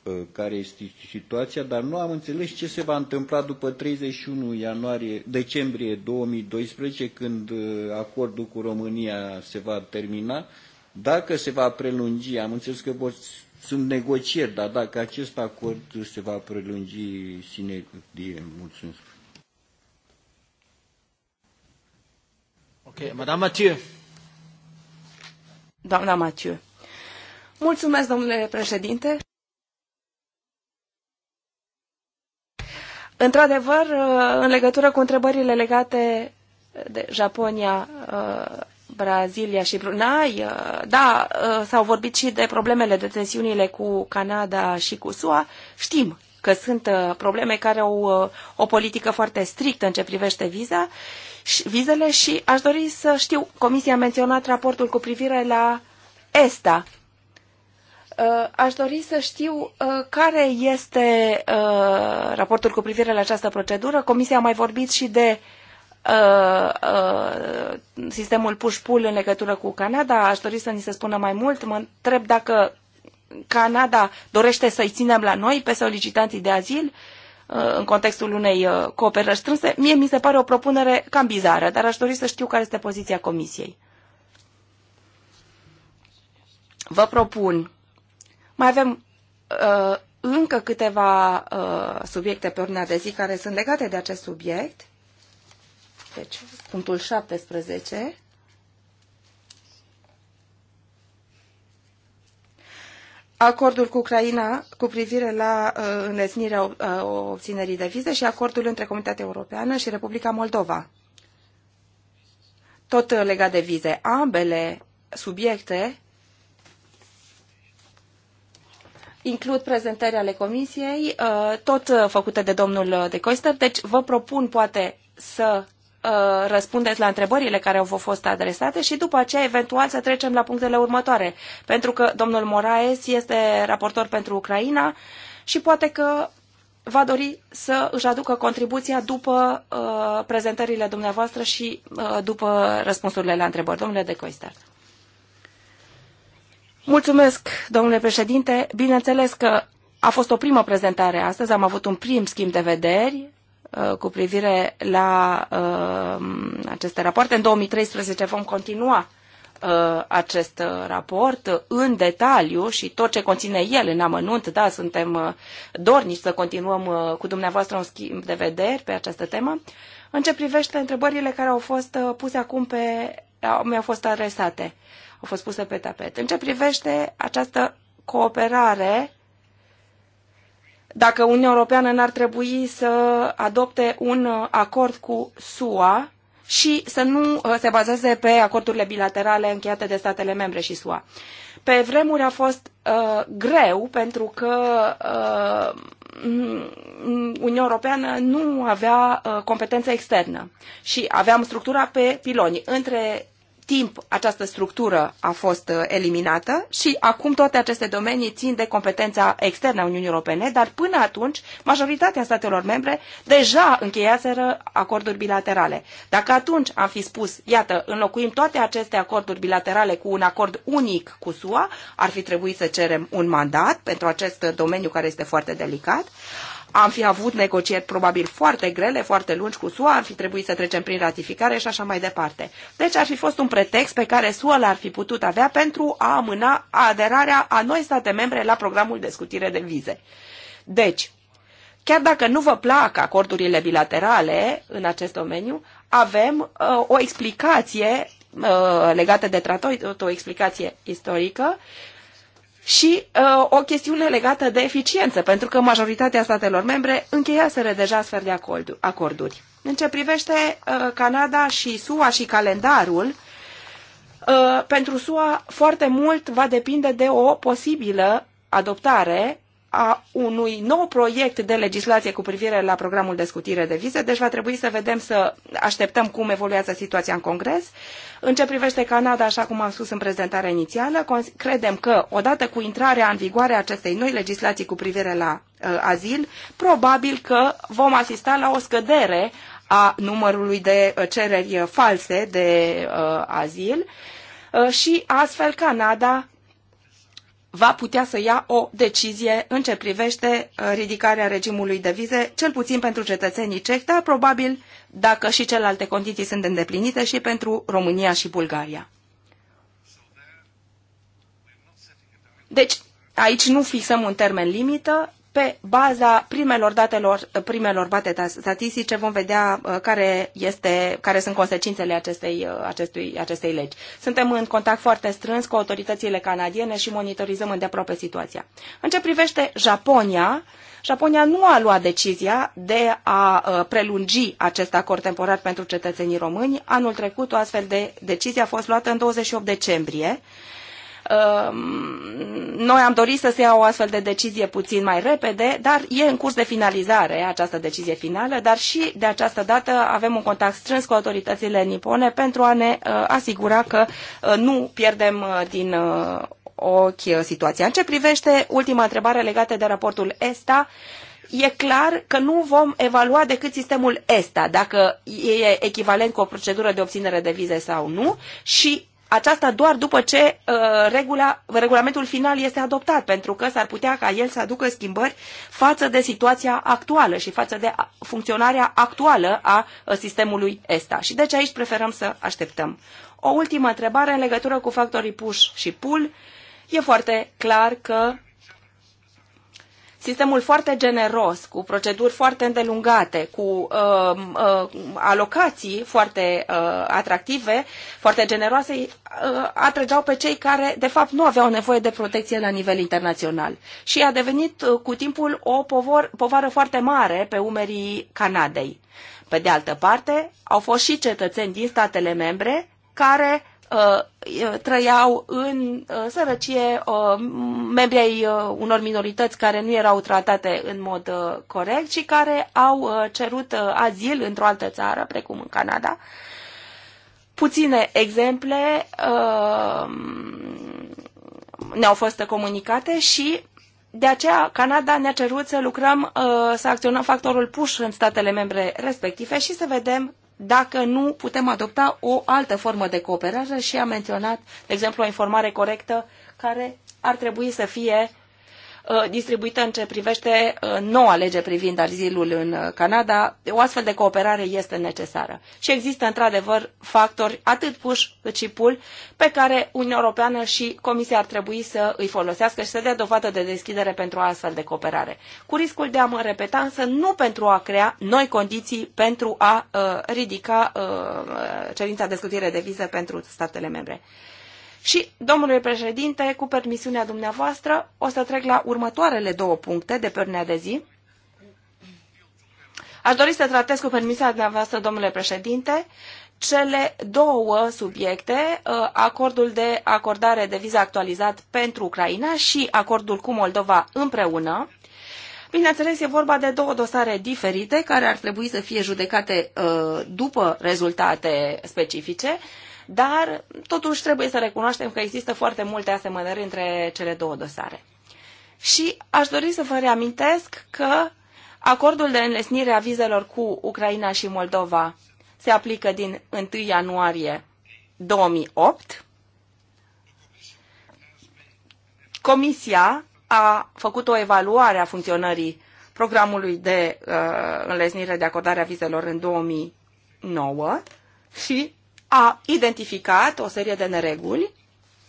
ă, care este situația, dar nu am înțeles ce se va întâmpla după 31 ianuarie, decembrie 2012, când ă, acordul cu România se va termina, dacă se va prelungi, am înțeles că vor, sunt negocieri, dar dacă acest acord se va prelungi sine die, mulțumesc. Ok, Madame Mathieu. Doamna Mathieu. Mulțumesc, domnule președinte. Într-adevăr, în legătură cu întrebările legate de Japonia, uh, Brazilia și Brunei, uh, da, uh, s-au vorbit și de problemele de tensiunile cu Canada și cu SUA. Știm că sunt probleme care au o politică foarte strictă în ce privește viza, vizele și aș dori să știu, Comisia a menționat raportul cu privire la ESTA, Uh, aș dori să știu uh, care este uh, raportul cu privire la această procedură. Comisia a mai vorbit și de sistemul push-pull în legătură cu Canada. Aș dori să ni se spună mai mult. Mă întreb dacă Canada dorește să-i ținem la noi pe solicitanții de azil în contextul unei cooperări strânse. Mie mi se pare o propunere cam bizară, dar aș dori să știu care este poziția Comisiei. Vă propun mai avem uh, încă câteva uh, subiecte pe ordinea de zi care sunt legate de acest subiect. Deci, punctul 17. Acordul cu Ucraina cu privire la uh, înlesnirea uh, obținerii de vize și acordul între Comunitatea Europeană și Republica Moldova. Tot uh, legat de vize. Ambele subiecte includ prezentări ale comisiei, uh, tot uh, făcute de domnul uh, de Coister. Deci vă propun poate să răspundeți la întrebările care au fost adresate și după aceea eventual să trecem la punctele următoare. Pentru că domnul Moraes este raportor pentru Ucraina și poate că va dori să își aducă contribuția după uh, prezentările dumneavoastră și uh, după răspunsurile la întrebări. Domnule de Coister. Mulțumesc, domnule președinte. Bineînțeles că a fost o primă prezentare astăzi, am avut un prim schimb de vederi uh, cu privire la uh, aceste rapoarte. În 2013 vom continua uh, acest uh, raport în detaliu și tot ce conține el în amănunt. Da, suntem uh, dornici să continuăm uh, cu dumneavoastră un schimb de vederi pe această temă. În ce privește întrebările care au fost puse acum pe mi-au fost adresate au fost puse pe tapet. În ce privește această cooperare, dacă Uniunea Europeană n-ar trebui să adopte un uh, acord cu SUA și să nu uh, se bazeze pe acordurile bilaterale încheiate de statele membre și SUA. Pe vremuri a fost uh, greu pentru că uh, Uniunea Europeană nu avea uh, competență externă și aveam structura pe piloni. Între timp această structură a fost uh, eliminată și acum toate aceste domenii țin de competența externă a Uniunii Europene, dar până atunci majoritatea statelor membre deja încheiaseră acorduri bilaterale. Dacă atunci am fi spus, iată, înlocuim toate aceste acorduri bilaterale cu un acord unic cu SUA, ar fi trebuit să cerem un mandat pentru acest domeniu care este foarte delicat am fi avut negocieri probabil foarte grele, foarte lungi cu SUA, ar fi trebuit să trecem prin ratificare și așa mai departe. Deci ar fi fost un pretext pe care SUA l-ar fi putut avea pentru a amâna aderarea a noi state membre la programul de scutire de vize. Deci, chiar dacă nu vă plac acordurile bilaterale în acest domeniu, avem uh, o explicație uh, legată de tratat, o explicație istorică și uh, o chestiune legată de eficiență, pentru că majoritatea statelor membre încheiaseră deja astfel de acorduri. În ce privește uh, Canada și SUA și calendarul, uh, pentru SUA foarte mult va depinde de o posibilă adoptare a unui nou proiect de legislație cu privire la programul de scutire de vize, deci va trebui să vedem, să așteptăm cum evoluează situația în Congres. În ce privește Canada, așa cum am spus în prezentarea inițială, credem că, odată cu intrarea în vigoare a acestei noi legislații cu privire la uh, azil, probabil că vom asista la o scădere a numărului de uh, cereri uh, false de uh, azil uh, și astfel Canada va putea să ia o decizie în ce privește uh, ridicarea regimului de vize, cel puțin pentru cetățenii cehi, dar probabil dacă și celelalte condiții sunt îndeplinite și pentru România și Bulgaria. Deci, aici nu fixăm un termen limită, pe baza primelor datelor, primelor date statistice vom vedea uh, care, este, care sunt consecințele acestei, uh, acestui, acestei legi. Suntem în contact foarte strâns cu autoritățile canadiene și monitorizăm îndeaproape situația. În ce privește Japonia, Japonia nu a luat decizia de a uh, prelungi acest acord temporar pentru cetățenii români. Anul trecut o astfel de decizie a fost luată în 28 decembrie Ehm, noi am dorit să se ia o astfel de decizie puțin mai repede, dar e în curs de finalizare această decizie finală, dar și de această dată avem un contact strâns cu autoritățile nipone pentru a ne eh, asigura că eh, nu pierdem eh, din ochi situația. În ce privește ultima întrebare legată de raportul ESTA, e clar că nu vom evalua decât sistemul ESTA, dacă e echivalent cu o procedură de obținere de vize sau nu și aceasta doar după ce uh, regula, regulamentul final este adoptat, pentru că s-ar putea ca el să aducă schimbări față de situația actuală și față de funcționarea actuală a uh, sistemului ESTA. Și deci aici preferăm să așteptăm. O ultimă întrebare în legătură cu factorii push și pull. E foarte clar că sistemul foarte generos, cu proceduri foarte îndelungate, cu uh, uh, alocații foarte uh, atractive, foarte generoase, uh, atrăgeau pe cei care, de fapt, nu aveau nevoie de protecție la nivel internațional. Și a devenit uh, cu timpul o povor, povară foarte mare pe umerii Canadei. Pe de altă parte, au fost și cetățeni din statele membre care Uh, trăiau în uh, sărăcie uh, membrii ai unor minorități care nu erau tratate în mod corect și care au cerut azil într-o altă țară, precum în Canada. Puține exemple ne-au fost comunicate și de aceea, Canada ne-a cerut să lucrăm, să acționăm factorul push în statele membre respective și să vedem dacă nu putem adopta o altă formă de cooperare și a menționat, de exemplu, o informare corectă care ar trebui să fie Uh, distribuită în ce privește uh, noua lege privind azilul în uh, Canada. O astfel de cooperare este necesară. Și există, într-adevăr, factori atât push cât și pull pe care Uniunea Europeană și Comisia ar trebui să îi folosească și să dea dovadă de deschidere pentru o astfel de cooperare. Cu riscul de a mă repeta, însă nu pentru a crea noi condiții pentru a uh, ridica uh, cerința de scutire de viză pentru statele membre. Și, domnule președinte, cu permisiunea dumneavoastră, o să trec la următoarele două puncte de pe ordinea de zi. Aș dori să tratez cu permisiunea dumneavoastră, domnule președinte, cele două subiecte, uh, acordul de acordare de viză actualizat pentru Ucraina și acordul cu Moldova împreună. Bineînțeles, e vorba de două dosare diferite care ar trebui să fie judecate uh, după rezultate specifice dar totuși trebuie să recunoaștem că există foarte multe asemănări între cele două dosare. Și aș dori să vă reamintesc că acordul de înlesnire a vizelor cu Ucraina și Moldova se aplică din 1 ianuarie 2008. Comisia a făcut o evaluare a funcționării programului de uh, înlesnire de acordare a vizelor în 2009 și a identificat o serie de nereguli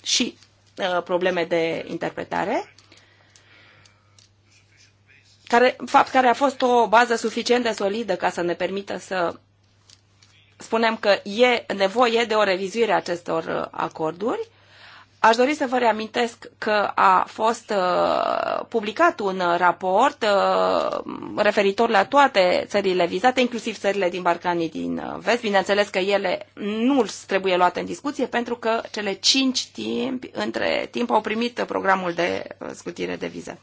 și uh, probleme de interpretare, care, fapt care a fost o bază suficient de solidă ca să ne permită să spunem că e nevoie de o revizuire a acestor uh, acorduri Aș dori să vă reamintesc că a fost uh, publicat un uh, raport uh, referitor la toate țările vizate, inclusiv țările din Balcanii din Vest. Bineînțeles că ele nu trebuie luate în discuție pentru că cele cinci timp, între timp au primit programul de scutire de viză.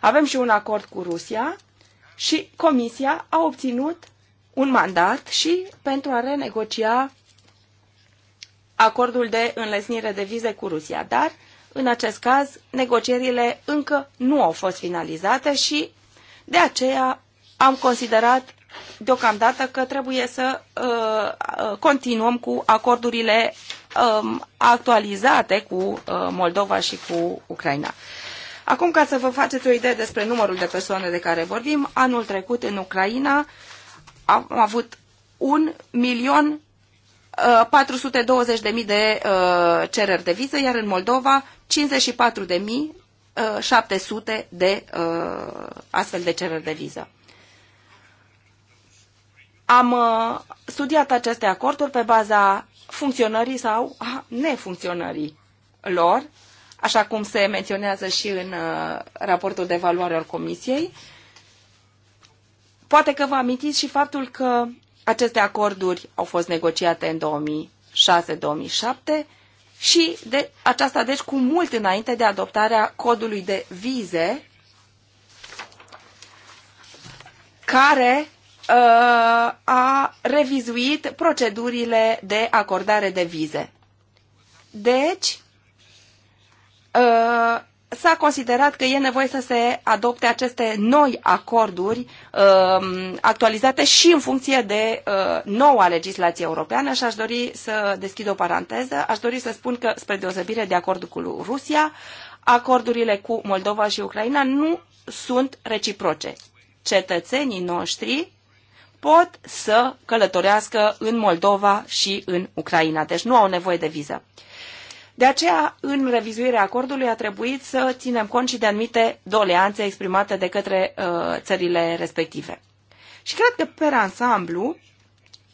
Avem și un acord cu Rusia și Comisia a obținut un mandat și pentru a renegocia acordul de înlesnire de vize cu Rusia, dar, în acest caz, negocierile încă nu au fost finalizate și, de aceea, am considerat deocamdată că trebuie să uh, uh continuăm cu acordurile um, actualizate cu uh, Moldova și cu Ucraina. Acum, ca să vă faceți o idee despre numărul de persoane de care vorbim, anul trecut în Ucraina am avut un milion 420.000 de uh, cereri de viză, iar în Moldova 54.700 de uh, astfel de cereri de viză. Am uh, studiat aceste acorduri pe baza funcționării sau a nefuncționării lor, așa cum se menționează și în raportul de evaluare al Comisiei. Poate că vă amintiți și faptul că aceste acorduri au fost negociate în 2006-2007 și de, aceasta deci cu mult înainte de adoptarea codului de vize care uh, a revizuit procedurile de acordare de vize. Deci, uh, s-a considerat că e nevoie să se adopte aceste noi acorduri uh, actualizate și în funcție de uh, noua legislație europeană și aș dori să deschid o paranteză. Aș dori să spun că, spre deosebire de acordul cu Rusia, acordurile cu Moldova și Ucraina nu sunt reciproce. Cetățenii noștri pot să călătorească în Moldova și în Ucraina, deci nu au nevoie de viză. Uh, de aceea, în revizuirea acordului a trebuit să ținem cont și de anumite doleanțe exprimate de către uh, țările respective. Și cred că, pe ansamblu,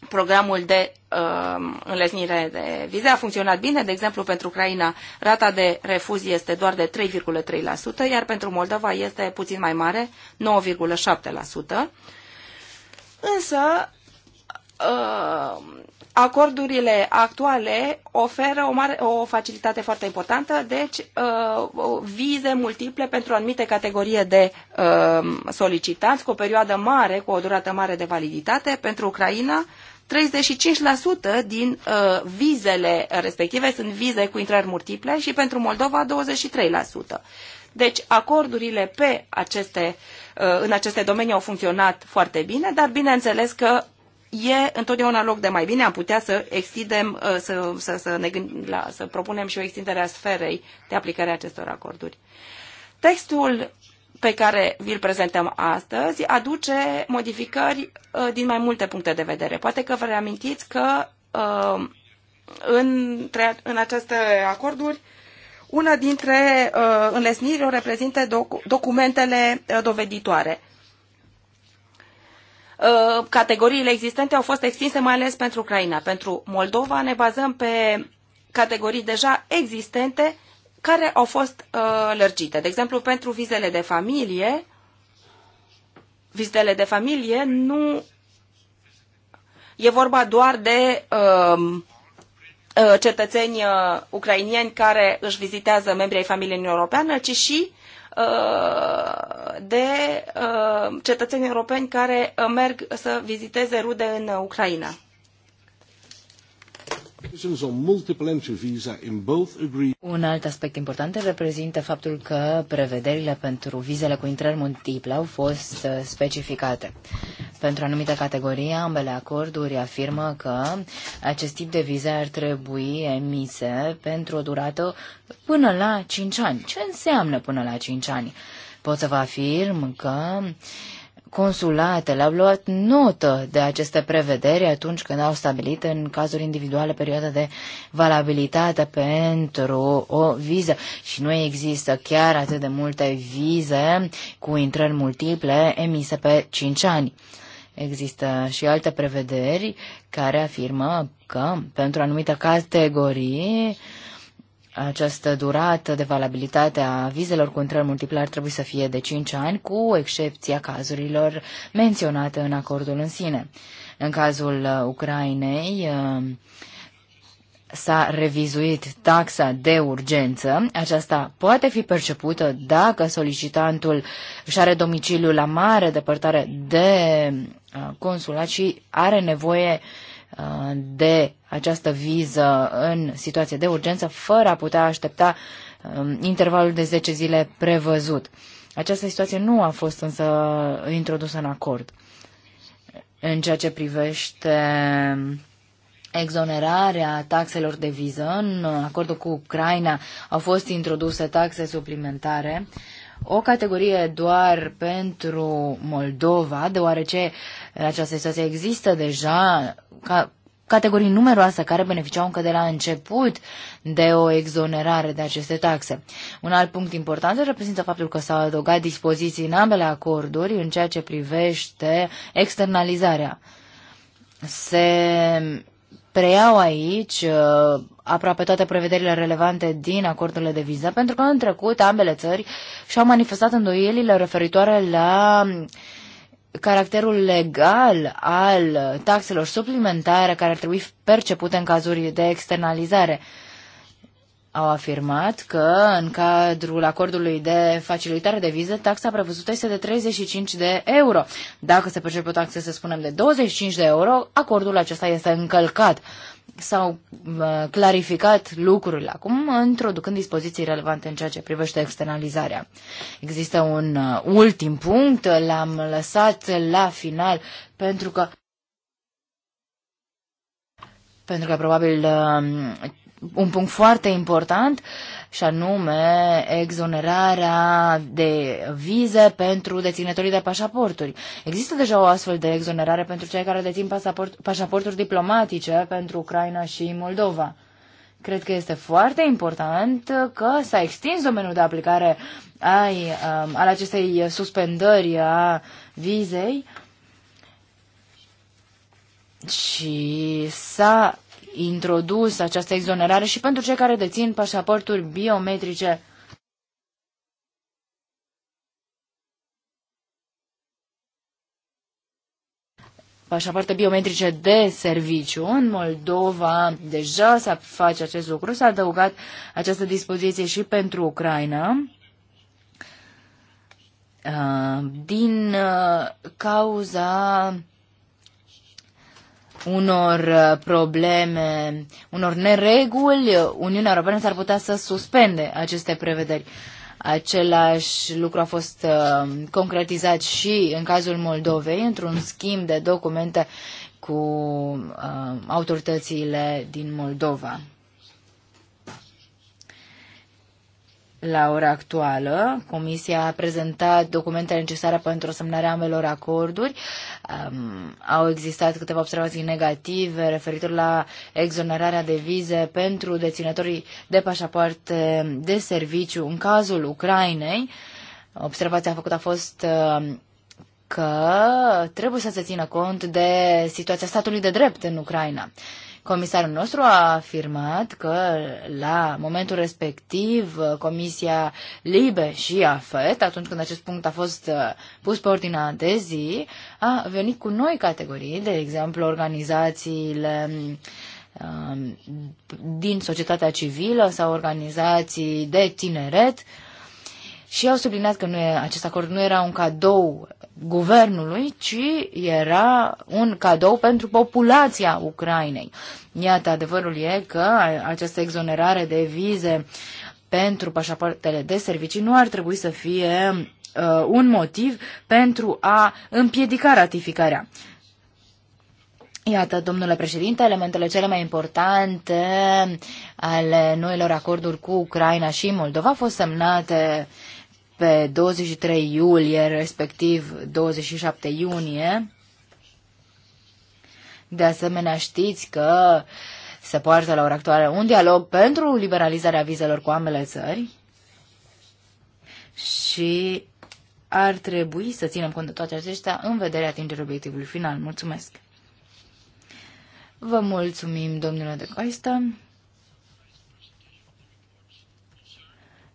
programul de uh, înlesnire de vize a funcționat bine. De exemplu, pentru Ucraina rata de refuz este doar de 3,3%, iar pentru Moldova este puțin mai mare, 9,7%. Însă, uh, acordurile actuale oferă o, mare, o facilitate foarte importantă, deci uh, vize multiple pentru o anumite categorie de uh, solicitanți cu o perioadă mare, cu o durată mare de validitate. Pentru Ucraina, 35% din uh, vizele respective sunt vize cu intrări multiple și pentru Moldova 23%. Deci acordurile pe aceste, uh, în aceste domenii au funcționat foarte bine, dar bineînțeles că e întotdeauna loc de mai bine. Am putea să extindem, uh, să, să, să, ne gândim la, să propunem și o extindere a sferei de aplicare a acestor acorduri. Textul pe care vi-l prezentăm astăzi aduce modificări uh, din mai multe puncte de vedere. Poate că vă reamintiți că uh, în în aceste acorduri una dintre înlesniri o reprezintă doc, documentele doveditoare. Uh, categoriile existente au fost extinse mai ales pentru Ucraina. Pentru Moldova ne bazăm pe categorii deja existente care au fost uh, lărgite. De exemplu, pentru vizele de familie, vizele de familie nu e vorba doar de um, uh, cetățeni uh, ucrainieni care își vizitează membrii ai familiei europeană, ci și Uh, de uh, cetățeni europeni care uh, merg să viziteze rude în Ucraina. Deci Un alt aspect important reprezintă faptul că prevederile pentru vizele cu intrări multiple au fost uh, specificate. Pentru anumite categorii, ambele acorduri afirmă că acest tip de vize ar trebui emise pentru o durată până la 5 ani. Ce înseamnă până la 5 ani? Pot să vă afirm că uh, consulatele au luat notă de aceste prevederi atunci când au stabilit în cazuri individuale perioada de valabilitate pentru o viză și nu există chiar atât de multe vize cu intrări multiple emise pe 5 ani. Există și alte prevederi care afirmă că pentru anumite categorii această durată de valabilitate a vizelor cu intrări multiple ar trebui să fie de 5 ani, cu excepția cazurilor menționate în acordul în sine. În cazul uh, Ucrainei uh, s-a revizuit taxa de urgență. Aceasta poate fi percepută dacă solicitantul își are domiciliul la mare depărtare de uh, consulat și are nevoie uh, de această viză în situație de urgență, fără a putea aștepta um, intervalul de 10 zile prevăzut. Această situație nu a fost însă introdusă în acord. În ceea ce privește exonerarea taxelor de viză, în acordul cu Ucraina au fost introduse taxe suplimentare uh, o categorie doar pentru Moldova, deoarece această situație există deja ca categorii numeroase care beneficiau încă de la început de o exonerare de aceste taxe. Un alt punct important reprezintă faptul că s-au adăugat dispoziții în ambele acorduri în ceea ce privește externalizarea. Se preiau aici uh, aproape toate prevederile relevante din acordurile de viză, pentru că în trecut ambele țări și-au manifestat îndoielile referitoare la caracterul legal al taxelor suplimentare care ar trebui percepute în cazuri de externalizare. Au afirmat că în cadrul acordului de facilitare de viză, taxa prevăzută este de 35 de euro. Dacă se percepe o taxă, să spunem, de 25 de euro, acordul acesta este încălcat s-au uh, clarificat lucrurile acum, introducând dispoziții relevante în ceea ce privește externalizarea. Există un uh, ultim punct, l-am lăsat la final, pentru că pentru că probabil um, un punct foarte important și anume exonerarea de vize pentru deținătorii de pașaporturi. Există deja o astfel de exonerare pentru cei care dețin pașaporturi diplomatice pentru Ucraina și Moldova. Cred că este foarte important că s-a extins domeniul de aplicare ai, um, al acestei suspendări a vizei și s-a introdus această exonerare și pentru cei care dețin pașaporturi biometrice. pașapoarte biometrice de serviciu. În Moldova deja s-a face acest lucru, s-a adăugat această dispoziție și pentru Ucraina. Uh, din uh, cauza unor uh, probleme, unor nereguli, Uniunea Europeană s-ar putea să suspende aceste prevederi. Același lucru a fost uh, concretizat și în cazul Moldovei, într-un schimb de documente cu uh, autoritățile din Moldova. la ora actuală. Comisia a prezentat documentele necesare pentru semnarea ambelor acorduri. Um, au existat câteva observații negative referitor la exonerarea de vize pentru deținătorii de pașapoarte de serviciu în cazul Ucrainei. Observația făcută a fost uh, că trebuie să se țină cont de situația statului de drept în Ucraina. Uh, Comisarul nostru a afirmat că la momentul respectiv uh, Comisia Libe și AFET, atunci când acest punct a fost uh, pus pe ordinea de zi, a venit cu noi categorii, de exemplu organizațiile um, din societatea civilă sau organizații de tineret și au subliniat că nu e, acest acord nu era un cadou guvernului, ci era un cadou pentru populația Ucrainei. Iată, adevărul e că această exonerare de vize pentru pașapoartele de servicii nu ar trebui să fie uh, un motiv pentru a împiedica ratificarea. Iată, domnule președinte, elementele cele mai importante ale noilor acorduri cu Ucraina și Moldova au fost semnate uh, pe 23 iulie, respectiv 27 iunie. De asemenea, știți că se poartă la ora actuală un dialog pentru liberalizarea vizelor cu ambele țări și ar trebui să ținem cont de toate acestea în vederea atingerii obiectivului final. Mulțumesc! Vă mulțumim, domnule de Coistă.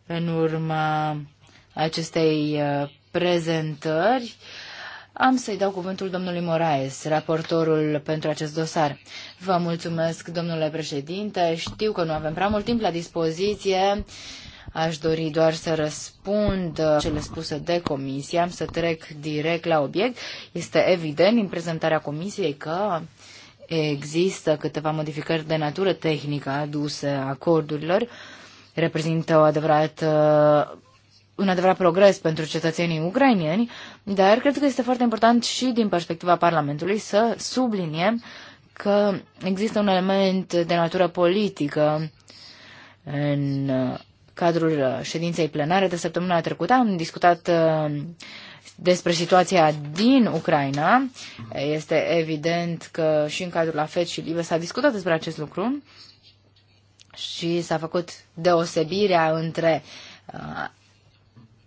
În urmă acestei uh, prezentări, am să-i dau cuvântul domnului Moraes, raportorul pentru acest dosar. Vă mulțumesc, domnule președinte. Știu că nu avem prea mult timp la dispoziție. Aș dori doar să răspund uh, cele spuse de comisie. Am să trec direct la obiect. Este evident din prezentarea comisiei că există câteva modificări de natură tehnică aduse acordurilor. Reprezintă o adevărată uh, un adevărat progres pentru cetățenii ucrainieni, dar cred că este foarte important și din perspectiva Parlamentului să subliniem că există un element de natură politică în cadrul ședinței plenare de săptămâna trecută. Am discutat uh, despre situația din Ucraina. Este evident că și în cadrul AFET și LIBE s-a discutat despre acest lucru și s-a făcut deosebirea între uh,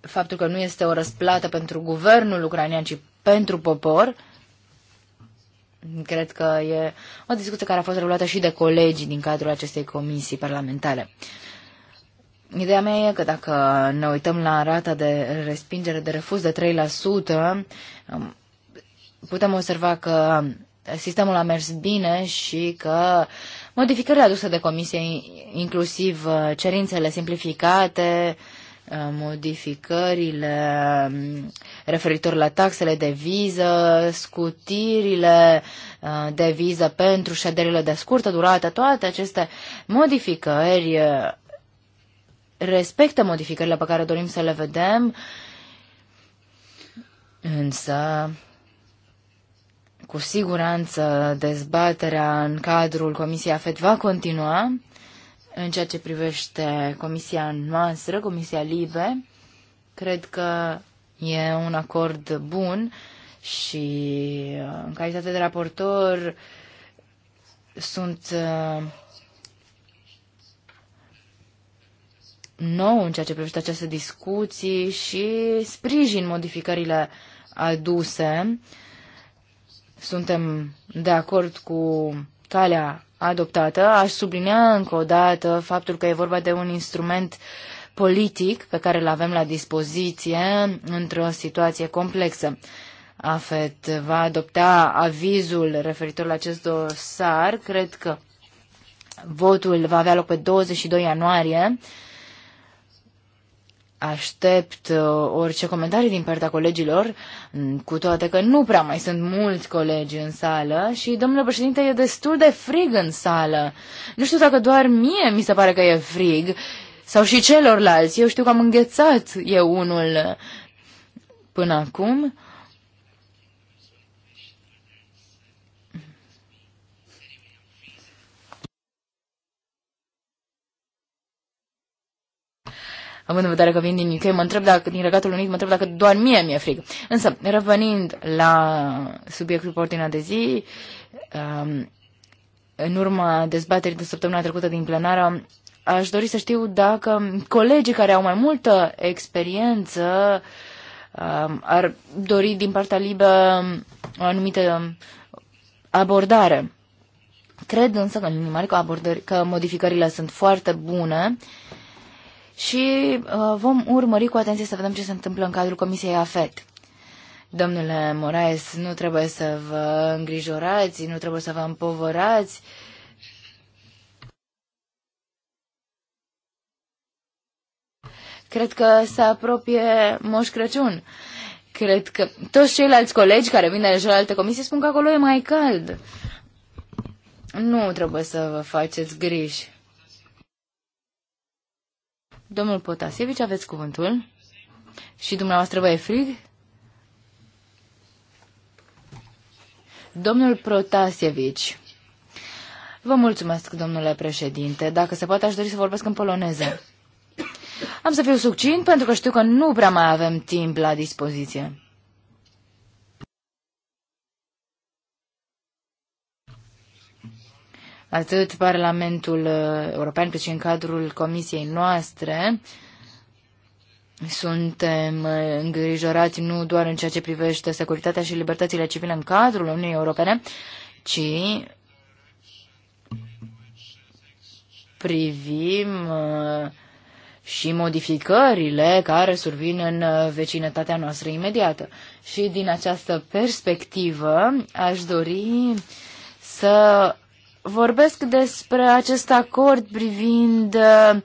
faptul că nu este o răsplată pentru guvernul ucrainean, ci pentru popor. Cred că e o discuție care a fost regulată și de colegii din cadrul acestei comisii parlamentare. Ideea mea e că dacă ne uităm la rata de respingere de refuz de 3%, um, putem observa că sistemul a mers bine și că modificările aduse de comisie, inclusiv uh, cerințele simplificate, uh, Uh, modificările um, referitor la taxele de viză, scutirile uh, de viză pentru șederile de scurtă durată, toate aceste modificări uh, respectă modificările pe care dorim să le vedem, însă cu siguranță dezbaterea în cadrul Comisiei AFET va continua în ceea ce privește comisia noastră, comisia LIBE, cred că e un acord bun și uh, în calitate de raportor sunt uh, nou în ceea ce privește aceste discuții și sprijin modificările aduse. Suntem de acord cu calea adoptată. Aș sublinia încă o dată faptul că e vorba de un instrument politic pe care îl avem la dispoziție într-o situație complexă. AFET va adopta avizul referitor la acest dosar. Cred că votul va avea loc pe 22 ianuarie Aștept uh, orice comentarii din partea colegilor, mm, cu toate că nu prea mai sunt mulți colegi în sală și, domnule președinte, e destul de frig în sală. Nu știu dacă doar mie mi se pare că e frig sau și celorlalți. Eu știu că am înghețat eu unul până acum. având în vedere că vin din UK, mă întreb dacă, din Regatul Unit, mă întreb dacă doar mie mi-e frig. Însă, revenind la subiectul pe ordinea de zi, um, în urma dezbaterii de săptămâna trecută din plenară, aș dori să știu dacă colegii care au mai multă experiență um, ar dori din partea libă o anumită abordare. Cred însă că, în mare, că, abordări, că modificările sunt foarte bune uh, și uh, vom urmări cu atenție să vedem ce se întâmplă în cadrul Comisiei AFET. Domnule Moraes, nu trebuie să vă îngrijorați, nu trebuie să vă împovărați. Cred că se apropie Moș Crăciun. Cred că toți ceilalți colegi care vin de la alte comisii spun că acolo e mai cald. Nu trebuie să vă faceți griji. Domnul Potasievici, aveți cuvântul. Și dumneavoastră vă e frig? Domnul Protasevici. Vă mulțumesc, domnule președinte. Dacă se poate, aș dori să vorbesc în poloneză. Am să fiu succint pentru că știu că nu prea mai avem timp la dispoziție. atât Parlamentul uh, European cât și în cadrul comisiei noastre, suntem uh, îngrijorați nu doar în ceea ce privește securitatea și libertățile civile în cadrul Uniunii Europene, ci privim uh, și modificările care survin în vecinătatea noastră imediată. Și din această perspectivă aș dori să vorbesc despre acest acord privind uh,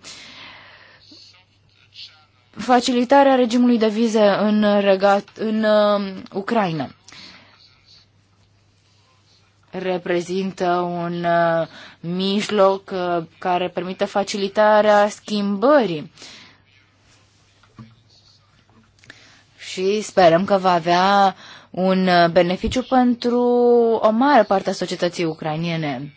facilitarea regimului de vize în, regat, în uh, Ucraina. Reprezintă un uh, mijloc care permite facilitarea schimbării și sperăm că va avea un beneficiu pentru o mare parte a societății ucrainiene.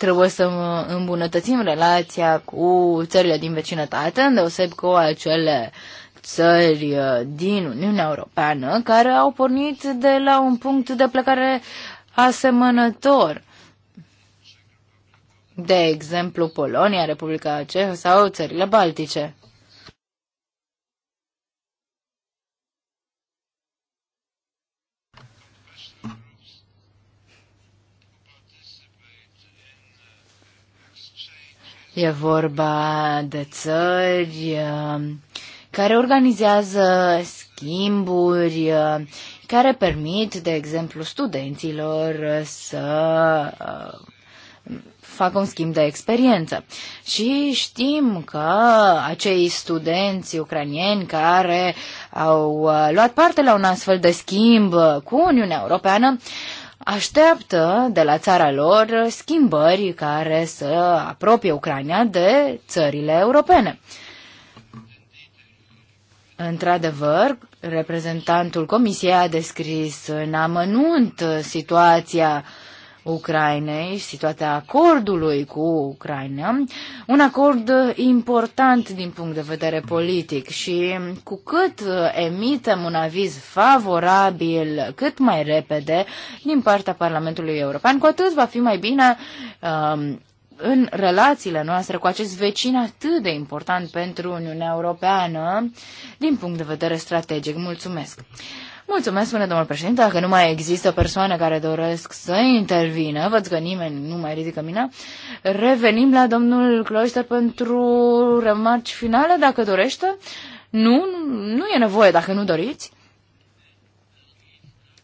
Trebuie să îmbunătățim relația cu țările din vecinătate, îndeoseb cu acele țări uh, din Uniunea Europeană care au pornit de la un punct de plecare asemănător. De exemplu, Polonia, Republica Cehă sau țările Baltice. E vorba de țări uh, care organizează schimburi, uh, care permit, de exemplu, studenților să uh, facă un schimb de experiență. Și știm că acei studenți ucranieni care au luat parte la un astfel de schimb cu Uniunea Europeană așteaptă de la țara lor schimbări care să apropie Ucraina de țările europene. Într-adevăr, reprezentantul Comisiei a descris în amănunt situația Ucrainei și situația acordului cu Ucraina, un acord important din punct de vedere politic și cu cât emitem un aviz favorabil cât mai repede din partea Parlamentului European, cu atât va fi mai bine um, în relațiile noastre cu acest vecin atât de important pentru Uniunea Europeană din punct de vedere strategic. Mulțumesc! Mulțumesc, spune domnul președinte. Dacă nu mai există persoane care doresc să intervină, văd că nimeni nu mai ridică mina, revenim la domnul Cloister pentru remarci finale, dacă dorește. Nu, nu e nevoie dacă nu doriți.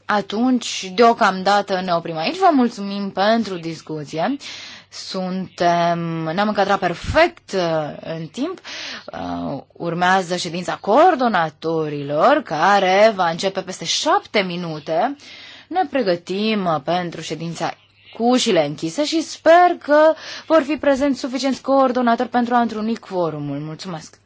Atunci, deocamdată ne oprim aici. Vă mulțumim pentru discuție suntem, ne-am încadrat perfect uh, în timp. Uh, urmează ședința coordonatorilor, care va începe peste șapte minute. Ne pregătim uh, pentru ședința cu ușile închise și sper că vor fi prezenți suficienți coordonatori pentru a întruni quorumul. Mulțumesc!